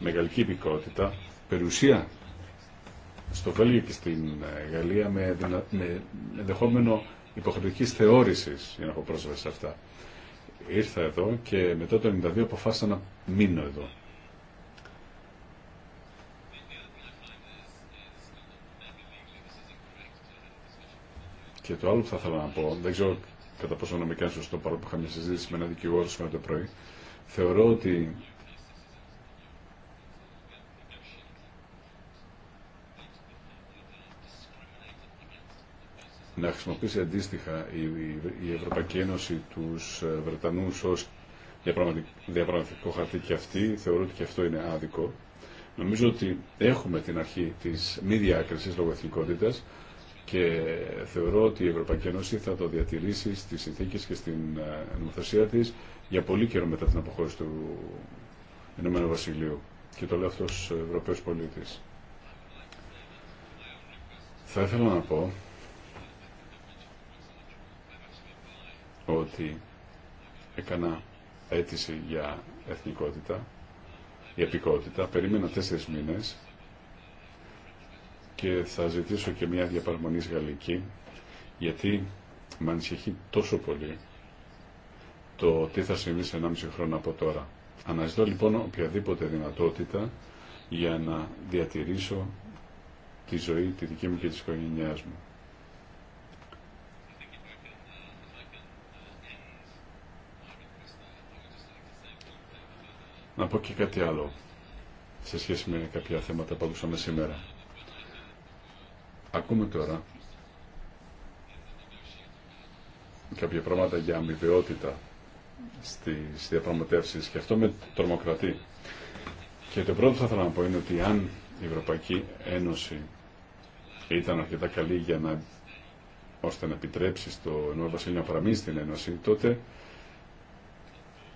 με γαλλική υπηκότητα, περιουσία στο Βέλγιο και στην ε, Γαλλία με, δυνα... με ενδεχόμενο υποχρεωτική θεώρηση για να έχω πρόσβαση σε αυτά. Ήρθα εδώ και μετά το 1992 αποφάσισα να μείνω εδώ. Και το άλλο που θα ήθελα να πω, δεν ξέρω κατά πόσο νομικά είναι σωστό, παρόλο που είχαμε συζήτηση με έναν δικηγόρο σήμερα το πρωί, θεωρώ ότι να χρησιμοποιήσει αντίστοιχα η Ευρωπαϊκή Ένωση τους ε, Βρετανούς ως διαπραγματικό χαρτί και αυτή, θεωρώ ότι και αυτό είναι άδικο. Νομίζω ότι έχουμε την αρχή της μη διάκρισης λόγω εθνικότητας, και θεωρώ ότι η Ευρωπαϊκή Ένωση θα το διατηρήσει στις συνθήκες και στην ε, νομοθεσία της για πολύ καιρό μετά την αποχώρηση του Ηνωμένου Βασιλείου και το λέω ως Ευρωπαίος πολίτης. Θα ήθελα να πω ότι έκανα αίτηση για εθνικότητα, για επικότητα, περίμενα τέσσερις μήνες και θα ζητήσω και μια διαπαρμονή γαλλική γιατί με ανησυχεί τόσο πολύ το τι θα συμβεί σε 1,5 χρόνο από τώρα. Αναζητώ λοιπόν οποιαδήποτε δυνατότητα για να διατηρήσω τη ζωή, τη δική μου και της οικογένειάς μου. Να πω και κάτι άλλο σε σχέση με κάποια θέματα που ακούσαμε σήμερα. Ακούμε τώρα κάποια πράγματα για αμοιβαιότητα στις διαπραγματεύσεις και αυτό με τρομοκρατεί. Και το πρώτο που θα ήθελα να πω είναι ότι αν η Ευρωπαϊκή Ένωση ήταν αρκετά καλή για να ώστε να επιτρέψει στο νέο Βασίλειο να παραμείνει στην Ένωση, τότε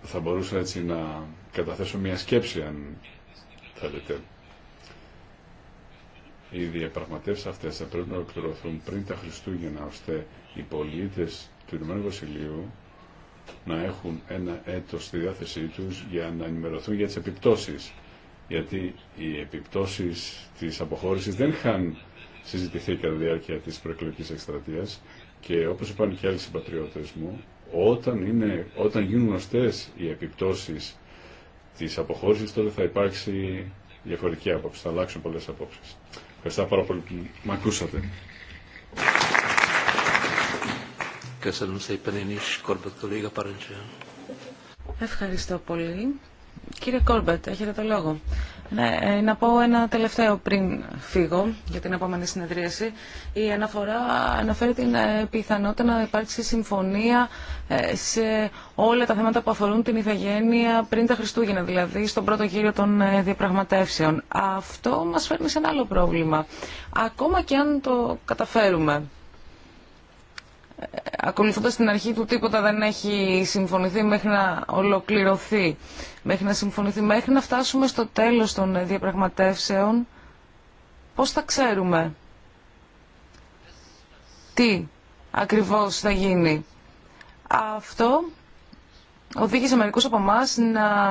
θα μπορούσα έτσι να καταθέσω μια σκέψη αν θέλετε οι διαπραγματεύσει αυτέ θα πρέπει να ολοκληρωθούν πριν τα Χριστούγεννα ώστε οι πολίτε του Ηνωμένου Βασιλείου να έχουν ένα έτο στη διάθεσή του για να ενημερωθούν για τι επιπτώσει. Γιατί οι επιπτώσει τη αποχώρηση δεν είχαν συζητηθεί κατά τη διάρκεια τη προεκλογική εκστρατεία και όπω είπαν και άλλοι συμπατριώτε μου, όταν, γίνουν γνωστέ οι επιπτώσει τη αποχώρησης τότε θα υπάρξει διαφορετική άποψη, θα αλλάξουν πολλέ απόψει. Ευχαριστώ πάρα πολύ που με ακούσατε. Ευχαριστώ πολύ. Κύριε Κόλμπετ, έχετε το λόγο. Ναι, ε, να πω ένα τελευταίο πριν φύγω για την επόμενη συνεδρίαση. Η αναφορά αναφέρει την ε, πιθανότητα να υπάρξει συμφωνία ε, σε όλα τα θέματα που αφορούν την ηθαγένεια πριν τα Χριστούγεννα, δηλαδή στον πρώτο γύρο των διαπραγματεύσεων. Αυτό μας φέρνει σε ένα άλλο πρόβλημα. Ακόμα και αν το καταφέρουμε ακολουθώντας την αρχή του τίποτα δεν έχει συμφωνηθεί μέχρι να ολοκληρωθεί, μέχρι να συμφωνηθεί, μέχρι να φτάσουμε στο τέλος των διαπραγματεύσεων, πώς θα ξέρουμε τι ακριβώς θα γίνει. Αυτό οδήγησε μερικούς από εμά να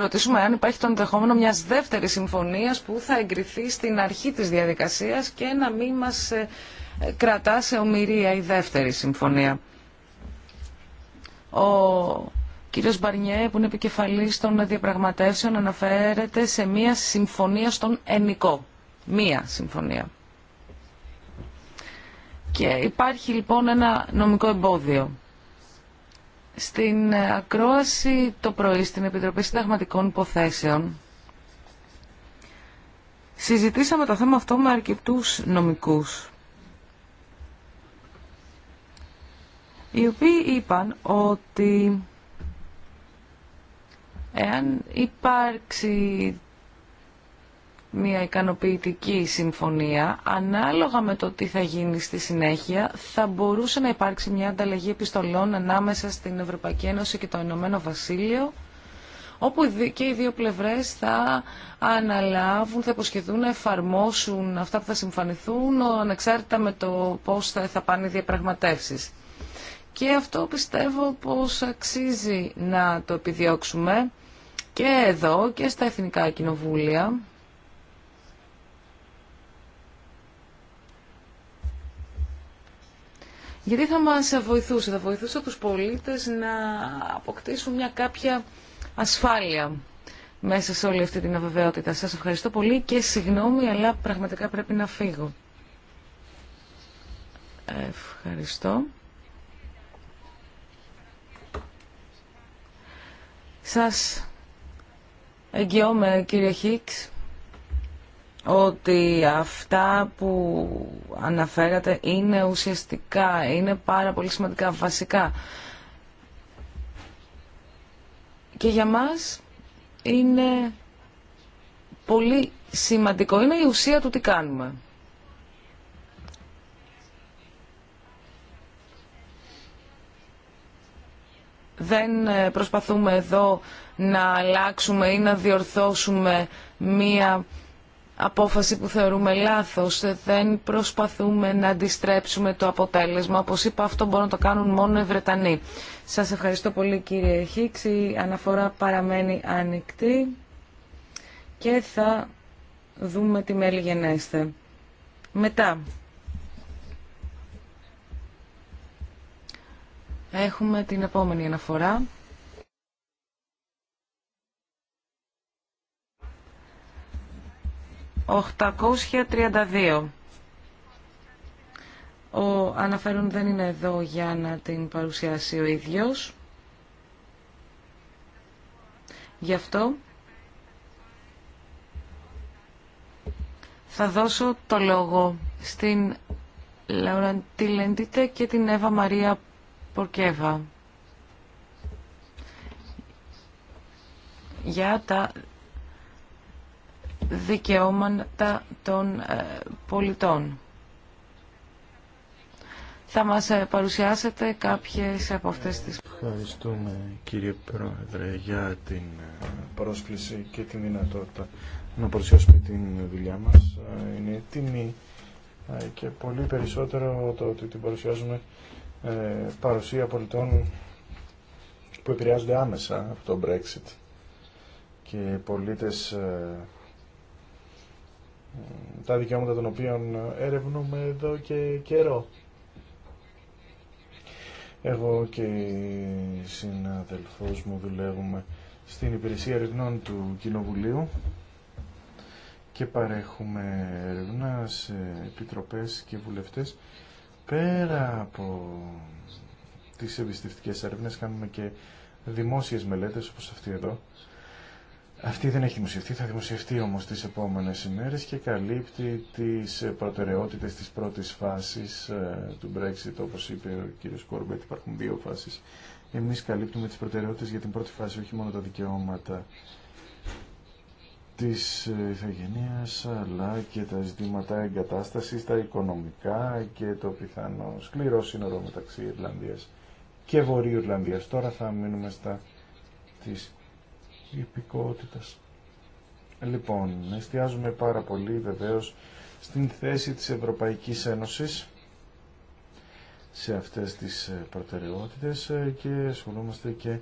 ρωτήσουμε αν υπάρχει το ενδεχόμενο μιας δεύτερης συμφωνίας που θα εγκριθεί στην αρχή της διαδικασίας και να μην μας ε, κρατά σε ομοιρία η δεύτερη συμφωνία. Ο κύριος Μπαρνιέ που είναι επικεφαλής των διαπραγματεύσεων αναφέρεται σε μία συμφωνία στον ενικό. Μία συμφωνία. Και υπάρχει λοιπόν ένα νομικό εμπόδιο. Στην ακρόαση το πρωί στην Επιτροπή Συνταγματικών Υποθέσεων συζητήσαμε το θέμα αυτό με αρκετούς νομικούς οι οποίοι είπαν ότι εάν υπάρξει μια ικανοποιητική συμφωνία, ανάλογα με το τι θα γίνει στη συνέχεια, θα μπορούσε να υπάρξει μια ανταλλαγή επιστολών ανάμεσα στην Ευρωπαϊκή Ένωση και το Ηνωμένο Βασίλειο, όπου και οι δύο πλευρές θα αναλάβουν, θα υποσχεθούν να εφαρμόσουν αυτά που θα συμφανηθούν, ανεξάρτητα με το πώς θα, θα πάνε οι διαπραγματεύσεις. Και αυτό πιστεύω πως αξίζει να το επιδιώξουμε και εδώ και στα Εθνικά Κοινοβούλια. Γιατί θα μας βοηθούσε, θα βοηθούσε τους πολίτες να αποκτήσουν μια κάποια ασφάλεια μέσα σε όλη αυτή την αβεβαιότητα. Σας ευχαριστώ πολύ και συγγνώμη, αλλά πραγματικά πρέπει να φύγω. Ευχαριστώ. Σας εγγυώμαι κύριε Χίξ ότι αυτά που αναφέρατε είναι ουσιαστικά, είναι πάρα πολύ σημαντικά, βασικά. Και για μας είναι πολύ σημαντικό, είναι η ουσία του τι κάνουμε. Δεν ε, προσπαθούμε εδώ να αλλάξουμε ή να διορθώσουμε μία απόφαση που θεωρούμε λάθος. Δεν προσπαθούμε να αντιστρέψουμε το αποτέλεσμα. Όπως είπα, αυτό μπορούν να το κάνουν μόνο οι Βρετανοί. Σας ευχαριστώ πολύ κύριε Χίξ. Η αναφορά παραμένει ανοιχτή και θα δούμε τι μέλη γενέστε. Μετά, Έχουμε την επόμενη αναφορά. «832». Ο αναφέρον δεν είναι εδώ για να την παρουσιάσει ο ίδιος. Γι' αυτό θα δώσω το λόγο στην Λαουραντή Λεντίτε και την Εύα Μαρία Πορκέβα για τα δικαιώματα των ε, πολιτών. Θα μας ε, παρουσιάσετε κάποιες από αυτές τις... Ευχαριστούμε κύριε Πρόεδρε για την ε, πρόσκληση και την δυνατότητα να παρουσιάσουμε την δουλειά μας. Είναι τιμή και πολύ περισσότερο το ότι την παρουσιάζουμε ε, παρουσία πολιτών που επηρεάζονται άμεσα από το Brexit και πολίτες ε, ε, τα δικαιώματα των οποίων έρευνουμε εδώ και καιρό. Εγώ και οι συναδελφός μου δουλεύουμε στην υπηρεσία ερευνών του Κοινοβουλίου και παρέχουμε ερευνά σε επιτροπές και βουλευτές πέρα από τις εμπιστευτικές έρευνες κάνουμε και δημόσιες μελέτες όπως αυτή εδώ. Αυτή δεν έχει δημοσιευτεί, θα δημοσιευτεί όμως τις επόμενες ημέρες και καλύπτει τις προτεραιότητες της πρώτης φάσης ε, του Brexit, όπως είπε ο κ. Κόρμπετ, υπάρχουν δύο φάσεις. Εμείς καλύπτουμε τις προτεραιότητες για την πρώτη φάση, όχι μόνο τα δικαιώματα της ηθαγενείας αλλά και τα ζητήματα εγκατάστασης, τα οικονομικά και το πιθανό σκληρό σύνορο μεταξύ Ιρλανδίας και Βορείου Ιρλανδίας. Τώρα θα μείνουμε στα της υπηκότητας. Λοιπόν, εστιάζουμε πάρα πολύ βεβαίως στην θέση της Ευρωπαϊκής Ένωσης σε αυτές τις προτεραιότητες και ασχολούμαστε και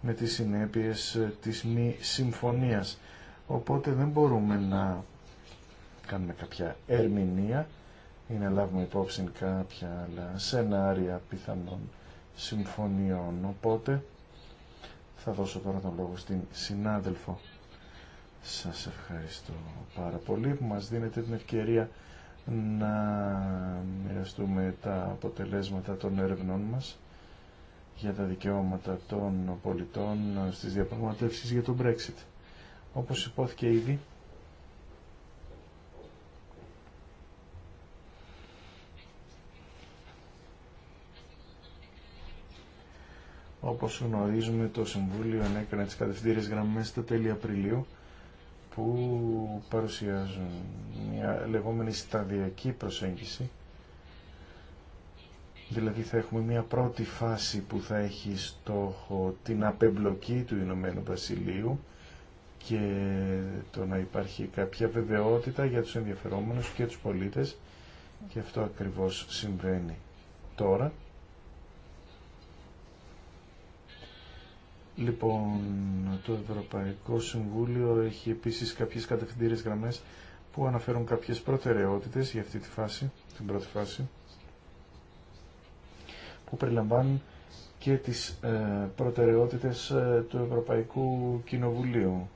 με τις συνέπειες της μη συμφωνίας Οπότε δεν μπορούμε να κάνουμε κάποια ερμηνεία ή να λάβουμε υπόψη κάποια άλλα σενάρια πιθανών συμφωνιών. Οπότε θα δώσω τώρα τον λόγο στην συνάδελφο. Σας ευχαριστώ πάρα πολύ που μας δίνετε την ευκαιρία να μοιραστούμε τα αποτελέσματα των έρευνών μας για τα δικαιώματα των πολιτών στις διαπραγματεύσεις για τον Brexit όπως υπόθηκε ήδη. Όπως γνωρίζουμε το Συμβούλιο ανέκανε τις κατευθύνες γραμμές στα τέλη Απριλίου που παρουσιάζουν μια λεγόμενη σταδιακή προσέγγιση Δηλαδή θα έχουμε μια πρώτη φάση που θα έχει στόχο την απεμπλοκή του Ηνωμένου Βασιλείου και το να υπάρχει κάποια βεβαιότητα για τους ενδιαφερόμενους και τους πολίτες και αυτό ακριβώς συμβαίνει τώρα. Λοιπόν, το Ευρωπαϊκό Συμβούλιο έχει επίσης κάποιες κατευθυντήρες γραμμές που αναφέρουν κάποιες προτεραιότητες για αυτή τη φάση, την πρώτη φάση, που περιλαμβάνουν και τις ε, προτεραιότητες ε, του Ευρωπαϊκού Κοινοβουλίου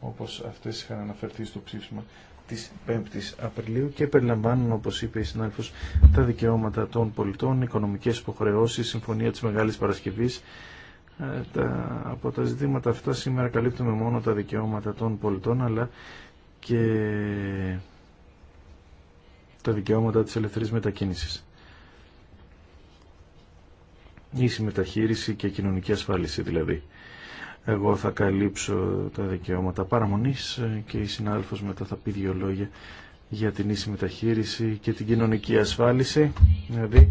όπως αυτές είχαν αναφερθεί στο ψήφισμα της 5ης Απριλίου και περιλαμβάνουν, όπως είπε η συνάδελφος, τα δικαιώματα των πολιτών, οικονομικές υποχρεώσεις, συμφωνία της Μεγάλης Παρασκευής. Ε, τα, από τα ζητήματα αυτά σήμερα καλύπτουμε μόνο τα δικαιώματα των πολιτών, αλλά και τα δικαιώματα της ελευθερής μετακίνησης. Η μεταχείριση και κοινωνική ασφάλιση δηλαδή εγώ θα καλύψω τα δικαιώματα παραμονής και η συνάδελφος μετά θα πει δύο λόγια για την ίση μεταχείριση και την κοινωνική ασφάλιση. Δηλαδή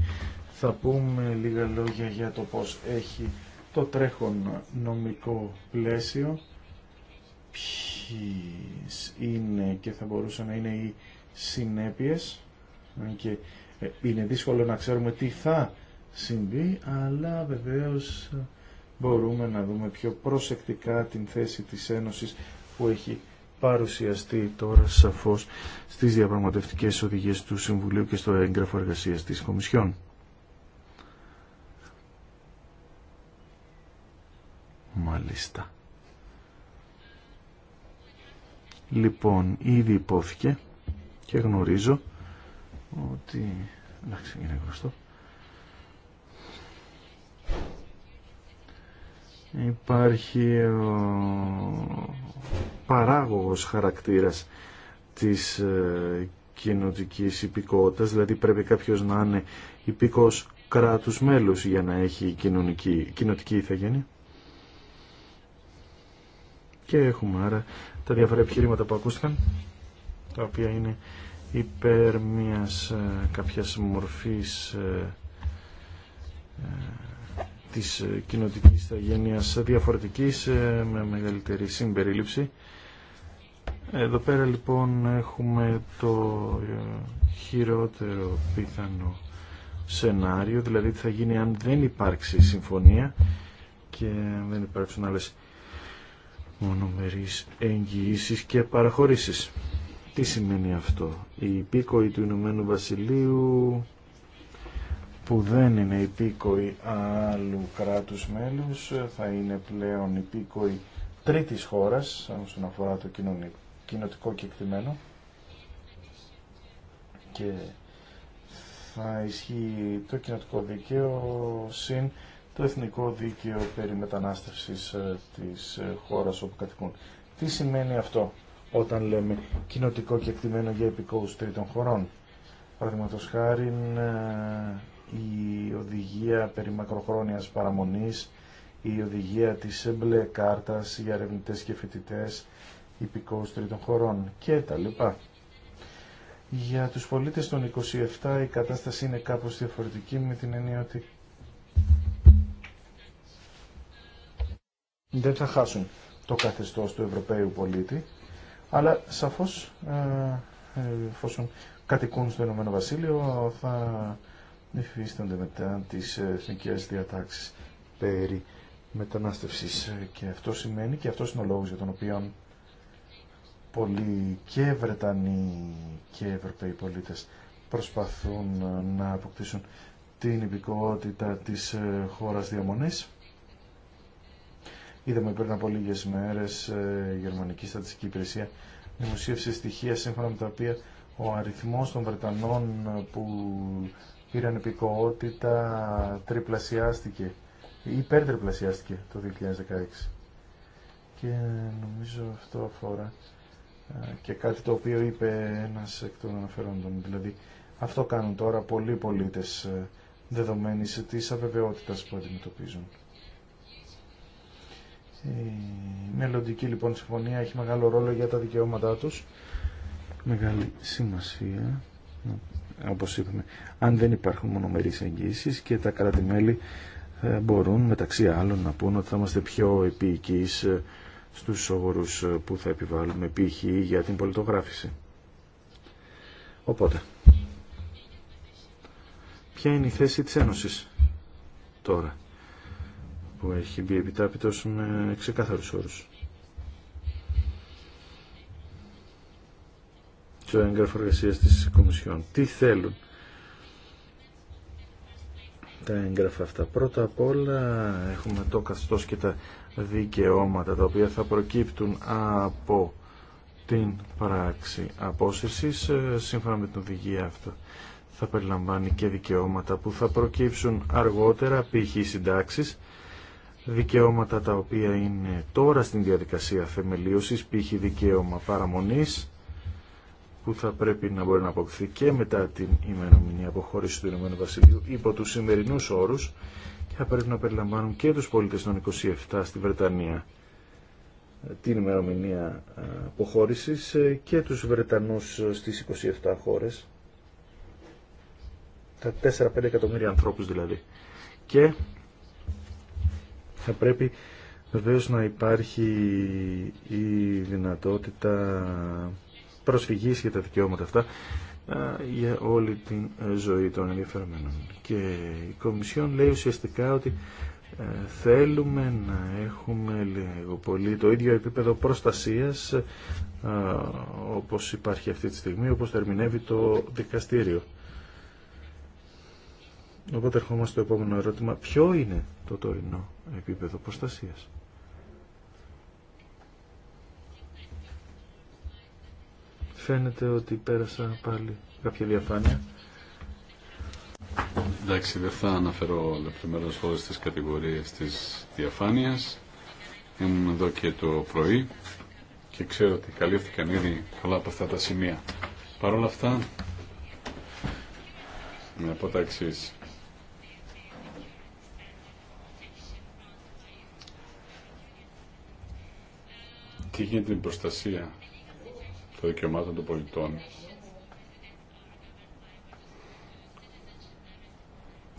θα πούμε λίγα λόγια για το πώς έχει το τρέχον νομικό πλαίσιο, ποιες είναι και θα μπορούσαν να είναι οι συνέπειες και ε, είναι δύσκολο να ξέρουμε τι θα συμβεί, αλλά βεβαίως μπορούμε να δούμε πιο προσεκτικά την θέση της Ένωσης που έχει παρουσιαστεί τώρα σαφώς στις διαπραγματευτικές οδηγίες του Συμβουλίου και στο έγγραφο εργασίας της Κομισιόν. Μάλιστα. Λοιπόν, ήδη υπόθηκε και γνωρίζω ότι... Εντάξει, είναι γνωστό υπάρχει ο παράγωγος χαρακτήρας της ε, κοινοτικής υπηκότητας, δηλαδή πρέπει κάποιος να είναι υπηκός κράτους μέλους για να έχει κοινωνική, κοινοτική ηθαγένεια. Και έχουμε άρα τα διάφορα επιχειρήματα που ακούστηκαν, τα οποία είναι υπέρ μιας ε, κάποιας μορφής ε, της ε, κοινοτικής ηθαγένειας διαφορετικής ε, με μεγαλύτερη συμπερίληψη. Εδώ πέρα λοιπόν έχουμε το ε, χειρότερο πιθανό σενάριο, δηλαδή τι θα γίνει αν δεν υπάρξει συμφωνία και δεν υπάρξουν άλλες μονομερείς εγγυήσεις και παραχωρήσεις. Τι σημαίνει αυτό. Οι υπήκοοι του Ηνωμένου Βασιλείου που δεν είναι υπήκοοι άλλου κράτους μέλους θα είναι πλέον υπήκοοι τρίτης χώρας όσον αφορά το κοινοτικό κεκτημένο και θα ισχύει το κοινοτικό δίκαιο συν το εθνικό δίκαιο περί μετανάστευσης ε, της ε, χώρας όπου κατοικούν. Τι σημαίνει αυτό όταν λέμε κοινοτικό κεκτημένο για υπηκόους τρίτων χωρών. Παραδείγματος χάρη ε, η οδηγία περί μακροχρόνιας παραμονής, η οδηγία της μπλε κάρτας για ερευνητέ και φοιτητέ υπηκόους τρίτων χωρών και τα λοιπά. Για τους πολίτες των 27 η κατάσταση είναι κάπως διαφορετική με την έννοια ότι δεν θα χάσουν το καθεστώς του Ευρωπαίου πολίτη, αλλά σαφώς ε, ε, εφόσον κατοικούν στο Ηνωμένο Βασίλειο θα υφίστανται μετά τις ε, εθνικές διατάξεις περί μετανάστευσης ε, και αυτό σημαίνει και αυτό είναι ο λόγος για τον οποίο πολλοί και Βρετανοί και Ευρωπαίοι πολίτες προσπαθούν ε, να αποκτήσουν την υπηκότητα της χώρας διαμονής. Είδαμε πριν από λίγες μέρες η Γερμανική Στατιστική Υπηρεσία δημοσίευσε στοιχεία σύμφωνα με τα οποία ο αριθμός των Βρετανών που ηρανυπηκότητα τριπλασιάστηκε, υπερτριπλασιάστηκε το 2016. Και νομίζω αυτό αφορά και κάτι το οποίο είπε ένας εκ των αναφέροντων. Δηλαδή αυτό κάνουν τώρα πολλοί πολίτες δεδομένης της αβεβαιότητας που αντιμετωπίζουν. Η μελλοντική λοιπόν συμφωνία έχει μεγάλο ρόλο για τα δικαιώματά τους. Μεγάλη σημασία όπως είπαμε, αν δεν υπάρχουν μονομερείς εγγύσει και τα κράτη-μέλη ε, μπορούν μεταξύ άλλων να πούν ότι θα είμαστε πιο επίοικείς ε, στους όρους ε, που θα επιβάλλουμε π.χ. για την πολιτογράφηση. Οπότε, ποια είναι η θέση της Ένωσης τώρα που έχει μπει επιτάπητος με ξεκάθαρους όρους. το έγγραφο εργασία της Κομισιόν. Τι θέλουν τα έγγραφα αυτά. Πρώτα απ' όλα έχουμε το καθεστώς και τα δικαιώματα τα οποία θα προκύπτουν από την πράξη απόσυρσης ε, σύμφωνα με την οδηγία αυτό θα περιλαμβάνει και δικαιώματα που θα προκύψουν αργότερα π.χ. συντάξεις δικαιώματα τα οποία είναι τώρα στην διαδικασία θεμελίωσης π.χ. δικαίωμα παραμονής που θα πρέπει να μπορεί να αποκτηθεί και μετά την ημερομηνία αποχώρηση του Ηνωμένου Βασιλείου υπό τους σημερινούς όρους και θα πρέπει να περιλαμβάνουν και τους πολίτες των 27 στη Βρετανία την ημερομηνία ε, αποχώρησης ε, και τους Βρετανούς ε, στις 27 χώρε. τα 4-5 εκατομμύρια ανθρώπους δηλαδή και θα πρέπει βεβαίως να υπάρχει η δυνατότητα προσφυγής για τα δικαιώματα αυτά ε, για όλη την ε, ζωή των ενδιαφερομένων. Και η Κομισιόν λέει ουσιαστικά ότι ε, θέλουμε να έχουμε λίγο πολύ το ίδιο επίπεδο προστασίας όπως υπάρχει αυτή τη στιγμή, όπως θερμινεύει το δικαστήριο. Οπότε ερχόμαστε στο επόμενο ερώτημα. Ποιο είναι το τωρινό επίπεδο προστασίας. φαίνεται ότι πέρασα πάλι κάποια διαφάνεια. Εντάξει, δεν θα αναφέρω λεπτομέρειε όλε τι κατηγορίες της διαφάνεια Ήμουν εδώ και το πρωί και ξέρω ότι καλύφθηκαν ήδη πολλά από αυτά τα σημεία. Παρ' όλα αυτά, με πω τα Τι γίνεται την προστασία το δικαιωμάτων των πολιτών.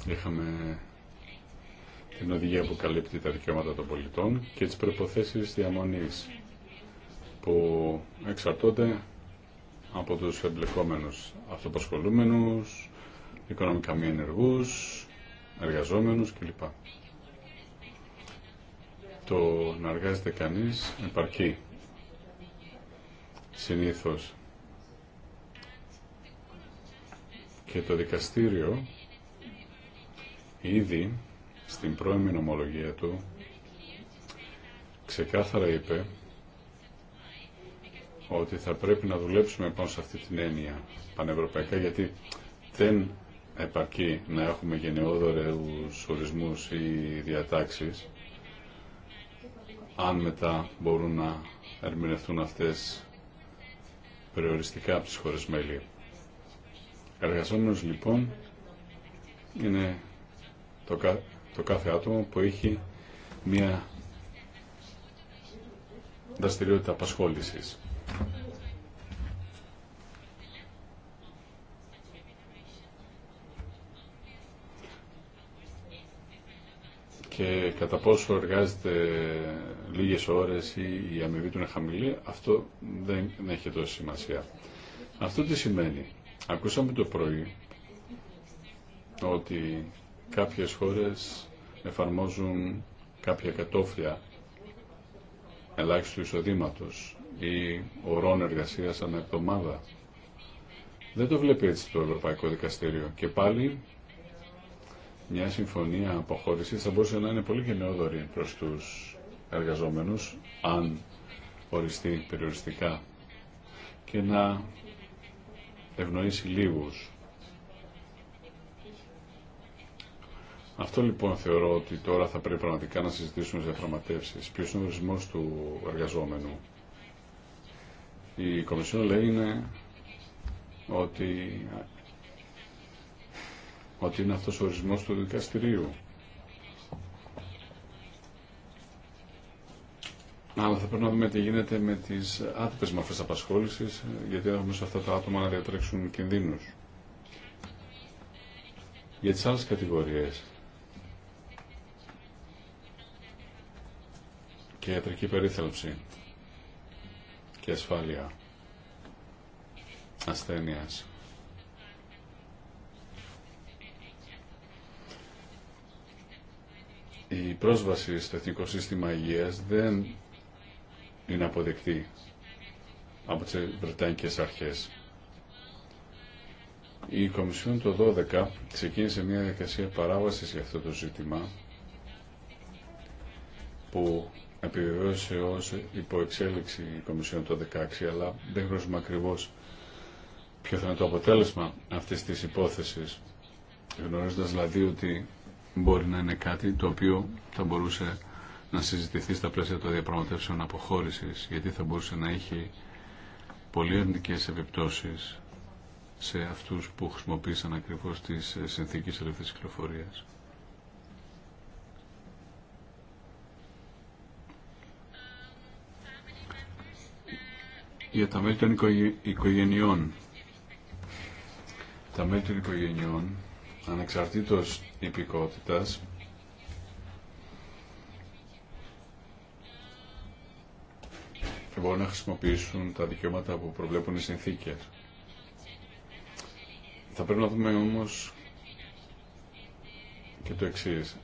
Είχαμε την οδηγία που καλύπτει τα δικαιώματα των πολιτών και τις προϋποθέσεις διαμονής που εξαρτώνται από τους εμπλεκόμενους αυτοπασχολούμενους, οικονομικά μη ενεργούς, εργαζόμενους κλπ. Το να εργάζεται κανείς επαρκεί συνήθως και το δικαστήριο ήδη στην πρώιμη νομολογία του ξεκάθαρα είπε ότι θα πρέπει να δουλέψουμε πάνω σε αυτή την έννοια πανευρωπαϊκά γιατί δεν επαρκεί να έχουμε γενναιόδορες ορισμούς ή διατάξεις αν μετά μπορούν να ερμηνευτούν αυτές περιοριστικά από τις χώρες μέλη. Εργαζόμενος λοιπόν είναι το, το κάθε άτομο που έχει μία δραστηριότητα απασχόλησης. και κατά πόσο εργάζεται λίγες ώρες ή η αμοιβή του είναι χαμηλή, αυτό δεν έχει τόση σημασία. Αυτό τι σημαίνει. Ακούσαμε το πρωί ότι κάποιες χώρες εφαρμόζουν κάποια κατόφλια ελάχιστου εισοδήματο ή ορών εργασίας ανά εβδομάδα. Δεν το βλέπει έτσι το Ευρωπαϊκό Δικαστήριο. Και πάλι μια συμφωνία αποχώρησης θα μπορούσε να είναι πολύ γενναιόδορη προς τους εργαζόμενους αν οριστεί περιοριστικά και να ευνοήσει λίγους. Αυτό λοιπόν θεωρώ ότι τώρα θα πρέπει πραγματικά να συζητήσουμε για διαπραγματεύσεις. Ποιος είναι ο ορισμό του εργαζόμενου. Η Κομισιόν λέει είναι ότι ότι είναι αυτός ο ορισμός του δικαστηρίου. Αλλά θα πρέπει να δούμε τι γίνεται με τις άτυπες μορφές απασχόλησης, γιατί έχουμε σε αυτά τα άτομα να διατρέξουν κινδύνους. Για τις άλλες κατηγορίες, και ιατρική περίθαλψη και ασφάλεια ασθένειας. η πρόσβαση στο Εθνικό Σύστημα Υγείας δεν είναι αποδεκτή από τις Βρετανικές Αρχές. Η Κομισιόν το 12 ξεκίνησε μια διαδικασία παράβασης για αυτό το ζήτημα που επιβεβαίωσε ως υποεξέλιξη η Κομισιόν το 16 αλλά δεν γνωρίζουμε ακριβώ ποιο θα είναι το αποτέλεσμα αυτής της υπόθεσης γνωρίζοντας δηλαδή ότι μπορεί να είναι κάτι το οποίο θα μπορούσε να συζητηθεί στα πλαίσια των διαπραγματεύσεων αποχώρησης, γιατί θα μπορούσε να έχει πολύ αρνητικέ επιπτώσεις σε αυτούς που χρησιμοποίησαν ακριβώς τις ε, συνθήκες ελεύθερης κυκλοφορίας. Για τα μέλη των οικογενειών. Τα μέλη των οικογενειών ανεξαρτήτως υπηκότητας μπορούν να χρησιμοποιήσουν τα δικαιώματα που προβλέπουν οι συνθήκες. Θα πρέπει να δούμε όμως και το εξής.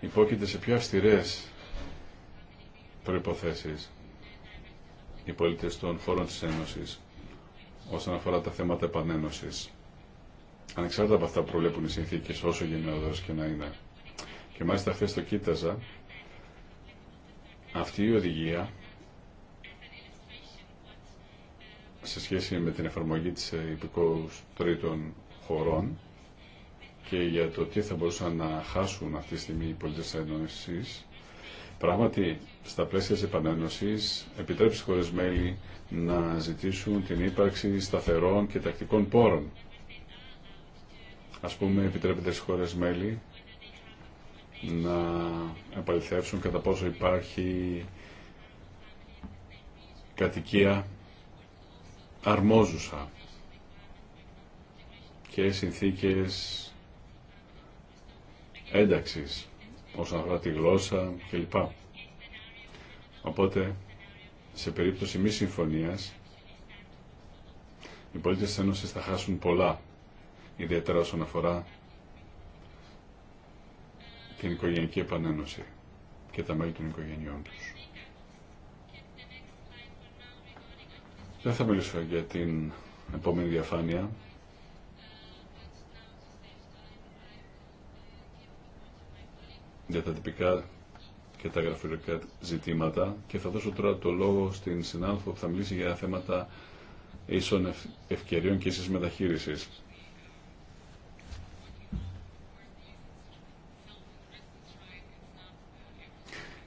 Υπόκειται σε πιο αυστηρές προϋποθέσεις οι πολίτες των χώρων της Ένωσης όσον αφορά τα θέματα επανένωσης. Ανεξάρτητα από αυτά που προβλέπουν οι συνθήκε όσο γενναιόδορε και να είναι. Και μάλιστα χθε το κοίταζα, αυτή η οδηγία σε σχέση με την εφαρμογή της ε, υπηκόου τρίτων χωρών και για το τι θα μπορούσαν να χάσουν αυτή τη στιγμή οι πολίτες Πράγματι, στα πλαίσια της επανένωσης επιτρέπει στις χώρες μέλη να ζητήσουν την ύπαρξη σταθερών και τακτικών πόρων. Ας πούμε, επιτρέπεται στις χώρες μέλη να επαληθεύσουν κατά πόσο υπάρχει κατοικία αρμόζουσα και συνθήκες ένταξης όσον αφορά τη γλώσσα κλπ. Οπότε, σε περίπτωση μη συμφωνίας, οι πολίτες της Ένωσης θα χάσουν πολλά, ιδιαίτερα όσον αφορά την οικογενική επανένωση και τα μέλη των οικογενειών τους. Δεν θα μιλήσω για την επόμενη διαφάνεια, για τα τυπικά και τα γραφειοκρατικά ζητήματα και θα δώσω τώρα το λόγο στην συνάδελφο που θα μιλήσει για θέματα ίσων ευκαιριών και ίσης μεταχείρισης.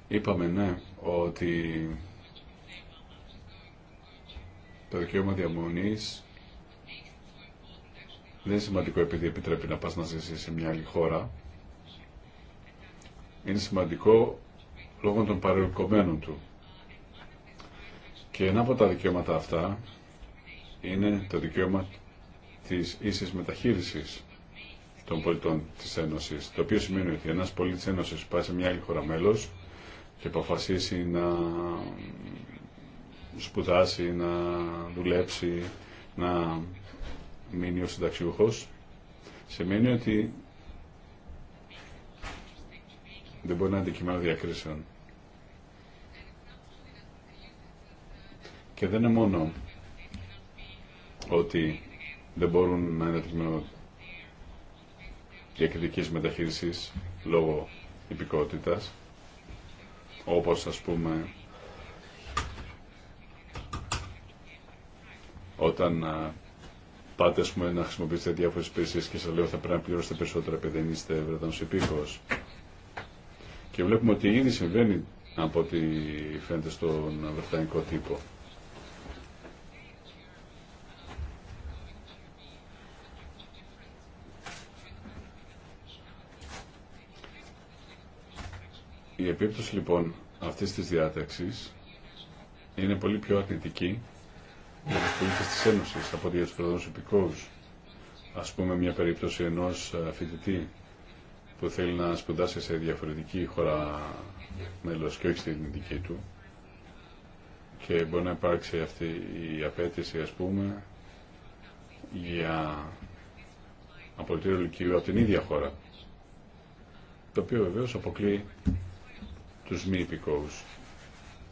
Είπαμε, ναι, ότι το δικαίωμα διαμονής δεν είναι σημαντικό επειδή επιτρέπει να πας να ζήσεις σε μια άλλη χώρα, είναι σημαντικό λόγω των παρελκομένων του. Και ένα από τα δικαιώματα αυτά είναι το δικαίωμα της ίσης μεταχείρισης των πολιτών της Ένωσης, το οποίο σημαίνει ότι ένας πολίτης της Ένωσης πάει σε μια άλλη χώρα μέλος και αποφασίσει να σπουδάσει, να δουλέψει, να μείνει ο συνταξιούχος, σημαίνει ότι δεν μπορεί να είναι αντικείμενο διακρίσεων. Και δεν είναι μόνο ότι δεν μπορούν να είναι αντικείμενο διακριτικής μεταχείρισης λόγω υπηκότητας, όπως ας πούμε όταν πάτε ας πούμε, να χρησιμοποιήσετε διάφορες υπηρεσίες και σας λέω θα πρέπει να πληρώσετε περισσότερα επειδή δεν είστε Βρετανός υπήκος και βλέπουμε ότι ήδη συμβαίνει από ό,τι φαίνεται στον βρετανικό τύπο. Η επίπτωση λοιπόν αυτής της διάταξης είναι πολύ πιο αρνητική για τις πολίτες της Ένωσης από ότι για τους Ας πούμε μια περίπτωση ενός ε, φοιτητή που θέλει να σπουδάσει σε διαφορετική χώρα μέλος και όχι στην δική του και μπορεί να υπάρξει αυτή η απέτηση ας πούμε για απολυτήριο λυκείου από την ίδια χώρα το οποίο βεβαίως αποκλεί τους μη υπηκόους.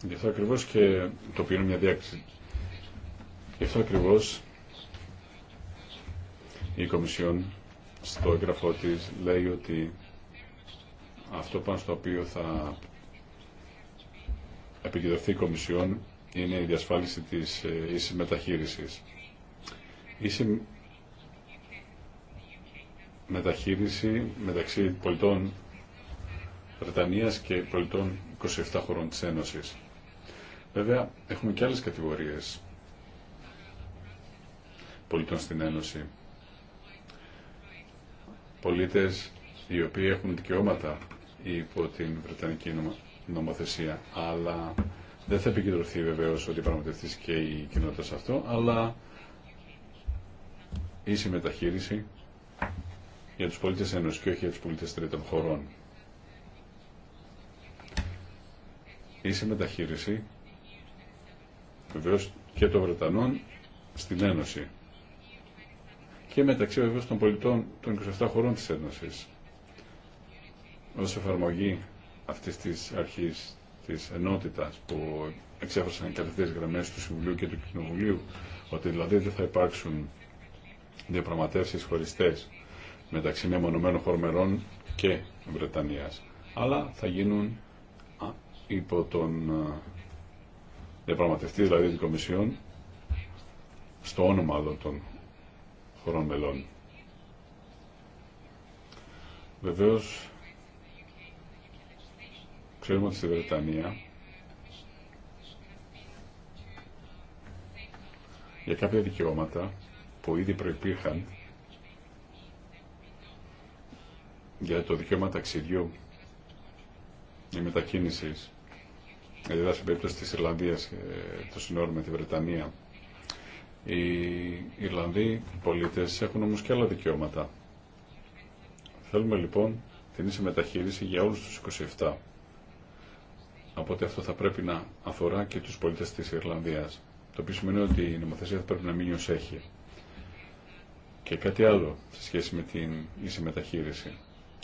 Γι' αυτό και το οποίο είναι μια διάκριση. Γι' αυτό ακριβώς η Κομισιόν στο έγγραφό τη λέει ότι αυτό πάνω στο οποίο θα επικεντρωθεί η Κομισιόν είναι η διασφάλιση της ε, ίσης μεταχείρισης. Ίση μεταχείριση μεταξύ πολιτών Βρετανίας και πολιτών 27 χωρών της Ένωσης. Βέβαια, έχουμε και άλλες κατηγορίες πολιτών στην Ένωση πολίτες οι οποίοι έχουν δικαιώματα υπό την Βρετανική νομοθεσία, αλλά δεν θα επικεντρωθεί βεβαίω ότι πραγματευτεί και η κοινότητα σε αυτό, αλλά ίση μεταχείριση για τους πολίτες ενός και όχι για τους πολίτες τρίτων χωρών. Ίση μεταχείριση βεβαίω και των Βρετανών στην Ένωση και μεταξύ βεβαίως των πολιτών των 27 χωρών της Ένωσης ως εφαρμογή αυτής της αρχής της ενότητας που εξέφρασαν οι τελευταίες γραμμές του Συμβουλίου και του Κοινοβουλίου ότι δηλαδή δεν θα υπάρξουν διαπραγματεύσεις χωριστές μεταξύ μεμονωμένων χωρμερών και Βρετανίας αλλά θα γίνουν υπό τον διαπραγματευτή δηλαδή την Κομισιόν στο όνομα των χωρών μελών. Βεβαίως, ξέρουμε ότι στη Βρετανία για κάποια δικαιώματα που ήδη προϋπήρχαν για το δικαίωμα ταξιδιού ή μετακίνησης, δηλαδή στην περίπτωση της Ιρλανδίας, ε, το σύνορο με τη Βρετανία, οι Ιρλανδοί πολίτες έχουν όμως και άλλα δικαιώματα. Θέλουμε λοιπόν την ίση μεταχείριση για όλους τους 27. Οπότε αυτό θα πρέπει να αφορά και τους πολίτες της Ιρλανδίας. Το οποίο σημαίνει ότι η νομοθεσία θα πρέπει να μείνει ως έχει. Και κάτι άλλο σε σχέση με την ίση μεταχείριση.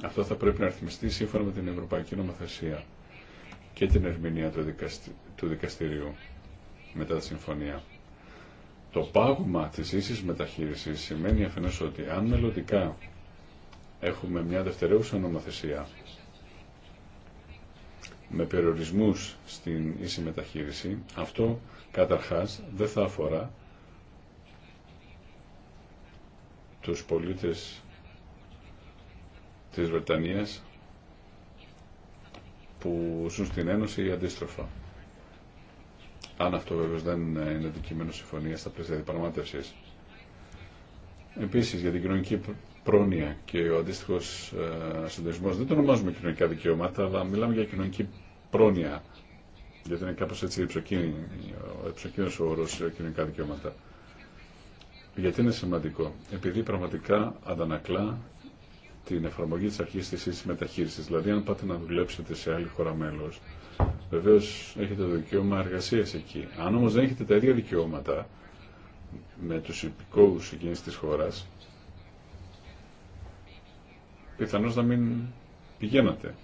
Αυτό θα πρέπει να αριθμιστεί σύμφωνα με την Ευρωπαϊκή Νομοθεσία και την ερμηνεία του, δικαστηρίου μετά τη συμφωνία. Το πάγωμα της ίσης μεταχείρισης σημαίνει αφενός ότι αν μελλοντικά έχουμε μια δευτερεύουσα νομοθεσία με περιορισμούς στην ίση μεταχείριση, αυτό καταρχάς δεν θα αφορά τους πολίτες της Βρετανίας που ζουν στην Ένωση ή αντίστροφα αν αυτό βέβαια δεν ε, είναι αντικείμενο συμφωνία στα πλαίσια διαπραγμάτευση. Επίση, για την κοινωνική πρόνοια και ο αντίστοιχο ε, συντονισμό δεν το ονομάζουμε κοινωνικά δικαιώματα, αλλά μιλάμε για κοινωνική πρόνοια. Γιατί είναι κάπω έτσι υψοκίνητο ο όρο κοινωνικά δικαιώματα. Γιατί είναι σημαντικό. Επειδή πραγματικά αντανακλά την εφαρμογή τη αρχή τη ίση μεταχείριση. Δηλαδή, αν πάτε να δουλέψετε σε άλλη χώρα μέλο, Βεβαίω έχετε το δικαίωμα εργασία εκεί. Αν όμω δεν έχετε τα ίδια δικαιώματα με του υπηκόου εκείνη τη χώρα πιθανώ να μην πηγαίνατε.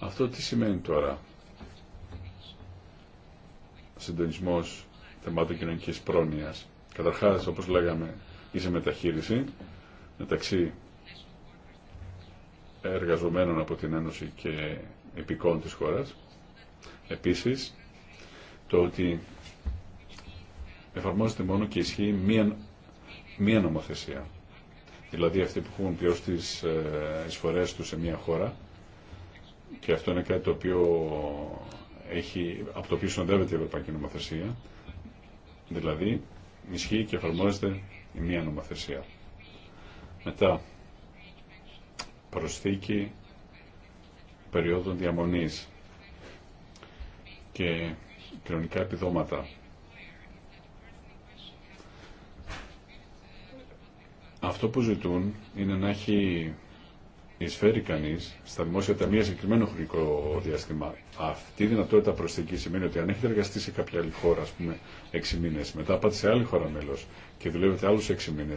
Αυτό τι σημαίνει τώρα. συντονισμό θεμάτων κοινωνική πρόνοια, καταρχά, όπω λέγαμε, είσαι μεταχείριση μεταξύ εργαζομένων από την Ένωση και επικών της χώρας. Επίσης, το ότι εφαρμόζεται μόνο και ισχύει μία, μία νομοθεσία. Δηλαδή αυτοί που έχουν πληρώσει τις ε, εισφορές τους σε μία χώρα και αυτό είναι κάτι το οποίο έχει, από το οποίο συνοδεύεται η Ευρωπαϊκή Νομοθεσία, δηλαδή ισχύει και εφαρμόζεται η μία νομοθεσία. Μετά, προσθήκη περίοδων διαμονής και κοινωνικά επιδόματα. Αυτό που ζητούν είναι να έχει εισφέρει κανεί στα δημόσια ταμεία συγκεκριμένο χρονικό διάστημα. Αυτή η δυνατότητα προσθήκη σημαίνει ότι αν έχετε εργαστεί σε κάποια άλλη χώρα, α πούμε, έξι μήνε, μετά πάτε σε άλλη χώρα μέλο και δουλεύετε άλλου έξι μήνε,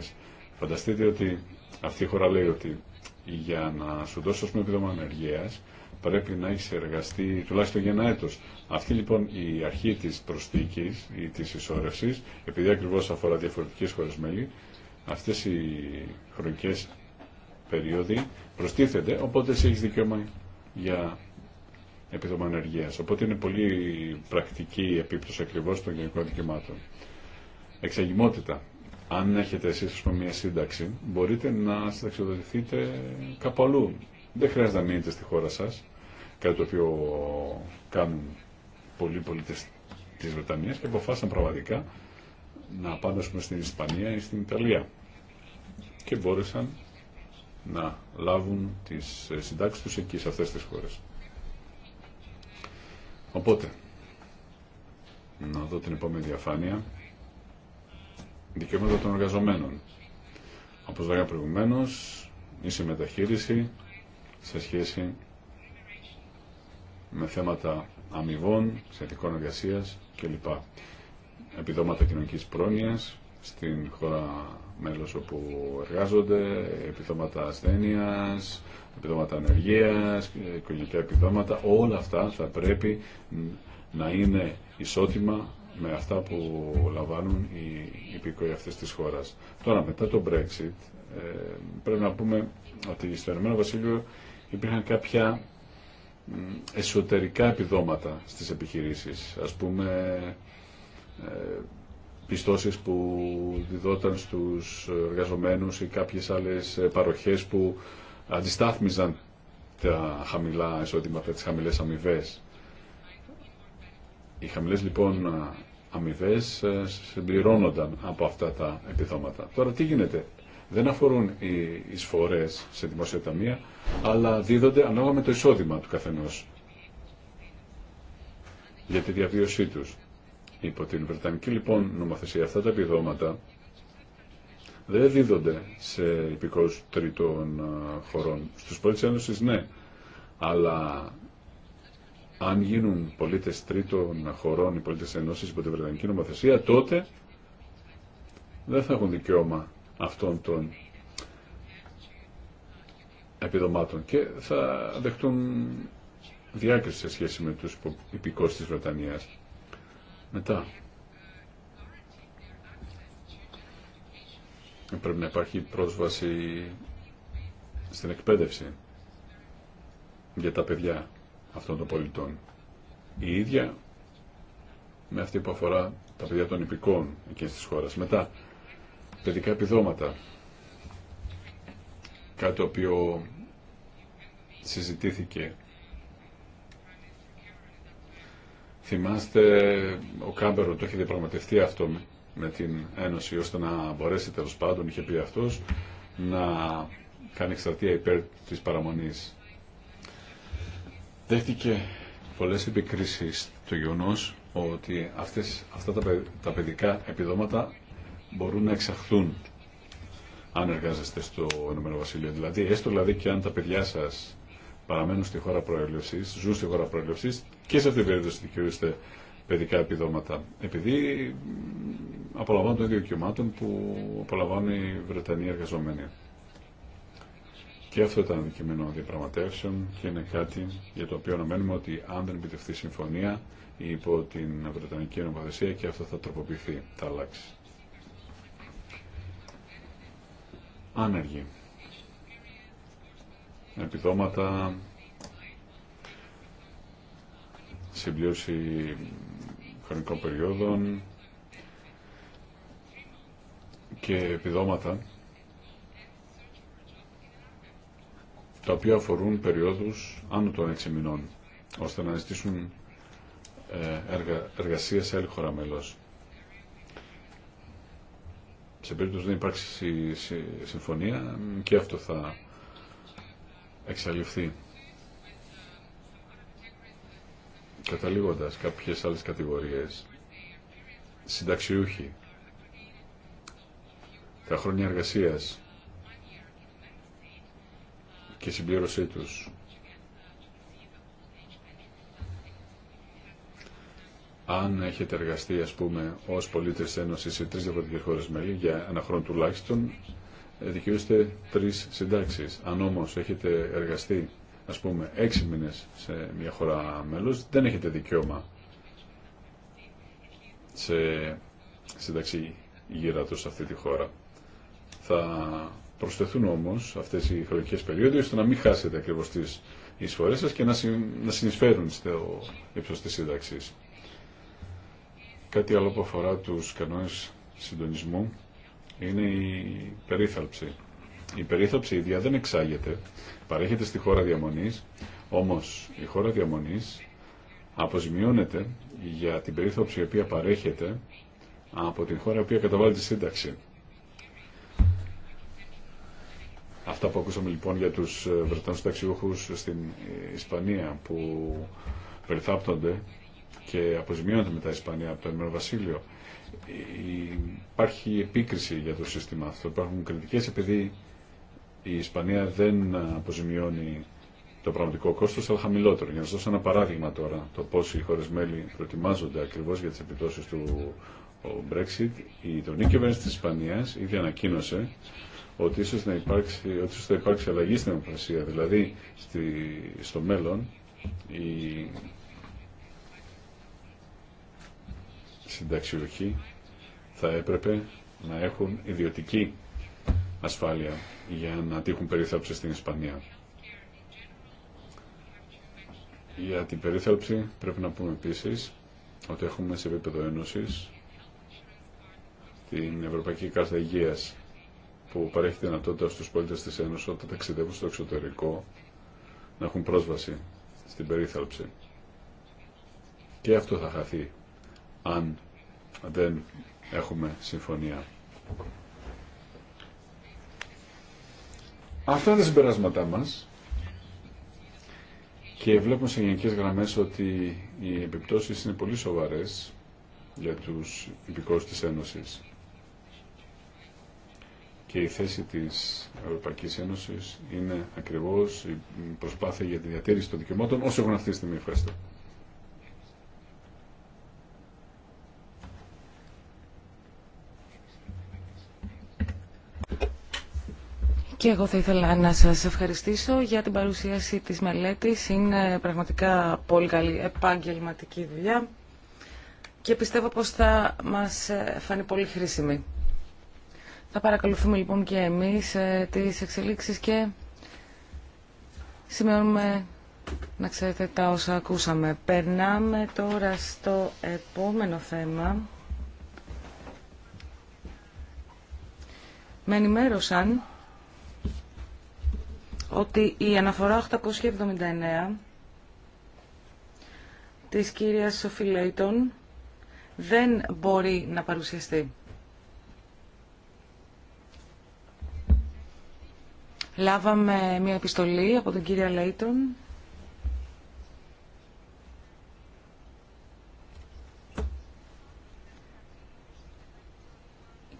φανταστείτε ότι αυτή η χώρα λέει ότι για να σου δώσω πούμε, επίδομα ανεργία, πρέπει να έχει εργαστεί τουλάχιστον για ένα έτος. Αυτή λοιπόν η αρχή τη προσθήκη ή τη ισόρευση, επειδή ακριβώ αφορά διαφορετικέ χώρε μέλη, αυτέ οι χρονικέ περίοδοι προστίθενται, οπότε εσύ έχει δικαίωμα για επίδομα ανεργία. Οπότε είναι πολύ πρακτική η τη ισορρευση επειδη ακριβω αφορα διαφορετικε χωρε μελη αυτε οι χρονικε περιοδοι προστιθενται οποτε ακριβώ των γενικών δικαιωμάτων. Εξαγημότητα αν έχετε εσείς μια σύνταξη, μπορείτε να συνταξιοδοτηθείτε κάπου αλλού. Δεν χρειάζεται να μείνετε στη χώρα σας, κάτι το οποίο κάνουν πολλοί πολίτε της Βρετανίας και αποφάσισαν πραγματικά να πάνε πούμε, στην Ισπανία ή στην Ιταλία. Και μπόρεσαν να λάβουν τις ε, συντάξει τους εκεί, σε αυτές τις χώρες. Οπότε, να δω την επόμενη διαφάνεια δικαιώματα των εργαζομένων. Όπως λέγαμε προηγουμένως, ή μεταχείριση σε σχέση με θέματα αμοιβών, σχετικών εργασία κλπ. Επιδόματα κοινωνικής πρόνοιας στην χώρα μέλος όπου εργάζονται, επιδόματα ασθένεια, επιδόματα ανεργία, οικογενειακά επιδόματα, όλα αυτά θα πρέπει να είναι ισότιμα με αυτά που λαμβάνουν οι υπηκοί αυτές της χώρας. Τώρα μετά το Brexit ε, πρέπει να πούμε ότι στο Ηνωμένο Βασίλειο υπήρχαν κάποια εσωτερικά επιδόματα στις επιχειρήσεις. Ας πούμε ε, πιστώσεις που διδόταν στους εργαζομένους ή κάποιες άλλες παροχές που αντιστάθμιζαν τα χαμηλά εισοδήματα, τις χαμηλές αμοιβέ. Οι χαμηλέ λοιπόν αμοιβέ ε, συμπληρώνονταν από αυτά τα επιδόματα. Τώρα τι γίνεται. Δεν αφορούν οι εισφορέ σε δημόσια ταμεία, αλλά δίδονται ανάλογα με το εισόδημα του καθενός για τη διαβίωσή τους. Υπό την Βρετανική λοιπόν νομοθεσία αυτά τα επιδόματα δεν δίδονται σε υπηκόους τρίτων ε, χωρών. Στους πρώτες ένωσης ναι, αλλά αν γίνουν πολίτες τρίτων χωρών, οι πολίτες ενώσεις υπό την Βρετανική νομοθεσία, τότε δεν θα έχουν δικαίωμα αυτών των επιδομάτων και θα δεχτούν διάκριση σε σχέση με τους υπηκούς της Βρετανίας. Μετά, πρέπει να υπάρχει πρόσβαση στην εκπαίδευση για τα παιδιά αυτών των πολιτών. Η ίδια με αυτή που αφορά τα παιδιά των υπηκών εκεί της χώρας. Μετά, παιδικά επιδόματα, κάτι το οποίο συζητήθηκε. Θυμάστε, ο Κάμπερο το είχε διαπραγματευτεί αυτό με την Ένωση, ώστε να μπορέσει τέλο πάντων, είχε πει αυτός, να κάνει εξαρτία υπέρ της παραμονής δέχτηκε πολλές επικρίσεις το γεγονό ότι αυτές, αυτά τα, παιδικά επιδόματα μπορούν να εξαχθούν αν εργάζεστε στο Ηνωμένο Βασίλειο. Δηλαδή, έστω δηλαδή και αν τα παιδιά σα παραμένουν στη χώρα προέλευση, ζουν στη χώρα προέλευση και σε αυτή την περίπτωση δικαιούστε παιδικά επιδόματα. Επειδή απολαμβάνουν το ίδιο κοιμάτων που απολαμβάνουν οι Βρετανοί εργαζόμενοι. Και αυτό ήταν αντικείμενο διαπραγματεύσεων και είναι κάτι για το οποίο αναμένουμε ότι αν δεν επιτευχθεί συμφωνία υπό την Βρετανική Νομοθεσία και αυτό θα τροποποιηθεί, θα αλλάξει. Άνεργοι. Επιδόματα, συμπλήρωση χρονικών περιόδων και επιδόματα τα οποία αφορούν περιόδους άνω των έξι μηνών, ώστε να ζητήσουν ε, εργα, εργασία σε άλλη χώρα μέλος. Σε περίπτωση δεν υπάρξει συμφωνία και αυτό θα εξαλειφθεί. Καταλήγοντας κάποιες άλλες κατηγορίες, συνταξιούχοι, τα χρόνια εργασίας, και συμπλήρωσή τους. Αν έχετε εργαστεί, ας πούμε, ως πολίτες Ένωσης σε τρεις διαφορετικές χώρες μέλη, για ένα χρόνο τουλάχιστον, ε, δικαιούστε τρεις συντάξεις. Αν όμως έχετε εργαστεί, ας πούμε, έξι μήνες σε μια χώρα μέλος, δεν έχετε δικαίωμα σε συνταξή του σε αυτή τη χώρα. Θα προσθεθούν όμως αυτές οι χρονικές περίοδοι ώστε να μην χάσετε ακριβώ τι εισφορέ σα και να, να συνεισφέρουν στο ύψο τη σύνταξη. Κάτι άλλο που αφορά του κανόνε συντονισμού είναι η περίθαλψη. Η περίθαλψη ίδια δεν εξάγεται, παρέχεται στη χώρα διαμονή, όμως η χώρα διαμονή αποζημιώνεται για την περίθαλψη η οποία παρέχεται από την χώρα η οποία καταβάλει τη σύνταξη. Αυτά που ακούσαμε λοιπόν για τους ε, Βρετανούς ταξιούχους στην Ισπανία που περιθάπτονται και αποζημιώνεται μετά η Ισπανία από το Ηνωμένο Βασίλειο. Ε, υπάρχει επίκριση για το σύστημα αυτό. Υπάρχουν κριτικές επειδή η Ισπανία δεν αποζημιώνει το πραγματικό κόστος, αλλά χαμηλότερο. Για να σας δώσω ένα παράδειγμα τώρα, το πώς οι χωρε μέλη προετοιμάζονται ακριβώς για τις επιπτώσει του Brexit, η τονή κυβέρνηση της Ισπανίας ήδη ανακοίνωσε ότι ίσως να υπάρξει, ότι θα υπάρξει αλλαγή στην εμφανισία, Δηλαδή, στη, στο μέλλον, οι συνταξιούχοι θα έπρεπε να έχουν ιδιωτική ασφάλεια για να τύχουν περίθαλψη στην Ισπανία. Για την περίθαλψη πρέπει να πούμε επίσης ότι έχουμε σε επίπεδο ένωσης την Ευρωπαϊκή Κάρτα Υγείας που παρέχει δυνατότητα στους πολίτες της Ένωσης όταν ταξιδεύουν στο εξωτερικό να έχουν πρόσβαση στην περίθαλψη. Και αυτό θα χαθεί αν δεν έχουμε συμφωνία. Αυτά είναι τα συμπεράσματά μας και βλέπουμε σε γενικές γραμμές ότι οι επιπτώσεις είναι πολύ σοβαρές για τους υπηκόους της Ένωσης. Και η θέση της Ευρωπαϊκής Ένωσης είναι ακριβώς η προσπάθεια για τη διατήρηση των δικαιωμάτων όσο έχουν αυτή τη στιγμή. Ευχαριστώ. Και εγώ θα ήθελα να σας ευχαριστήσω για την παρουσίαση της μελέτης. Είναι πραγματικά πολύ καλή επαγγελματική δουλειά και πιστεύω πως θα μας φανεί πολύ χρήσιμη. Θα παρακολουθούμε λοιπόν και εμείς ε, τις εξελίξεις και σημειώνουμε να ξέρετε τα όσα ακούσαμε. Περνάμε τώρα στο επόμενο θέμα. Με ενημέρωσαν ότι η αναφορά 879 της κυρίας Σοφιλέιτον δεν μπορεί να παρουσιαστεί. Λάβαμε μια επιστολή από τον κύριο Λέιτον.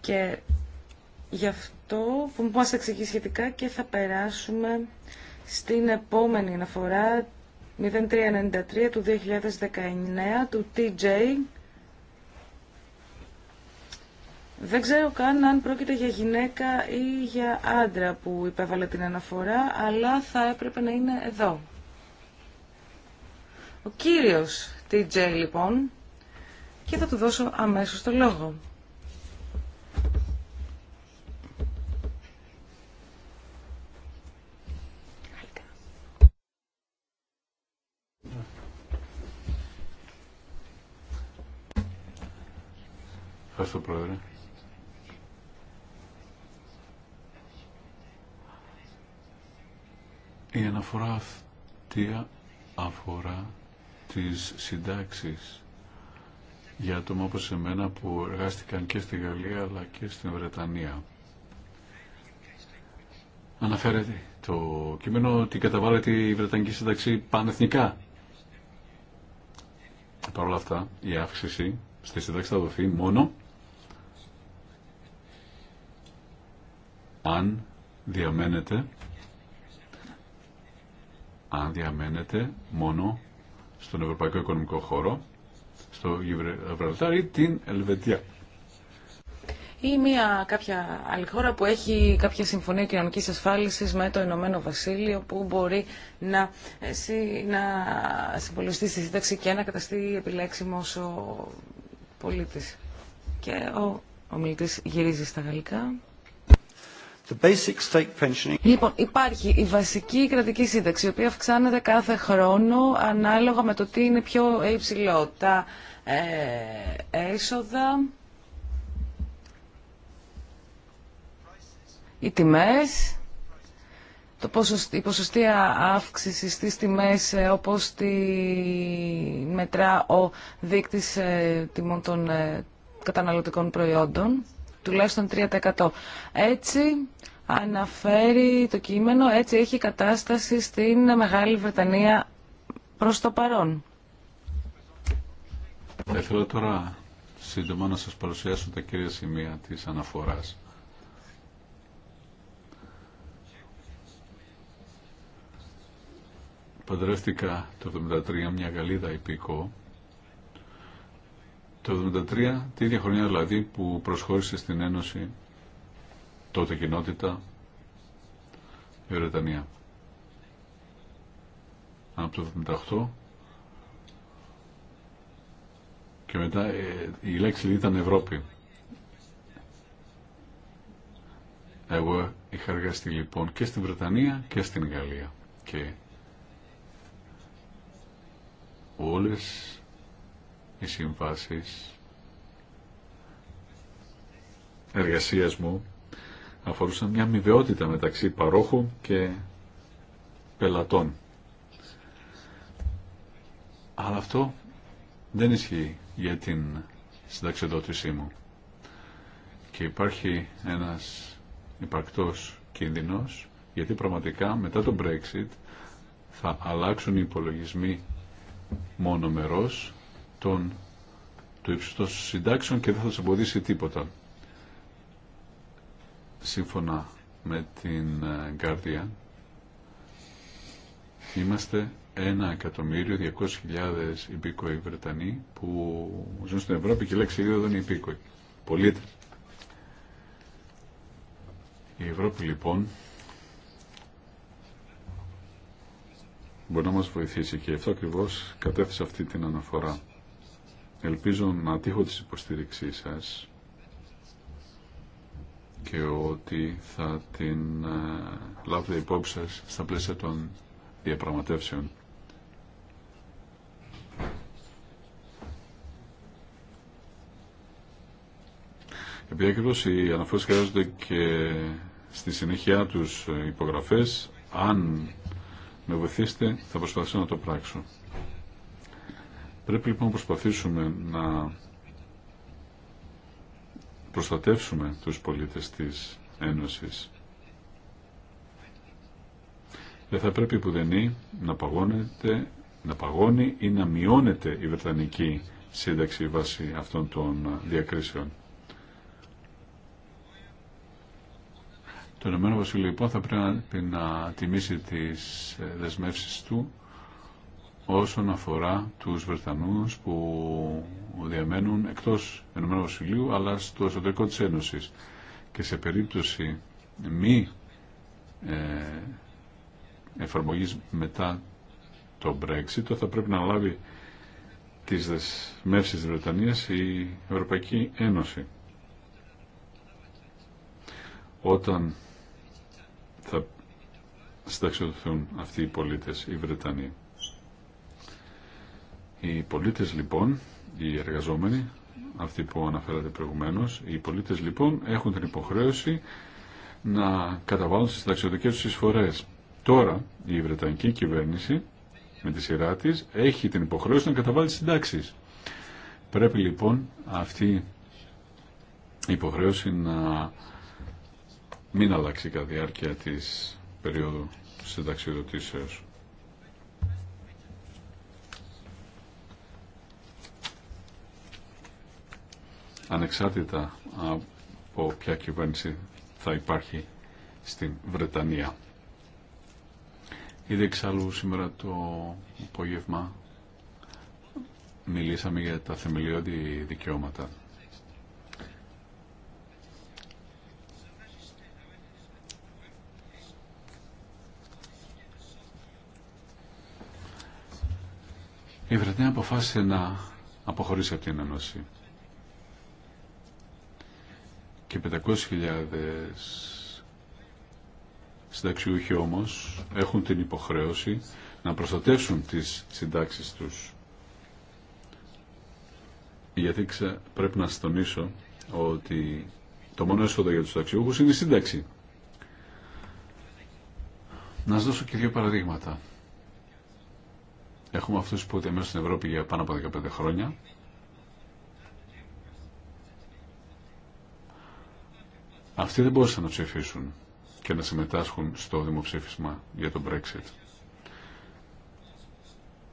Και γι' αυτό που μας εξηγεί σχετικά και θα περάσουμε στην επόμενη αναφορά 0393 του 2019 του TJ δεν ξέρω καν αν πρόκειται για γυναίκα ή για άντρα που υπέβαλε την αναφορά, αλλά θα έπρεπε να είναι εδώ. Ο κύριος TJ λοιπόν και θα του δώσω αμέσως το λόγο. Ευχαριστώ Πρόεδρε. Η αναφορά αυτή αφορά τις συντάξεις για άτομα όπως εμένα που εργάστηκαν και στη Γαλλία αλλά και στην Βρετανία. Αναφέρεται το κείμενο ότι καταβάλλεται η Βρετανική Σύνταξη πανεθνικά. Παρ' όλα αυτά η αύξηση στη σύνταξη θα δοθεί μόνο αν διαμένεται αν διαμένετε μόνο στον Ευρωπαϊκό Οικονομικό Χώρο, στο Γιβραλτάρ ή την Ελβετία. Ή μια κάποια άλλη χώρα που έχει κάποια συμφωνία κοινωνικής ασφάλισης με το Ηνωμένο Βασίλειο που μπορεί να, εσύ, να συμπολιστεί στη σύνταξη και να καταστεί επιλέξιμος ο πολίτης. Και ο, ο γυρίζει στα γαλλικά. Λοιπόν, υπάρχει η βασική κρατική σύνταξη, η οποία αυξάνεται κάθε χρόνο ανάλογα με το τι είναι πιο υψηλό. Τα ε, έσοδα, οι τιμές, το η ποσοστία αύξηση στις τιμές ε, όπως τη μετρά ο δείκτης ε, τιμών των καταναλωτικών προϊόντων τουλάχιστον 3%. Έτσι αναφέρει το κείμενο, έτσι έχει κατάσταση στην Μεγάλη Βρετανία προς το παρόν. Θέλω τώρα σύντομα να σας παρουσιάσω τα κύρια σημεία της αναφοράς. Παντρεύτηκα το 1973 μια Γαλλίδα υπήκο το 1973, τη ίδια χρονιά δηλαδή που προσχώρησε στην Ένωση τότε κοινότητα η Βρετανία. Από το 1978 και μετά ε, η λέξη δηλαδή ήταν Ευρώπη. Εγώ είχα εργαστεί λοιπόν και στην Βρετανία και στην Γαλλία και όλες οι συμβάσεις εργασίας μου αφορούσαν μια αμοιβαιότητα μεταξύ παρόχου και πελατών. Αλλά αυτό δεν ισχύει για την συνταξιδότησή μου. Και υπάρχει ένας υπαρκτός κίνδυνος, γιατί πραγματικά μετά το Brexit θα αλλάξουν οι υπολογισμοί μόνο των, του ύψους συντάξεων και δεν θα σε εμποδίσει τίποτα. Σύμφωνα με την ε, Guardian, είμαστε 1.200.000 υπήκοοι Βρετανοί που ζουν στην Ευρώπη και η λέξη δεν είναι υπήκοοι. Πολίτες. Η Ευρώπη λοιπόν μπορεί να μας βοηθήσει και αυτό ακριβώ κατέθεσε αυτή την αναφορά. Ελπίζω να τύχω της υποστήριξή σας και ότι θα την ε, λάβετε υπόψη σας στα πλαίσια των διαπραγματεύσεων. Επειδή ακριβώς οι αναφορές χρειάζονται και στη συνέχεια τους ε, υπογραφές, αν με βοηθήσετε θα προσπαθήσω να το πράξω. Πρέπει λοιπόν να προσπαθήσουμε να προστατεύσουμε τους πολίτες της Ένωσης. Δεν θα πρέπει που δεν να να παγώνει ή να μειώνεται η Βρετανική σύνταξη βάσει αυτών των διακρίσεων. Το Ηνωμένο Βασίλειο λοιπόν θα πρέπει να, να τιμήσει τις δεσμεύσεις του όσον αφορά τους Βρετανούς που διαμένουν εκτός Ενωμένου Βασιλείου αλλά στο εσωτερικό της Ένωσης και σε περίπτωση μη ε, εφαρμογής μετά το Brexit θα πρέπει να λάβει τις δεσμεύσεις της Βρετανίας η Ευρωπαϊκή Ένωση. Όταν θα συνταξιωθούν αυτοί οι πολίτες, οι Βρετανοί. Οι πολίτες λοιπόν, οι εργαζόμενοι, αυτοί που αναφέρατε προηγουμένως, οι πολίτες λοιπόν έχουν την υποχρέωση να καταβάλουν στις ταξιδοτικές τους εισφορές. Τώρα η Βρετανική κυβέρνηση με τη σειρά τη έχει την υποχρέωση να καταβάλει συντάξεις. Πρέπει λοιπόν αυτή η υποχρέωση να μην αλλάξει κατά διάρκεια της περίοδου συνταξιοδοτήσεως. ανεξάρτητα από ποια κυβέρνηση θα υπάρχει στην Βρετανία. Ήδη εξάλλου σήμερα το απόγευμα μιλήσαμε για τα θεμελιώδη δικαιώματα. Η Βρετανία αποφάσισε να αποχωρήσει από την Ένωση και 500.000 συνταξιούχοι όμως έχουν την υποχρέωση να προστατεύσουν τις συντάξεις τους. Γιατί ξα... πρέπει να σας ότι το μόνο έσοδο για τους συνταξιούχους είναι η σύνταξη. Να σας δώσω και δύο παραδείγματα. Έχουμε αυτούς που είτε μέσα στην Ευρώπη για πάνω από 15 χρόνια Αυτοί δεν μπορούσαν να ψηφίσουν και να συμμετάσχουν στο δημοψήφισμα για τον Brexit.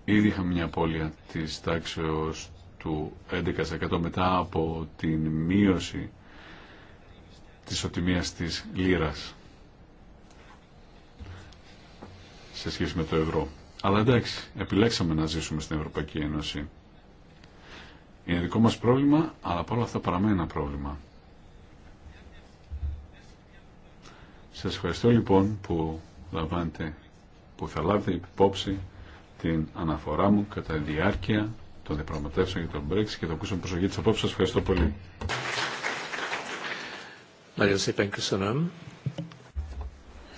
Ήδη είχαμε μια απώλεια της τάξεως του 11% μετά από την μείωση της οτιμίας της λίρας σε σχέση με το ευρώ. Αλλά εντάξει, επιλέξαμε να ζήσουμε στην Ευρωπαϊκή Ένωση. Είναι δικό μας πρόβλημα, αλλά παρόλα αυτά παραμένει ένα πρόβλημα. Σας ευχαριστώ λοιπόν που λαμβάνετε, που θα λάβετε υπόψη την αναφορά μου κατά τη διάρκεια των διαπραγματεύσεων για τον Brexit και θα ακούσαμε προσοχή της απόψης. Σας ευχαριστώ πολύ.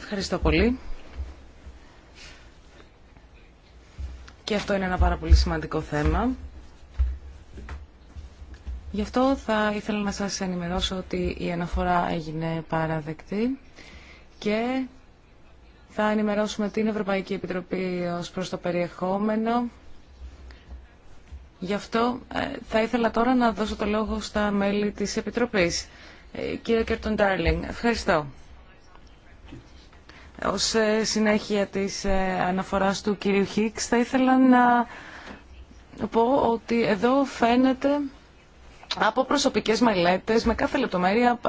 Ευχαριστώ πολύ. Και αυτό είναι ένα πάρα πολύ σημαντικό θέμα. Γι' αυτό θα ήθελα να σας ενημερώσω ότι η αναφορά έγινε παραδεκτή και θα ενημερώσουμε την Ευρωπαϊκή Επιτροπή ως προς το περιεχόμενο. Γι' αυτό ε, θα ήθελα τώρα να δώσω το λόγο στα μέλη της Επιτροπής. Ε, κύριε Κέρτον Ντάρλινγκ, ευχαριστώ. Ως ε, συνέχεια της αναφοράς του κύριου Χίξ, θα ήθελα να πω ότι εδώ φαίνεται από προσωπικές μελέτες με κάθε λεπτομέρεια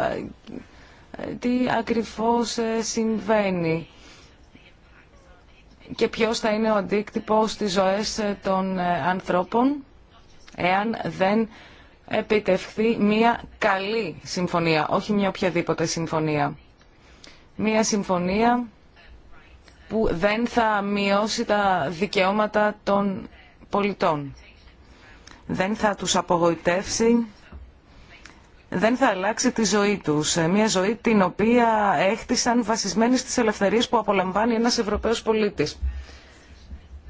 τι ακριβώς ε, συμβαίνει και ποιος θα είναι ο αντίκτυπος στις ζωές ε, των ε, ανθρώπων εάν δεν επιτευχθεί μια καλή συμφωνία, όχι μια οποιαδήποτε συμφωνία. Μια συμφωνία που δεν θα μειώσει τα δικαιώματα των πολιτών. Δεν θα τους απογοητεύσει δεν θα αλλάξει τη ζωή τους. Ε, μια ζωή την οποία έχτισαν βασισμένη στις ελευθερίες που απολαμβάνει ένας Ευρωπαίος πολίτης.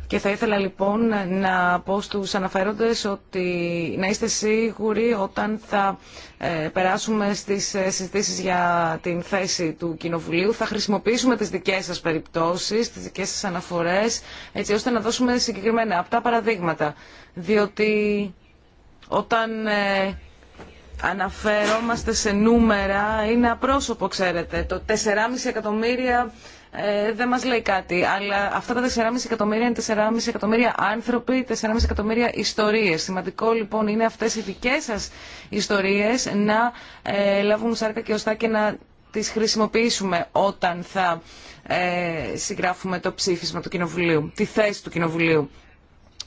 Και θα ήθελα λοιπόν να πω στου αναφέροντες ότι να είστε σίγουροι όταν θα ε, περάσουμε στις ε, συζητήσει για την θέση του Κοινοβουλίου θα χρησιμοποιήσουμε τις δικέ σα περιπτώσει, τι δικέ σα αναφορέ, έτσι ώστε να δώσουμε συγκεκριμένα αυτά παραδείγματα. Διότι όταν αναφερόμαστε σε νούμερα είναι απρόσωπο, ξέρετε. Το 4,5 εκατομμύρια ε, δεν μας λέει κάτι, αλλά αυτά τα 4,5 εκατομμύρια είναι 4,5 εκατομμύρια άνθρωποι, 4,5 εκατομμύρια ιστορίες. Σημαντικό λοιπόν είναι αυτές οι δικές σας ιστορίες να ε, λάβουν σάρκα και ωστά και να τις χρησιμοποιήσουμε όταν θα ε, συγγράφουμε το ψήφισμα του Κοινοβουλίου, τη θέση του Κοινοβουλίου.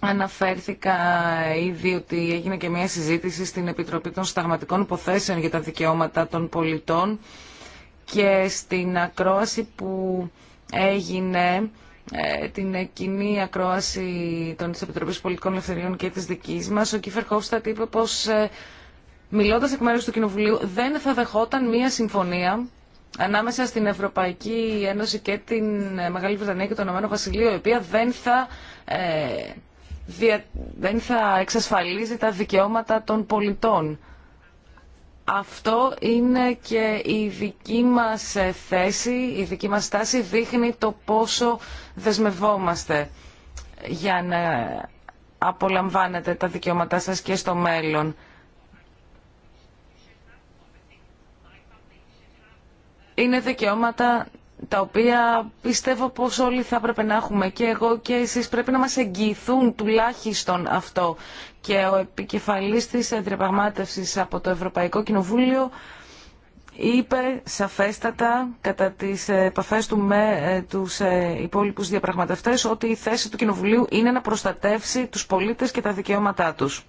Αναφέρθηκα ήδη ότι έγινε και μια συζήτηση στην Επιτροπή των Σταγματικών Υποθέσεων για τα Δικαιώματα των Πολιτών και στην ακρόαση που έγινε ε, την κοινή ακρόαση των Επιτροπής Πολιτικών Ελευθεριών και της δικής μας, ο Κίφερ Χόφστατ είπε πως ε, μιλώντας εκ μέρους του Κοινοβουλίου δεν θα δεχόταν μία συμφωνία ανάμεσα στην Ευρωπαϊκή Ένωση και την ε, Μεγάλη Βρετανία και το Ηνωμένο Βασιλείο, η οποία δεν θα δεν θα εξασφαλίζει τα δικαιώματα των πολιτών. Αυτό είναι και η δική μας ε, θέση, η δική μας στάση δείχνει το πόσο δεσμευόμαστε για να απολαμβάνετε τα δικαιώματά σας και στο μέλλον. Είναι δικαιώματα τα οποία πιστεύω πως όλοι θα έπρεπε να έχουμε και εγώ και εσείς πρέπει να μας εγγυηθούν τουλάχιστον αυτό. Και ο επικεφαλής της αντιπραγμάτευσης από το Ευρωπαϊκό Κοινοβούλιο είπε σαφέστατα κατά τις επαφές του με ε, τους ε, υπόλοιπους διαπραγματευτές ότι η θέση του Κοινοβουλίου είναι να προστατεύσει τους πολίτες και τα δικαιώματά τους.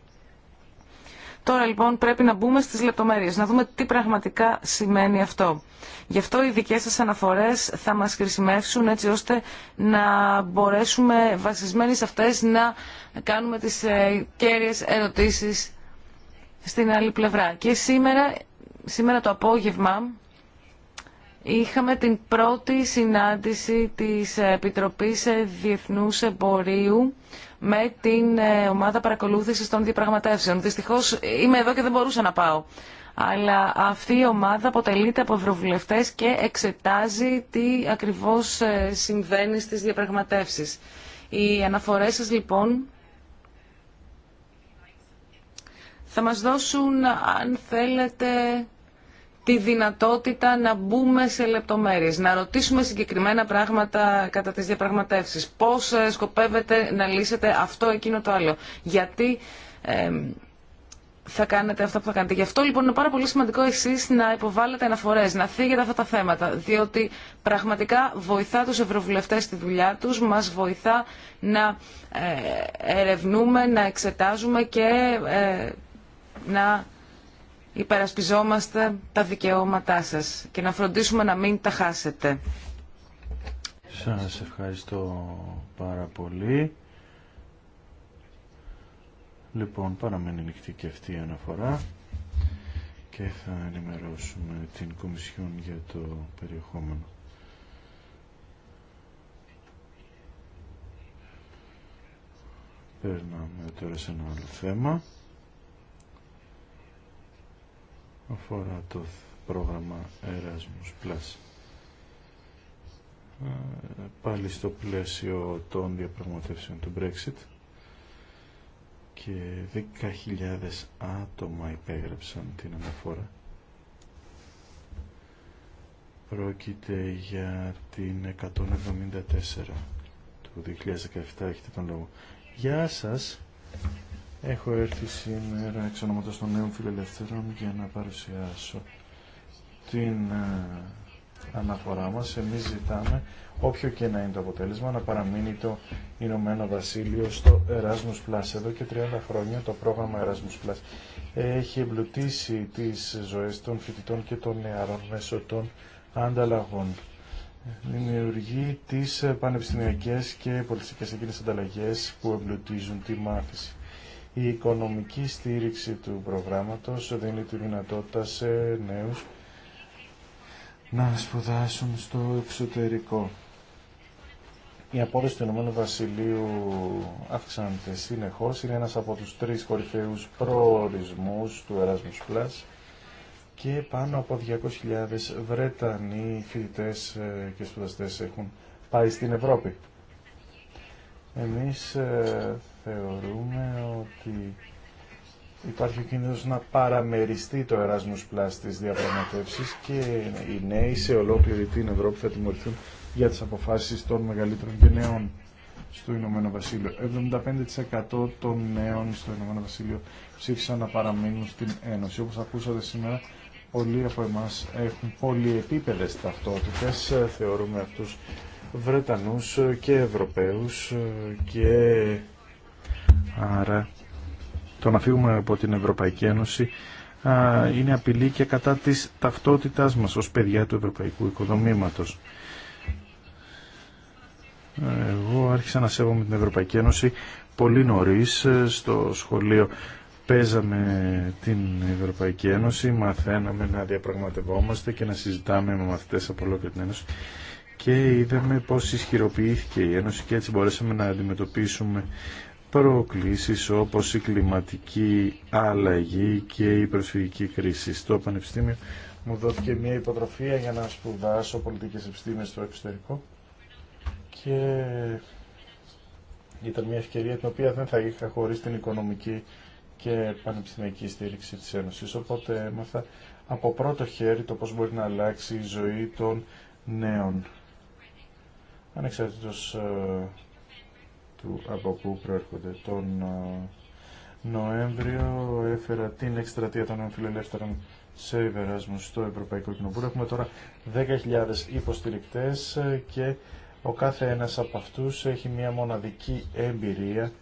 Τώρα λοιπόν πρέπει να μπούμε στις λεπτομέρειες, να δούμε τι πραγματικά σημαίνει αυτό. Γι' αυτό οι δικές σας αναφορές θα μας χρησιμεύσουν έτσι ώστε να μπορέσουμε βασισμένοι σε αυτές να κάνουμε τις ε, κέρυες ερωτήσεις στην άλλη πλευρά. Και σήμερα, σήμερα το απόγευμα είχαμε την πρώτη συνάντηση της Επιτροπής Διεθνούς Εμπορίου με την ε, ομάδα παρακολούθησης των διαπραγματεύσεων. Δυστυχώς είμαι εδώ και δεν μπορούσα να πάω. Αλλά αυτή η ομάδα αποτελείται από ευρωβουλευτές και εξετάζει τι ακριβώς ε, συμβαίνει στις διαπραγματεύσεις. Οι αναφορές σας λοιπόν θα μας δώσουν, αν θέλετε, τη δυνατότητα να μπούμε σε λεπτομέρειες, να ρωτήσουμε συγκεκριμένα πράγματα κατά τις διαπραγματεύσεις. Πώς ε, σκοπεύετε να λύσετε αυτό, εκείνο, το άλλο. Γιατί θα κάνετε αυτό που θα κάνετε. Γι' αυτό λοιπόν είναι πάρα πολύ σημαντικό εσείς να υποβάλλετε αναφορές, να θίγετε αυτά τα θέματα, διότι πραγματικά βοηθά τους ευρωβουλευτές στη δουλειά τους, μας βοηθά να ε, ερευνούμε, να εξετάζουμε και... Ε, να υπερασπιζόμαστε τα δικαιώματά σας και να φροντίσουμε να μην τα χάσετε. Σας ευχαριστώ πάρα πολύ. Λοιπόν, παραμένει νυχτή και αυτή η αναφορά και θα ενημερώσουμε την Κομισιόν για το περιεχόμενο. Περνάμε τώρα σε ένα άλλο θέμα αφορά το πρόγραμμα Erasmus Plus. Ε, πάλι στο πλαίσιο των διαπραγματεύσεων του Brexit και 10.000 άτομα υπέγραψαν την αναφορά. Πρόκειται για την 174 του 2017, έχετε τον λόγο. Γεια σας. Έχω έρθει σήμερα εξ ονόματος των νέων φιλελευθερών για να παρουσιάσω την ε, αναφορά μας. Εμείς ζητάμε, όποιο και να είναι το αποτέλεσμα, να παραμείνει το Ηνωμένο Βασίλειο στο Erasmus Plus. Εδώ και 30 χρόνια το πρόγραμμα Erasmus Plus έχει εμπλουτίσει τις ζωές των φοιτητών και των νεαρών μέσω των ανταλλαγών. Δημιουργεί τις πανεπιστημιακές και πολιτιστικές εκείνες ανταλλαγές που εμπλουτίζουν τη μάθηση η οικονομική στήριξη του προγράμματος δίνει τη δυνατότητα σε νέους να σπουδάσουν στο εξωτερικό. Η απόδοση του Ηνωμένου Βασιλείου αυξάνεται συνεχώς. Είναι ένας από τους τρεις κορυφαίους προορισμούς του Erasmus Plus και πάνω από 200.000 Βρετανοί φοιτητές ε, και σπουδαστές έχουν πάει στην Ευρώπη. Εμείς ε, θεωρούμε ότι υπάρχει ο κίνδυνος να παραμεριστεί το Erasmus Plus στις διαπραγματεύσεις και οι νέοι σε ολόκληρη την Ευρώπη θα τιμωρηθούν για τις αποφάσεις των μεγαλύτερων γενναίων στο Ηνωμένο Βασίλειο. 75% των νέων στο Ηνωμένο Βασίλειο ψήφισαν να παραμείνουν στην Ένωση. Όπως ακούσατε σήμερα, πολλοί από εμάς έχουν πολυεπίπεδες ταυτότητες. Θεωρούμε αυτούς Βρετανούς και Ευρωπαίους και Άρα το να φύγουμε από την Ευρωπαϊκή Ένωση είναι απειλή και κατά της ταυτότητάς μας ως παιδιά του ευρωπαϊκού οικοδομήματος. Εγώ άρχισα να σέβομαι την Ευρωπαϊκή Ένωση πολύ νωρίς ε, στο σχολείο. Παίζαμε την Ευρωπαϊκή Ένωση, μαθαίναμε να διαπραγματευόμαστε και να συζητάμε με μαθητές από όλο και την Ένωση και είδαμε πώς ισχυροποιήθηκε η Ένωση και έτσι μπορέσαμε να αντιμετωπίσουμε προκλήσεις όπως η κλιματική αλλαγή και η προσφυγική κρίση. Στο Πανεπιστήμιο μου δόθηκε μια υποτροφία για να σπουδάσω πολιτικές επιστήμες στο εξωτερικό και ήταν μια ευκαιρία την οποία δεν θα είχα χωρίς την οικονομική και πανεπιστημιακή στήριξη της Ένωσης. Οπότε έμαθα από πρώτο χέρι το πώς μπορεί να αλλάξει η ζωή των νέων. Ανεξαρτήτως ε, από πού προέρχονται. Τον ε, Νοέμβριο έφερα την εκστρατεία των φιλελεύθερων σε υπεράσμους στο Ευρωπαϊκό Κοινοβούλιο. Έχουμε τώρα 10.000 υποστηρικτές ε, και ο κάθε ένας από αυτούς έχει μια μοναδική εμπειρία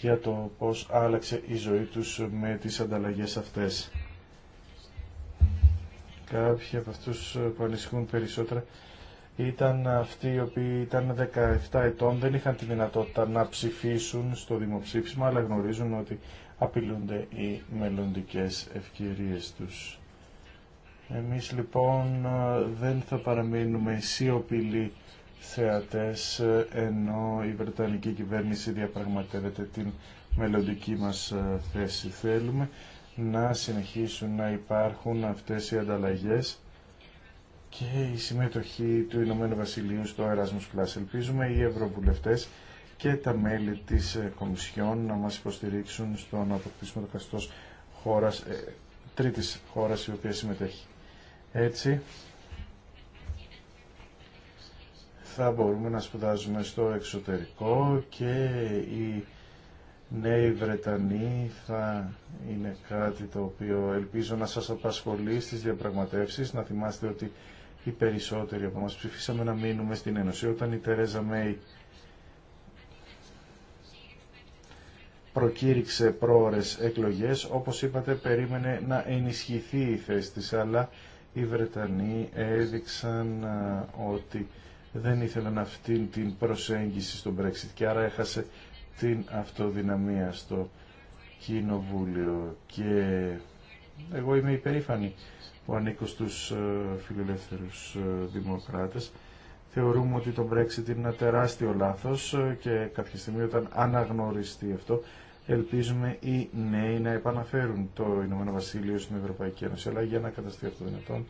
για το πώς άλλαξε η ζωή τους με τις ανταλλαγές αυτές. Κάποιοι από αυτούς που ανησυχούν περισσότερα ήταν αυτοί οι οποίοι ήταν 17 ετών, δεν είχαν τη δυνατότητα να ψηφίσουν στο δημοψήφισμα, αλλά γνωρίζουν ότι απειλούνται οι μελλοντικέ ευκαιρίες τους. Εμείς λοιπόν δεν θα παραμείνουμε σιωπηλοί θεατές, ενώ η Βρετανική κυβέρνηση διαπραγματεύεται την μελλοντική μας ε, θέση. Θέλουμε να συνεχίσουν να υπάρχουν αυτές οι ανταλλαγές και η συμμετοχή του Ηνωμένου Βασιλείου στο Erasmus Plus. Ελπίζουμε οι ευρωβουλευτές και τα μέλη της ε, Κομισιόν να μας υποστηρίξουν στο να αποκτήσουμε το καθεστώς χώρας, ε, τρίτης χώρας η οποία συμμετέχει. Έτσι θα μπορούμε να σπουδάζουμε στο εξωτερικό και οι νέοι Βρετανοί θα είναι κάτι το οποίο ελπίζω να σας απασχολεί στις διαπραγματεύσεις. Να θυμάστε ότι οι περισσότεροι από μας ψηφίσαμε να μείνουμε στην Ένωση. Όταν η Τερέζα Μέη προκήρυξε πρόορες εκλογές, όπως είπατε περίμενε να ενισχυθεί η θέση της, αλλά οι Βρετανοί έδειξαν ότι δεν ήθελαν αυτήν την προσέγγιση στο Brexit και άρα έχασε την αυτοδυναμία στο Κοινοβούλιο και εγώ είμαι υπερήφανη που ανήκω στους ε, φιλελεύθερους ε, δημοκράτες. Θεωρούμε ότι το Brexit είναι ένα τεράστιο λάθος ε, και κάποια στιγμή όταν αναγνωριστεί αυτό ελπίζουμε οι νέοι να επαναφέρουν το Ηνωμένο Βασίλειο στην Ευρωπαϊκή Ένωση. Αλλά για να καταστεί αυτό δυνατόν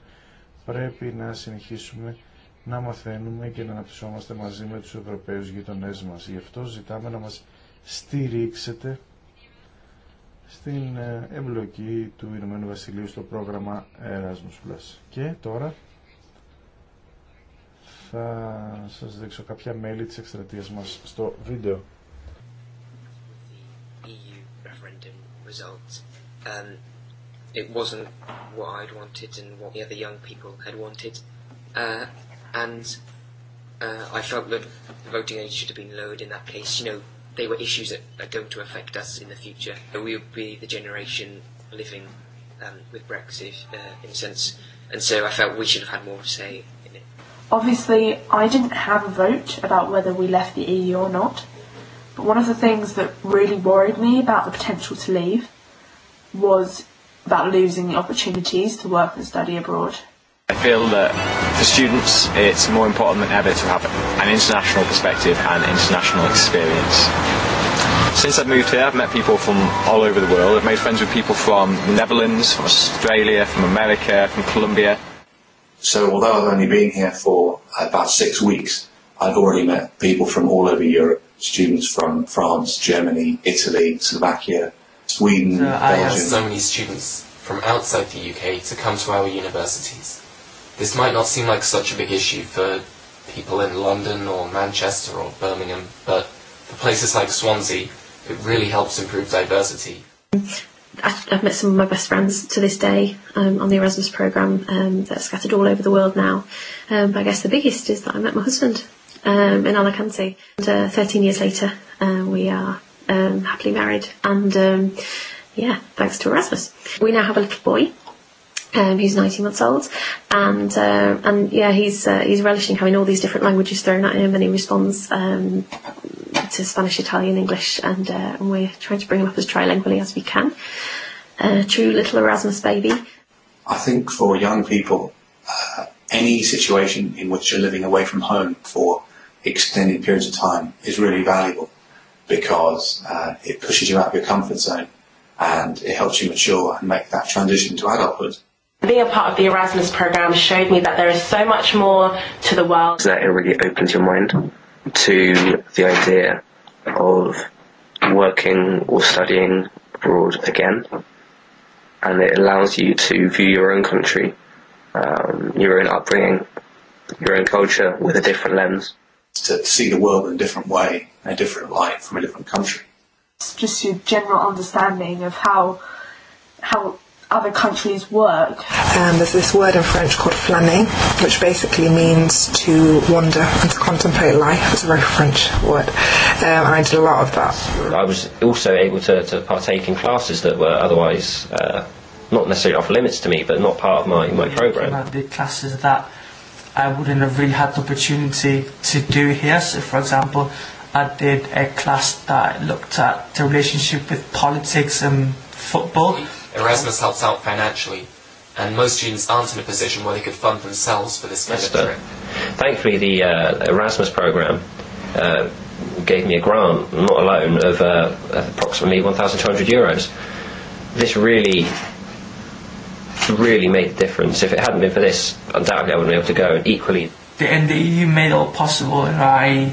πρέπει να συνεχίσουμε να μαθαίνουμε και να αναπτυσσόμαστε μαζί με τους Ευρωπαίους γειτονές μας. Γι' αυτό ζητάμε να μας στηρίξετε στην εμπλοκή του Ηνωμένου Βασιλείου στο πρόγραμμα Erasmus Plus. Και τώρα θα σας δείξω κάποια μέλη της εκστρατείας μας στο βίντεο. Um, it wasn't what I'd wanted and what the other young people had wanted. Uh, and uh, I felt that the voting age should have been lowered in that case. You know, they were issues that are going to affect us in the future. We would be the generation living um, with Brexit uh, in a sense, and so I felt we should have had more say in it. Obviously, I didn't have a vote about whether we left the EU or not, but one of the things that really worried me about the potential to leave was about losing the opportunities to work and study abroad. I feel that for students it's more important than ever to have an international perspective and international experience. Since I've moved here I've met people from all over the world. I've made friends with people from the Netherlands, from Australia, from America, from Colombia. So although I've only been here for about six weeks, I've already met people from all over Europe, students from France, Germany, Italy, Slovakia, Sweden, Belgium. I have so many students from outside the UK to come to our universities. This might not seem like such a big issue for people in London or Manchester or Birmingham, but for places like Swansea, it really helps improve diversity. I've met some of my best friends to this day um, on the Erasmus programme um, that are scattered all over the world now. Um, but I guess the biggest is that I met my husband um, in Alicante. And, uh, 13 years later, uh, we are um, happily married and um, yeah, thanks to Erasmus. We now have a little boy um, who's 19 months old, and uh and yeah, he's uh, he's relishing having all these different languages thrown at him, and he responds um, to Spanish, Italian, English, and, uh, and we're trying to bring him up as trilingually as we can. Uh, true little Erasmus baby. I think for young people, uh, any situation in which you're living away from home for extended periods of time is really valuable because uh, it pushes you out of your comfort zone and it helps you mature and make that transition to adulthood Being a part of the Erasmus program showed me that there is so much more to the world. That it really opens your mind to the idea of working or studying abroad again, and it allows you to view your own country, um, your own upbringing, your own culture with a different lens. To see the world in a different way, in a different light, from a different country. It's just your general understanding of how how other countries work. Um, there's this word in French called flâner, which basically means to wander and to contemplate life. It's a very French word, um, and I did a lot of that. I was also able to, to partake in classes that were otherwise uh, not necessarily off limits to me, but not part of my, my program. I did classes that I wouldn't have really had the opportunity to do here. So, for example, I did a class that looked at the relationship with politics and football Erasmus helps out financially, and most students aren't in a position where they could fund themselves for this kind of trip. Thankfully, the Erasmus program gave me a grant, not a loan, of approximately 1,200 euros. This really really made a difference. If it hadn't been for this, undoubtedly I wouldn't be able to go. And equally, the EU made it all possible. And I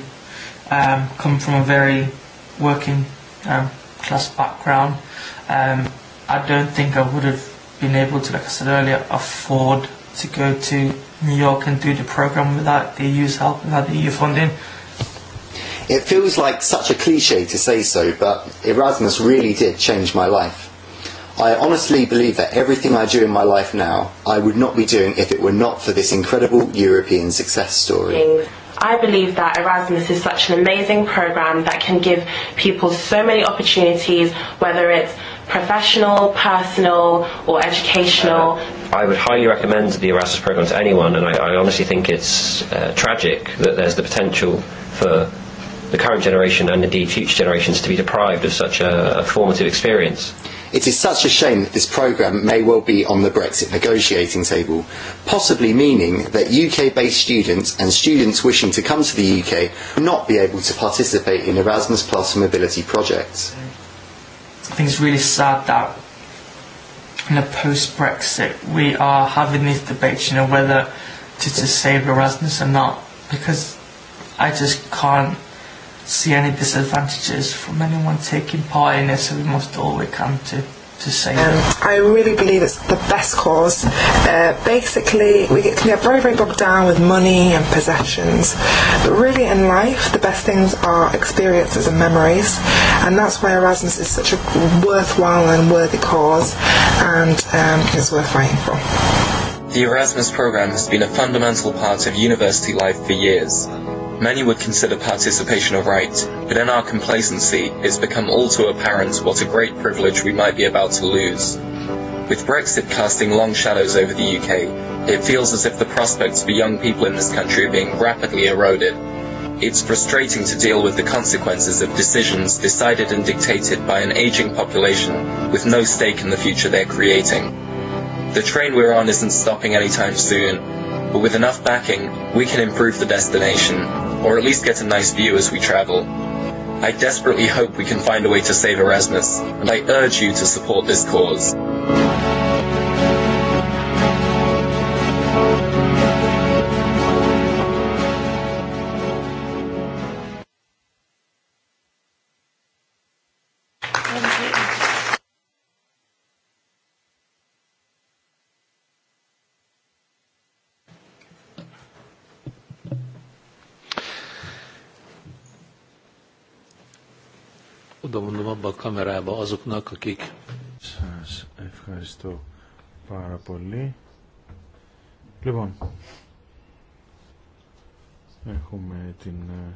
um, come from a very working um, class background. Um, I don't think I would have been able to, like I said earlier, afford to go to New York and do the program without the EU's help, without the EU funding. It feels like such a cliche to say so, but Erasmus really did change my life. I honestly believe that everything I do in my life now, I would not be doing if it were not for this incredible European success story. I believe that Erasmus is such an amazing program that can give people so many opportunities, whether it's professional, personal, or educational? I would highly recommend the Erasmus programme to anyone, and I, I honestly think it's tragic that there's the potential for the current generation and indeed future generations to be deprived of such a formative experience. It is such a shame that this programme may well be on the Brexit negotiating table, possibly meaning that UK-based students and students wishing to come to the UK will not be able to participate in Erasmus Plus mobility projects. Things really sad that in a post Brexit we are having these debates, you know, whether to, to save Erasmus or not, because I just can't see any disadvantages from anyone taking part in it, so we must all we can to that. I really believe it's the best cause. Uh, basically, we get, can get very, very bogged down with money and possessions, but really in life, the best things are experiences and memories, and that's why Erasmus is such a worthwhile and worthy cause, and um, it's worth fighting for. The Erasmus program has been a fundamental part of university life for years. Many would consider participation a right, but in our complacency, it's become all too apparent what a great privilege we might be about to lose. With Brexit casting long shadows over the UK, it feels as if the prospects for young people in this country are being rapidly eroded. It's frustrating to deal with the consequences of decisions decided and dictated by an aging population with no stake in the future they're creating. The train we're on isn't stopping anytime soon, but with enough backing, we can improve the destination or at least get a nice view as we travel. I desperately hope we can find a way to save Erasmus, and I urge you to support this cause. Σα Σας ευχαριστώ πάρα πολύ. Λοιπόν, έχουμε την ε,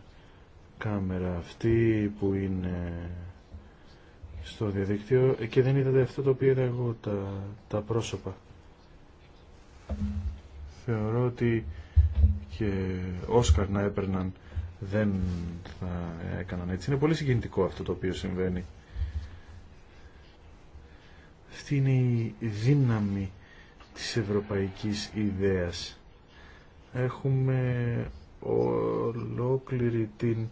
κάμερα αυτή που είναι στο διαδίκτυο και δεν είδατε αυτό το οποίο είδα εγώ, τα, τα πρόσωπα. Θεωρώ ότι και Όσκαρ να έπαιρναν δεν θα έκαναν έτσι. Είναι πολύ συγκινητικό αυτό το οποίο συμβαίνει. Αυτή είναι η δύναμη της ευρωπαϊκής ιδέας. Έχουμε ολόκληρη την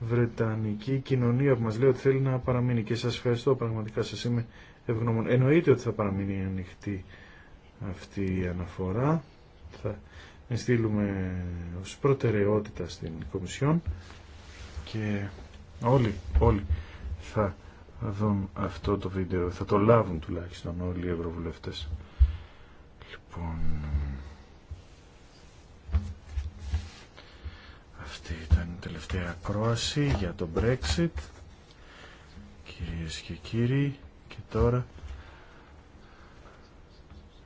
Βρετανική κοινωνία που μας λέει ότι θέλει να παραμείνει και σας ευχαριστώ πραγματικά σας είμαι ευγνώμων. Εννοείται ότι θα παραμείνει ανοιχτή αυτή η αναφορά. Θα στείλουμε ως προτεραιότητα στην Κομισιόν και όλοι, όλοι θα δουν αυτό το βίντεο, θα το λάβουν τουλάχιστον όλοι οι ευρωβουλευτές. Λοιπόν, αυτή ήταν η τελευταία ακρόαση για το Brexit. Κυρίες και κύριοι, και τώρα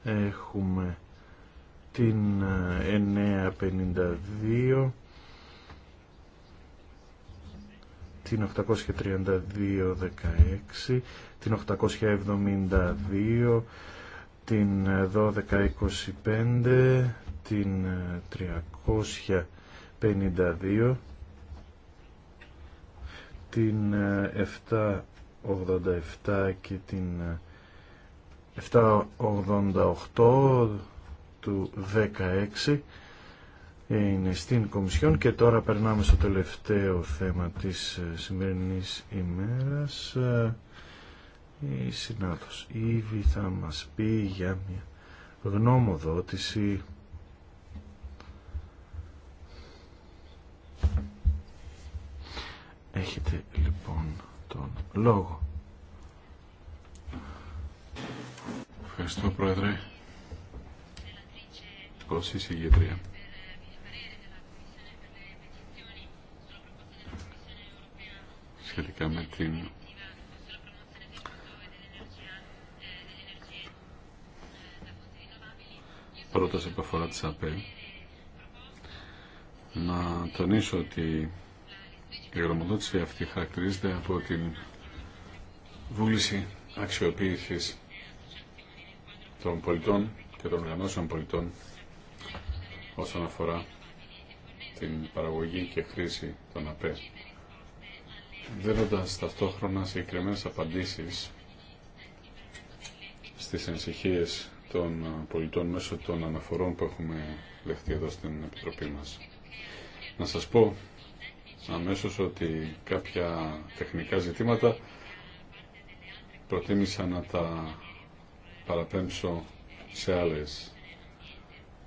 έχουμε την 952 ε, την 832-16 την 872 την 1225 ε, την 352 ε, την 787 και την 788 του 16 είναι στην Κομισιόν και τώρα περνάμε στο τελευταίο θέμα της ε, σημερινής ημέρας ε, η συνάδος Ήβη θα μας πει για μια γνώμοδότηση Έχετε λοιπόν τον λόγο. Ευχαριστώ Πρόεδρε προς η συγγετρία. Σχετικά με την Πρώτα επαφορά αφορά ΑΠΕ να τονίσω ότι η γραμματότηση αυτή χαρακτηρίζεται από την βούληση αξιοποίησης των πολιτών και των οργανώσεων πολιτών όσον αφορά την παραγωγή και χρήση των ΑΠΕ, δίνοντας ταυτόχρονα συγκεκριμένες απαντήσεις στις ανησυχίες των πολιτών μέσω των αναφορών που έχουμε δεχτεί εδώ στην Επιτροπή μας. Να σας πω αμέσως ότι κάποια τεχνικά ζητήματα προτίμησα να τα παραπέμψω σε άλλες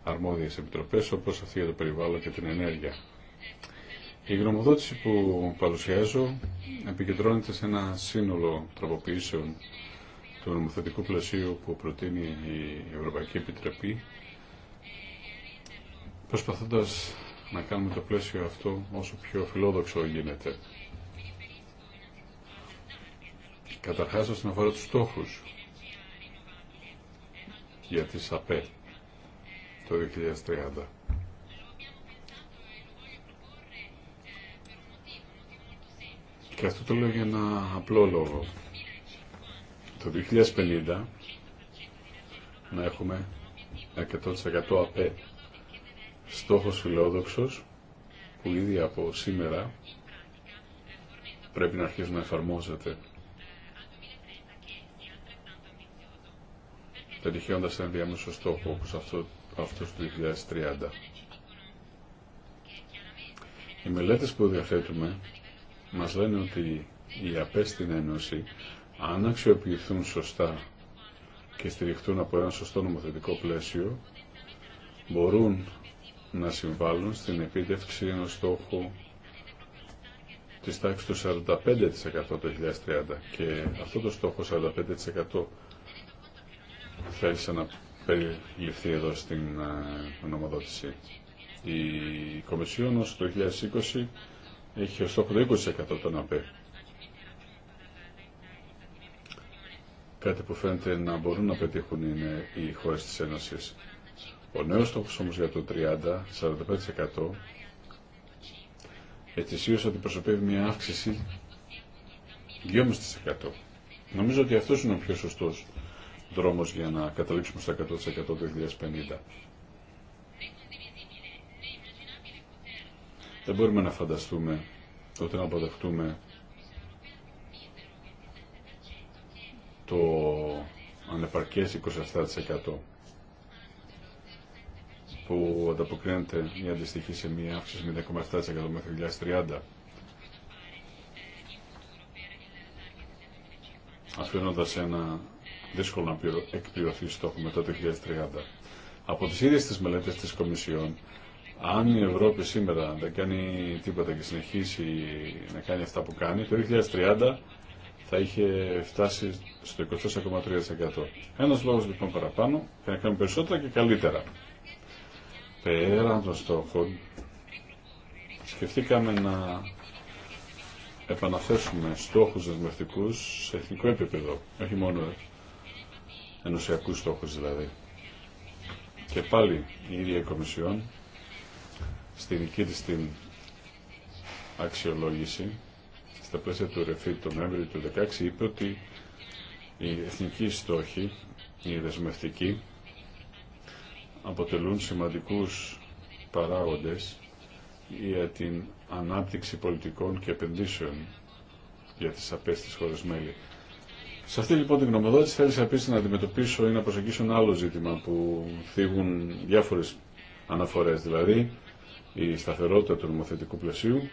αρμόδιες επιτροπές όπως αυτή για το περιβάλλον και την ενέργεια. Η γνωμοδότηση που παρουσιάζω επικεντρώνεται σε ένα σύνολο τροποποιήσεων του νομοθετικού πλαισίου που προτείνει η Ευρωπαϊκή Επιτροπή προσπαθώντας να κάνουμε το πλαίσιο αυτό όσο πιο φιλόδοξο γίνεται. Καταρχάς όσον αφορά τους στόχους για τις ΑΠΕ το 2030. Και αυτό το λέω για ένα απλό λόγο. Το 2050 να έχουμε 100% ΑΠΕ. Στόχος φιλόδοξος που ήδη από σήμερα πρέπει να αρχίσει να εφαρμόζεται. Πετυχαίνοντας ένα διάμεσο στόχο όπως αυτό αυτούς του 2030. Οι μελέτες που διαθέτουμε μας λένε ότι οι ΑΠΕ στην Ένωση, αν αξιοποιηθούν σωστά και στηριχτούν από ένα σωστό νομοθετικό πλαίσιο, μπορούν να συμβάλλουν στην επίτευξη ενός στόχου της τάξης του 45% το 2030 και αυτό το στόχο 45% θέλησε να περιληφθεί εδώ στην ε, νομοδότηση. Η Κομισιόν ως το 2020 έχει ως στόχο το 20% των ΑΠΕ. Κάτι που φαίνεται να μπορούν να πετύχουν είναι οι χώρες της Ένωσης. Ο νέος στόχος όμως για το 30-45% ετησίως αντιπροσωπεύει μια αύξηση 2,5%. Νομίζω ότι αυτός είναι ο πιο σωστός δρόμος για να καταλήξουμε στο 100% το 2050. Δεν μπορούμε να φανταστούμε ότι να αποδεχτούμε το ανεπαρκές 27% που ανταποκρίνεται ή αντιστοιχεί σε μια αύξηση με 10,7% μέχρι 2030. αφήνοντας ένα δύσκολο να εκπληρωθεί στόχο μετά το 2030. Από τις ίδιες τις μελέτες της Κομισιόν, αν η Ευρώπη σήμερα δεν κάνει τίποτα και συνεχίσει να κάνει αυτά που κάνει, το 2030 θα είχε φτάσει στο 24,3%. Ένας λόγος λοιπόν παραπάνω, για να κάνουμε περισσότερα και καλύτερα. Πέραν των στόχων, σκεφτήκαμε να επαναθέσουμε στόχους δεσμευτικούς σε εθνικό επίπεδο, όχι μόνο ενωσιακούς στόχους δηλαδή. Και πάλι η ίδια η Κομισιόν στη δική της την αξιολόγηση στα πλαίσια του ΡΕΦΗ το Νοέμβριο του 2016 είπε ότι η εθνικοί στόχοι, οι δεσμευτικοί, αποτελούν σημαντικούς παράγοντες για την ανάπτυξη πολιτικών και επενδύσεων για τις απέστης χώρες μέλη. Σε αυτή λοιπόν την γνωμοδότηση θέλησα επίση να αντιμετωπίσω ή να προσεγγίσω ένα άλλο ζήτημα που θίγουν διάφορε αναφορέ, δηλαδή η σταθερότητα του νομοθετικού πλαισίου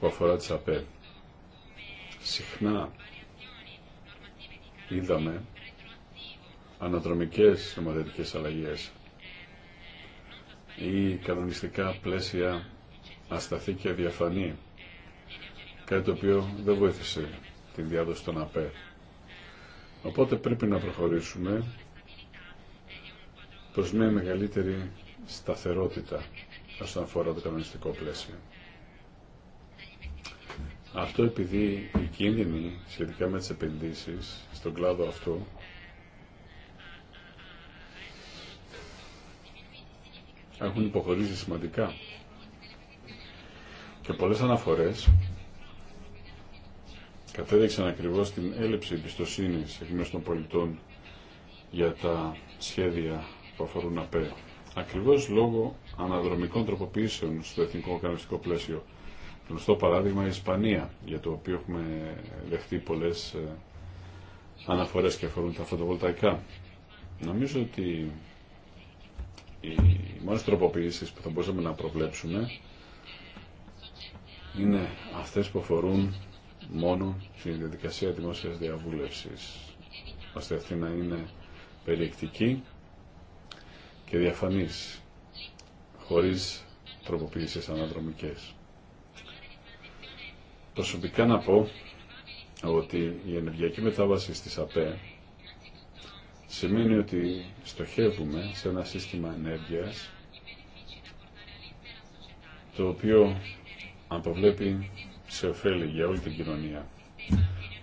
που αφορά τις ΑΠΕ. Συχνά είδαμε αναδρομικές νομοθετικές αλλαγές ή κανονιστικά πλαίσια ασταθή και διαφανή κάτι το οποίο δεν βοήθησε την διάδοση των ΑΠΕ. Οπότε πρέπει να προχωρήσουμε προς μια μεγαλύτερη σταθερότητα όσον αφορά το κανονιστικό πλαίσιο. Αυτό επειδή οι κίνδυνοι σχετικά με τις επενδύσεις στον κλάδο αυτό έχουν υποχωρήσει σημαντικά. Και πολλές αναφορές κατέδειξαν ακριβώς την έλλειψη εμπιστοσύνη εκ των πολιτών για τα σχέδια που αφορούν ΑΠΕ. Ακριβώς λόγω αναδρομικών τροποποιήσεων στο εθνικό κανονιστικό πλαίσιο. Γνωστό παράδειγμα η Ισπανία, για το οποίο έχουμε δεχτεί πολλές ε, αναφορές και αφορούν τα φωτοβολταϊκά. Νομίζω ότι οι μόνες τροποποιήσεις που θα μπορούσαμε να προβλέψουμε είναι αυτές που αφορούν μόνο στην διαδικασία δημόσιας διαβούλευσης, ώστε αυτή να είναι περιεκτική και διαφανής, χωρίς τροποποίησεις αναδρομικές. Προσωπικά να πω ότι η ενεργειακή μετάβαση στις ΑΠΕ σημαίνει ότι στοχεύουμε σε ένα σύστημα ενέργειας το οποίο αποβλέπει σε ωφέλη για όλη την κοινωνία,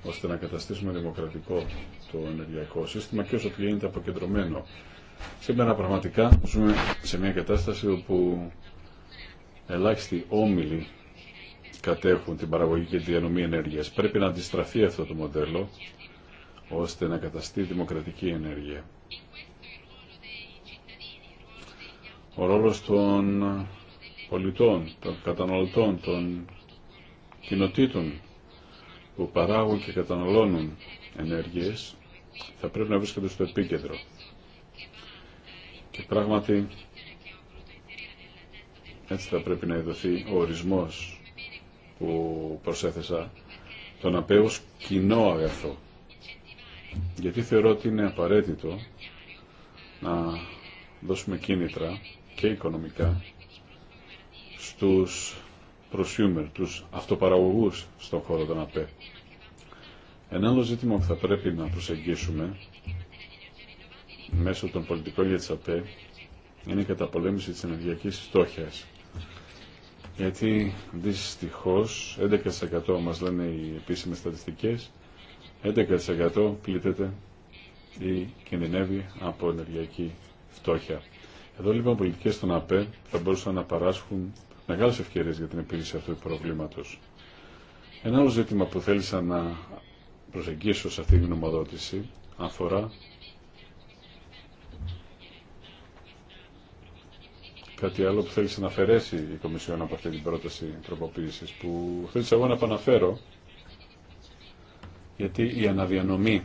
ώστε να καταστήσουμε δημοκρατικό το ενεργειακό σύστημα και όσο γίνεται αποκεντρωμένο. Σήμερα πραγματικά ζούμε σε μια κατάσταση όπου ελάχιστοι όμιλοι κατέχουν την παραγωγή και τη διανομή ενέργειας. Πρέπει να αντιστραφεί αυτό το μοντέλο, ώστε να καταστεί δημοκρατική ενέργεια. Ο ρόλος των πολιτών, των καταναλωτών, των κοινοτήτων που παράγουν και καταναλώνουν ενέργειες θα πρέπει να βρίσκονται στο επίκεντρο. Και πράγματι έτσι θα πρέπει να ειδωθεί ο ορισμός που προσέθεσα τον απέως κοινό αγαθό. Γιατί θεωρώ ότι είναι απαραίτητο να δώσουμε κίνητρα και οικονομικά στους prosumer, τους αυτοπαραγωγούς στον χώρο των ΑΠΕ. Ένα άλλο ζήτημα που θα πρέπει να προσεγγίσουμε μέσω των πολιτικών για τις ΑΠΕ είναι η καταπολέμηση της ενεργειακής φτώχειας. Γιατί δυστυχώ 11% μας λένε οι επίσημες στατιστικές, 11% πλήττεται ή κινδυνεύει από ενεργειακή φτώχεια. Εδώ λοιπόν οι πολιτικές των ΑΠΕ θα μπορούσαν να παράσχουν μεγάλε ευκαιρίε για την επίλυση αυτού του προβλήματος. Ένα άλλο ζήτημα που θέλησα να προσεγγίσω σε αυτή τη γνωμοδότηση αφορά κάτι άλλο που θέλησε να αφαιρέσει η Κομισιόν από αυτή την πρόταση τροποποίηση που θέλησα εγώ να επαναφέρω γιατί η αναδιανομή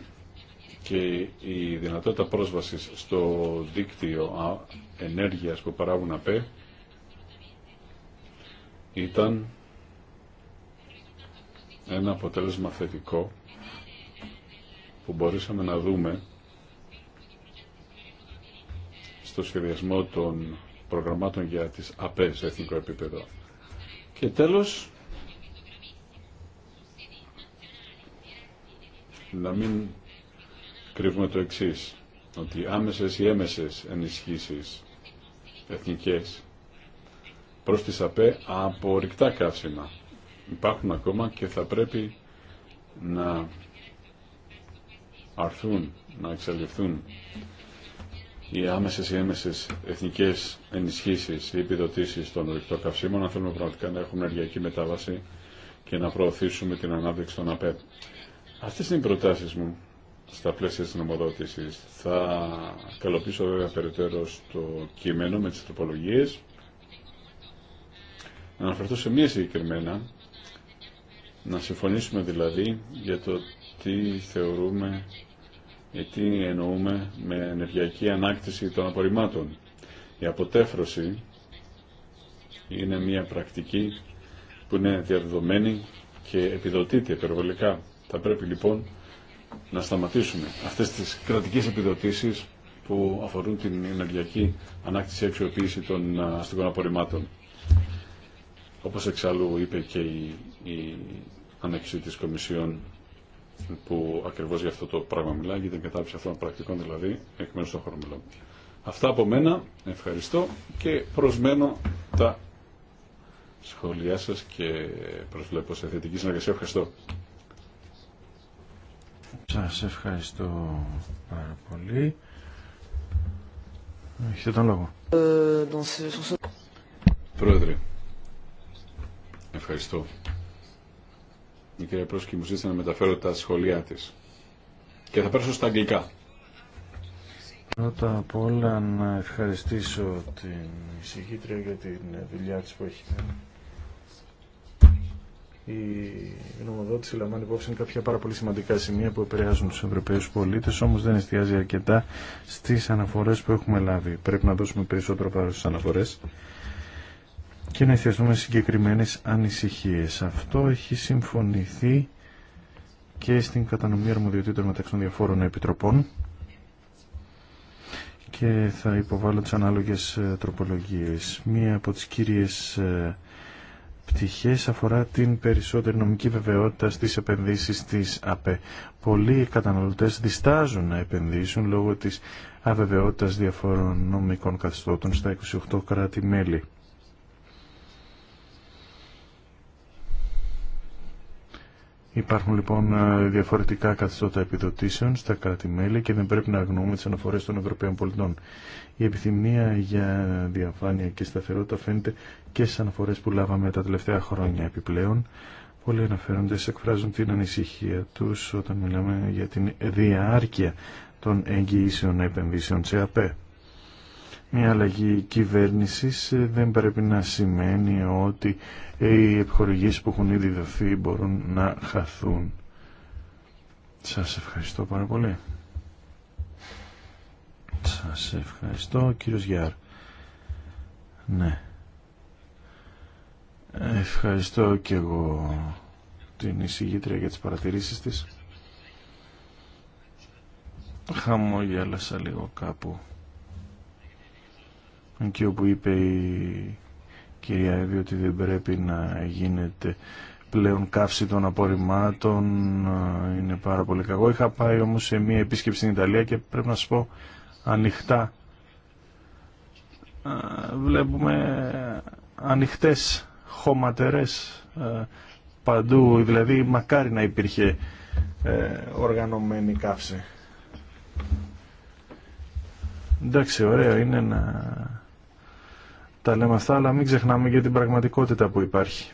και η δυνατότητα πρόσβασης στο δίκτυο ενέργειας που παράγουν ΑΠΕ ήταν ένα αποτέλεσμα θετικό που μπορούσαμε να δούμε στο σχεδιασμό των προγραμμάτων για τις ΑΠΕ σε εθνικό επίπεδο. Και τέλος, να μην κρύβουμε το εξής, ότι άμεσες ή έμεσες ενισχύσεις εθνικές προς τις ΑΠΕ από ρηκτά καύσιμα. Υπάρχουν ακόμα και θα πρέπει να αρθούν, να εξαλειφθούν οι άμεσες ή έμεσες εθνικές ενισχύσεις ή επιδοτήσεις των ρηκτών καυσίμων αν θέλουμε πραγματικά να έχουμε ενεργειακή μετάβαση και να προωθήσουμε την ανάπτυξη των ΑΠΕ. Αυτές είναι οι προτάσεις μου στα πλαίσια της νομοδότησης. Θα καλοποιήσω βέβαια περαιτέρω στο κείμενο με τις τροπολογίες να αναφερθώ σε μία συγκεκριμένα, να συμφωνήσουμε δηλαδή για το τι θεωρούμε ή τι εννοούμε με ενεργειακή ανάκτηση των απορριμμάτων. Η αποτέφρωση είναι μία πρακτική που είναι διαδεδομένη και επιδοτείται υπερβολικά. Θα πρέπει λοιπόν να σταματήσουμε αυτές τις κρατικές επιδοτήσεις που αφορούν την ενεργειακή ανάκτηση και αξιοποίηση των αστικών απορριμμάτων. Όπως εξάλλου είπε και η, η ανέξη της Κομισιόν που ακριβώς για αυτό το πράγμα μιλάει, για την κατάψη αυτών των πρακτικών δηλαδή, εκ μέρους των χωρών Αυτά από μένα, ευχαριστώ και προσμένω τα σχόλιά σας και προσβλέπω σε θετική συνεργασία. Ευχαριστώ. Σας ευχαριστώ πάρα πολύ. Έχετε τον λόγο. Ε, Πρόεδρε. Ευχαριστώ. Η κυρία Πρόσκη μου ζήτησε να μεταφέρω τα σχολεία της. Και θα πέρασω στα αγγλικά. Πρώτα απ' όλα να ευχαριστήσω την εισηγήτρια για τη δουλειά της που έχει κάνει. Η γνωμοδότηση λαμβάνει υπόψη κάποια πάρα πολύ σημαντικά σημεία που επηρεάζουν του Ευρωπαίου πολίτε όμω δεν εστιάζει αρκετά στι αναφορέ που έχουμε λάβει. Πρέπει να δώσουμε περισσότερο πάρο στι αναφορέ και να εστιαστούμε συγκεκριμένες ανησυχίες. Αυτό έχει συμφωνηθεί και στην κατανομή αρμοδιοτήτων μεταξύ των διαφόρων επιτροπών και θα υποβάλω τις ανάλογες ε, τροπολογίες. Μία από τις κύριες ε, πτυχές αφορά την περισσότερη νομική βεβαιότητα στις επενδύσεις της ΑΠΕ. Πολλοί καταναλωτές διστάζουν να επενδύσουν λόγω της αβεβαιότητας διαφόρων νομικών καθιστώτων στα 28 κράτη-μέλη. Υπάρχουν λοιπόν ε, διαφορετικά καθιστώτα επιδοτήσεων στα κράτη-μέλη και δεν πρέπει να αγνοούμε τι αναφορέ των Ευρωπαίων πολιτών. Η επιθυμία για διαφάνεια και σταθερότητα φαίνεται και στι αναφορέ που λάβαμε τα τελευταία χρόνια. Επιπλέον, πολλοί αναφέροντες εκφράζουν την ανησυχία του όταν μιλάμε για την διάρκεια των εγγυήσεων επενδύσεων σε ΑΠΕ. Μια αλλαγή κυβέρνησης ε, δεν πρέπει να σημαίνει ότι οι επιχορηγήσεις που έχουν ήδη δοθεί μπορούν να χαθούν. Σας ευχαριστώ πάρα πολύ. Σας ευχαριστώ κύριος Γιάρ. Ναι. Ευχαριστώ και εγώ την εισηγήτρια για τις παρατηρήσεις της. Χαμόγελασα λίγο κάπου και όπου είπε η κυρία Εύη ότι δεν πρέπει να γίνεται πλέον καύση των απορριμμάτων ε, είναι πάρα πολύ κακό. Είχα πάει όμως σε μία επίσκεψη στην Ιταλία και πρέπει να σας πω ανοιχτά ε, βλέπουμε ανοιχτές χωματερές ε, παντού, δηλαδή μακάρι να υπήρχε οργανωμένη καύση. Εντάξει, ωραίο είναι να τα λέμε αυτά, αλλά μην ξεχνάμε για την πραγματικότητα που υπάρχει.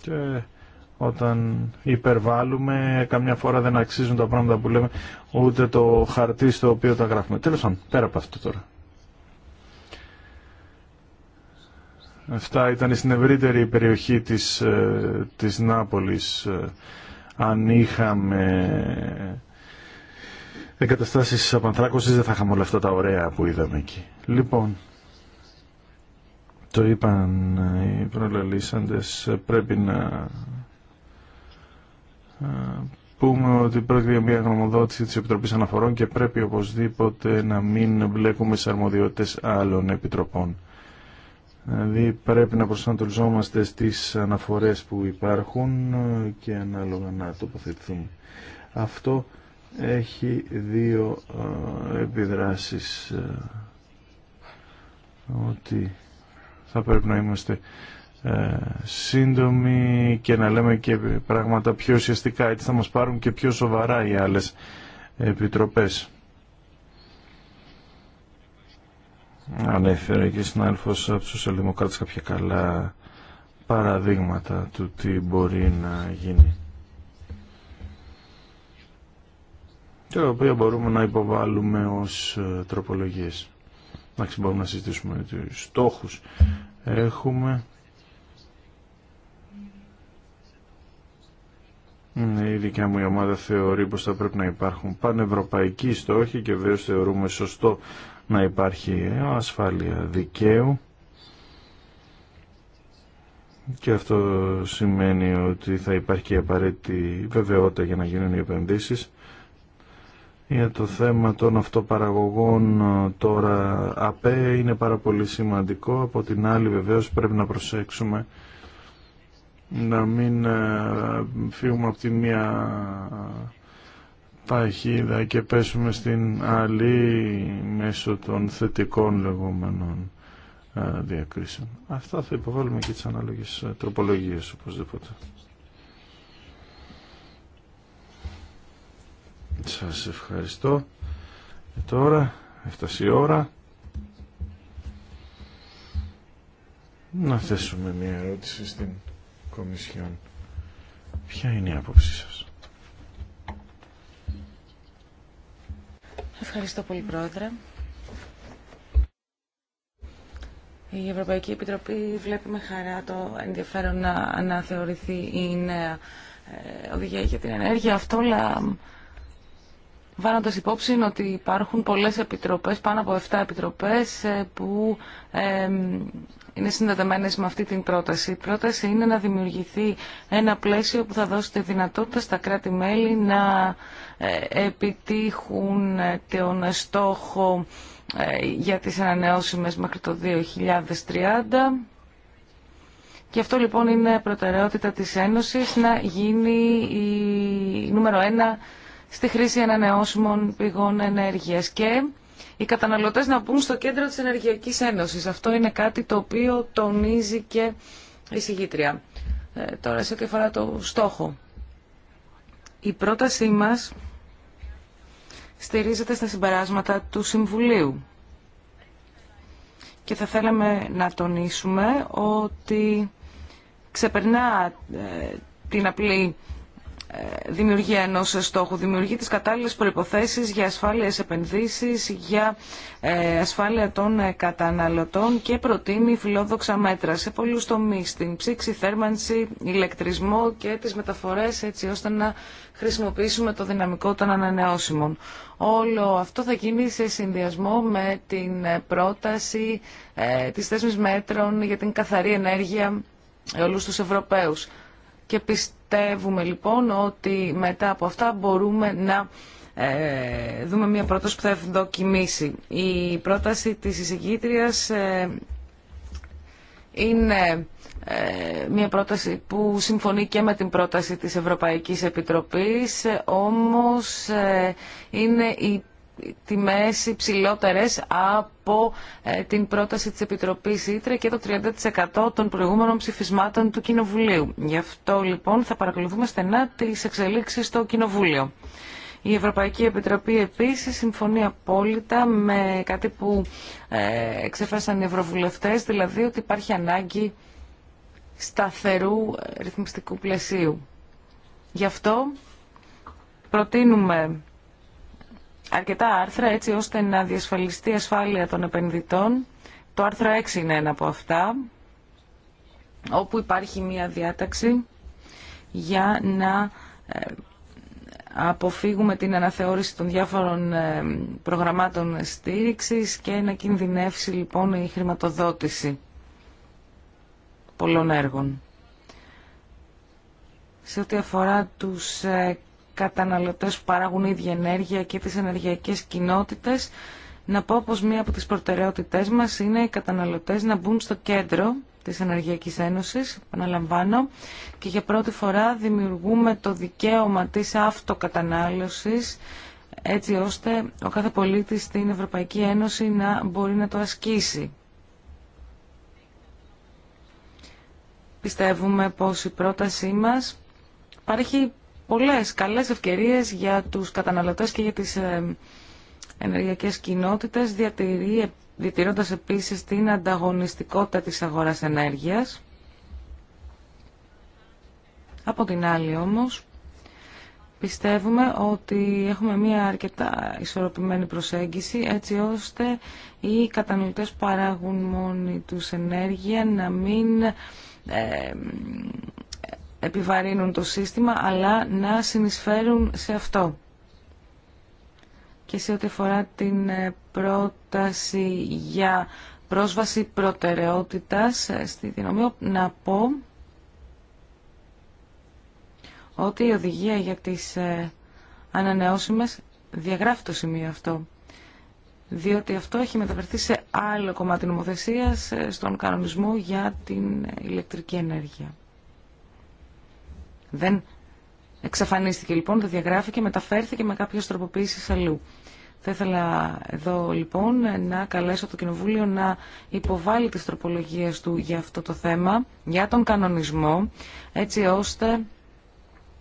Και όταν υπερβάλλουμε, καμιά φορά δεν αξίζουν τα πράγματα που λέμε, ούτε το χαρτί στο οποίο τα γράφουμε. Τέλος πάντων, πέρα από αυτό τώρα. Αυτά ήταν στην ευρύτερη περιοχή της, ε, της Νάπολης. Ε, αν είχαμε εγκαταστάσεις απανθράκωσης δεν θα είχαμε όλα αυτά τα ωραία που είδαμε εκεί. Λοιπόν, το είπαν οι προλαλήσαντες, πρέπει να πούμε ότι πρόκειται για μια γνωμοδότηση της Επιτροπής Αναφορών και πρέπει οπωσδήποτε να μην βλέπουμε σε αρμοδιότητες άλλων επιτροπών. Δηλαδή πρέπει να προσανατολισόμαστε στις αναφορές που υπάρχουν και ανάλογα να τοποθετηθούμε. Αυτό έχει δύο επιδράσεις ότι θα πρέπει να είμαστε ε, σύντομοι και να λέμε και πράγματα πιο ουσιαστικά. Έτσι θα μας πάρουν και πιο σοβαρά οι άλλες επιτροπές. Ανέφερε και συνάδελφος από τους σοσιαλδημοκράτες κάποια καλά παραδείγματα του τι μπορεί να γίνει. Και τα οποία μπορούμε να υποβάλουμε ως ε, τροπολογίες. Εντάξει, μπορούμε να συζητήσουμε τους στόχους. Έχουμε... Ναι, η δικιά μου η ομάδα θεωρεί πως θα πρέπει να υπάρχουν πανευρωπαϊκοί στόχοι και βέβαια θεωρούμε σωστό να υπάρχει ασφάλεια δικαίου. Και αυτό σημαίνει ότι θα υπάρχει και απαραίτητη βεβαιότητα για να γίνουν οι επενδύσεις. Για το θέμα των αυτοπαραγωγών ε, τώρα ΑΠΕ είναι πάρα πολύ σημαντικό. Από την άλλη βεβαίως πρέπει να προσέξουμε να μην ε, φύγουμε από τη μία παχύδα και πέσουμε στην άλλη μέσω των θετικών λεγόμενων ε, διακρίσεων. Αυτά θα υποβάλουμε και τις ανάλογες τροπολογίες οπωσδήποτε. Σας ευχαριστώ. Ε, τώρα έφτασε η ώρα να θέσουμε μια ερώτηση στην Κομισιόν. Ποια είναι η άποψή σας. Ευχαριστώ πολύ Πρόεδρε. Η Ευρωπαϊκή Επιτροπή βλέπει με χαρά το ενδιαφέρον να αναθεωρηθεί η νέα ε, οδηγία για την ενέργεια. Αυτό Βάνοντα υπόψη ότι υπάρχουν πολλές επιτροπές, πάνω από 7 επιτροπές ε, που είναι συνδεδεμένε με αυτή την πρόταση. Η πρόταση είναι να δημιουργηθεί ένα πλαίσιο που θα δώσει τη δυνατότητα στα κράτη-μέλη να ε, επιτύχουν ε, τον στόχο για τι ανανεώσιμε μέχρι το 2030. Και αυτό λοιπόν είναι προτεραιότητα της Ένωσης να γίνει η νούμερο ένα στη χρήση ανανεώσιμων πηγών ενέργειας και οι καταναλωτές να μπουν στο κέντρο της Ενεργειακής Ένωσης. Αυτό είναι κάτι το οποίο τονίζει και η συγγήτρια. Ε, τώρα σε ό,τι αφορά το στόχο. Η πρότασή μας στηρίζεται στα συμπεράσματα του Συμβουλίου. Και θα θέλαμε να τονίσουμε ότι ξεπερνά ε, την απλή δημιουργία ενός στόχου. Δημιουργεί τις κατάλληλες προϋποθέσεις για ασφάλειες επενδύσεις, για ε, ασφάλεια των ε, καταναλωτών και προτείνει φιλόδοξα μέτρα σε πολλούς τομείς, την ψήξη, θέρμανση, ηλεκτρισμό και τις μεταφορές έτσι ώστε να χρησιμοποιήσουμε το δυναμικό των ανανεώσιμων. Όλο αυτό θα γίνει σε συνδυασμό με την ε, πρόταση της θέσμης μέτρων για την καθαρή ενέργεια όλους τους Ευρωπαίους. Και πιστεύουμε λοιπόν ότι μετά από αυτά μπορούμε να ε, δούμε μια πρόταση που θα ευδοκιμήσει. Η πρόταση της εισηγήτριας ε, είναι ε, μια πρόταση που συμφωνεί και με την πρόταση της Ευρωπαϊκής Επιτροπής, όμως είναι η τιμές υψηλότερες από ε, την πρόταση της Επιτροπής Ήτρε και το 30% των προηγούμενων ψηφισμάτων του Κοινοβουλίου. Γι' αυτό λοιπόν θα παρακολουθούμε στενά τις εξελίξεις στο Κοινοβούλιο. Η Ευρωπαϊκή Επιτροπή επίσης συμφωνεί απόλυτα με κάτι που ε, εξέφρασαν οι ευρωβουλευτές, δηλαδή ότι υπάρχει ανάγκη σταθερού ε, ρυθμιστικού πλαισίου. Γι' αυτό προτείνουμε αρκετά άρθρα έτσι ώστε να διασφαλιστεί η ασφάλεια των επενδυτών. Το άρθρο 6 είναι ένα από αυτά, όπου υπάρχει μία διάταξη για να ε, αποφύγουμε την αναθεώρηση των διάφορων ε, προγραμμάτων στήριξης και να κινδυνεύσει λοιπόν η χρηματοδότηση πολλών έργων. Σε ό,τι αφορά τους ε, καταναλωτές που παράγουν ίδια ενέργεια και τις ενεργειακές κοινότητες, να πω πως μία από τις προτεραιότητές μας είναι οι καταναλωτές να μπουν στο κέντρο της Ενεργειακής Ένωσης, επαναλαμβάνω, και για πρώτη φορά δημιουργούμε το δικαίωμα της αυτοκατανάλωσης, έτσι ώστε ο κάθε πολίτης στην Ευρωπαϊκή Ένωση να μπορεί να το ασκήσει. Πιστεύουμε πως η πρότασή μας παρέχει πολλές καλές ευκαιρίες για τους καταναλωτές και για τις ε, ενεργειακές κοινότητες, διατηρώντας επίσης την ανταγωνιστικότητα της αγοράς ενέργειας. Από την άλλη όμως, πιστεύουμε ότι έχουμε μια αρκετά ισορροπημένη προσέγγιση έτσι ώστε οι καταναλωτές παράγουν μόνοι τους ενέργεια να μην ε, επιβαρύνουν το σύστημα, αλλά να συνεισφέρουν σε αυτό. Και σε ό,τι αφορά την ε, πρόταση για πρόσβαση προτεραιότητας ε, στη δυναμία, να πω ότι η οδηγία για τις ε, ανανεώσιμες διαγράφει το σημείο αυτό. Διότι αυτό έχει μεταφερθεί σε άλλο κομμάτι νομοθεσίας, στον κανονισμό για την ηλεκτρική ενέργεια. Δεν εξαφανίστηκε λοιπόν, δεν διαγράφηκε, μεταφέρθηκε με κάποιες τροποποίησεις αλλού. Θα ήθελα εδώ λοιπόν να καλέσω το Κοινοβούλιο να υποβάλει τις τροπολογίες του για αυτό το θέμα, για τον κανονισμό, έτσι ώστε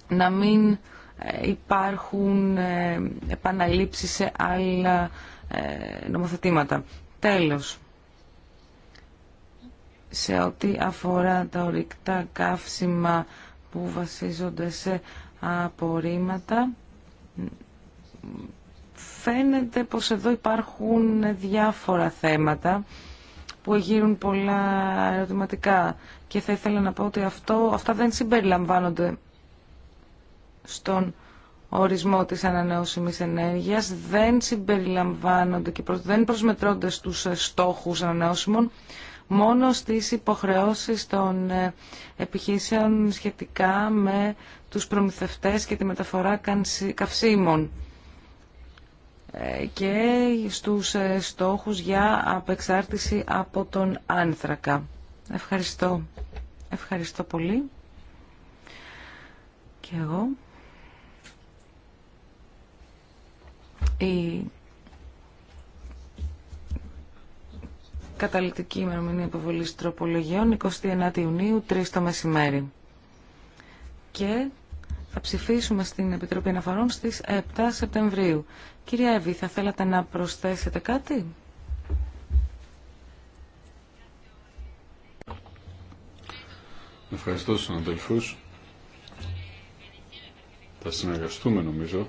να μην ε, υπάρχουν ε, επαναλήψεις σε άλλα ε, νομοθετήματα. Τέλος, σε ό,τι αφορά τα ορυκτά καύσιμα που βασίζονται σε απορρίμματα. Φαίνεται πως εδώ υπάρχουν διάφορα θέματα που γύρουν πολλά ερωτηματικά και θα ήθελα να πω ότι αυτό, αυτά δεν συμπεριλαμβάνονται στον ορισμό της ανανεώσιμης ενέργειας, δεν συμπεριλαμβάνονται και δεν προσμετρώνται στους στόχους ανανεώσιμων μόνο στις υποχρεώσεις των ε, επιχείρησεων σχετικά με τους προμηθευτές και τη μεταφορά καυσίμων ε, και στους ε, στόχους για απεξάρτηση από τον άνθρακα. Ευχαριστώ. Ευχαριστώ πολύ. Και εγώ. καταληκτική ημερομηνία υποβολή τροπολογιών 29 Ιουνίου, 3 το μεσημέρι. Και θα ψηφίσουμε στην Επιτροπή Αναφορών στις 7 Σεπτεμβρίου. Κυρία Εύη, θα θέλατε να προσθέσετε κάτι? Ευχαριστώ στους αδελφού. Θα συνεργαστούμε νομίζω,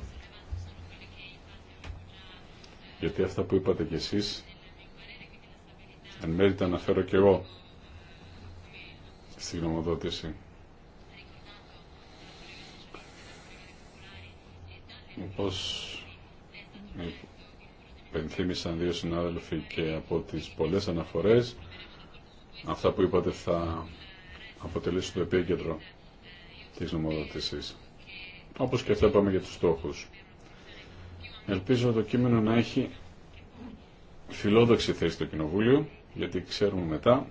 γιατί αυτά που είπατε κι εσείς εν μέρει τα αναφέρω και εγώ στη γνωμοδότηση. Όπως υπενθύμησαν δύο συνάδελφοι και από τις πολλές αναφορές, αυτά που είπατε θα αποτελέσουν το επίκεντρο της νομοδότησης. Όπως και αυτά είπαμε για τους στόχους. Ελπίζω το κείμενο να έχει φιλόδοξη θέση στο Κοινοβούλιο γιατί ξέρουμε μετά,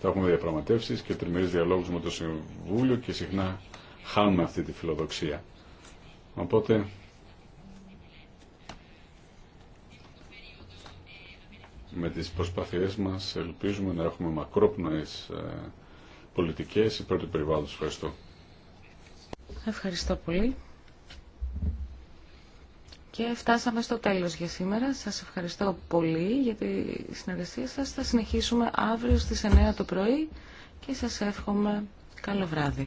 τα έχουμε διαπραγματεύσει και τριμερεί διαλόγου με το Συμβούλιο και συχνά χάνουμε αυτή τη φιλοδοξία. Οπότε με τις προσπαθειές μας ελπίζουμε να έχουμε μακρόπνοες ε, πολιτικές υπέρ του περιβάλλοντος. Ευχαριστώ. Ευχαριστώ πολύ. Και φτάσαμε στο τέλος για σήμερα. Σας ευχαριστώ πολύ για τη συνεργασία σας. Θα συνεχίσουμε αύριο στις 9 το πρωί και σας εύχομαι καλό βράδυ.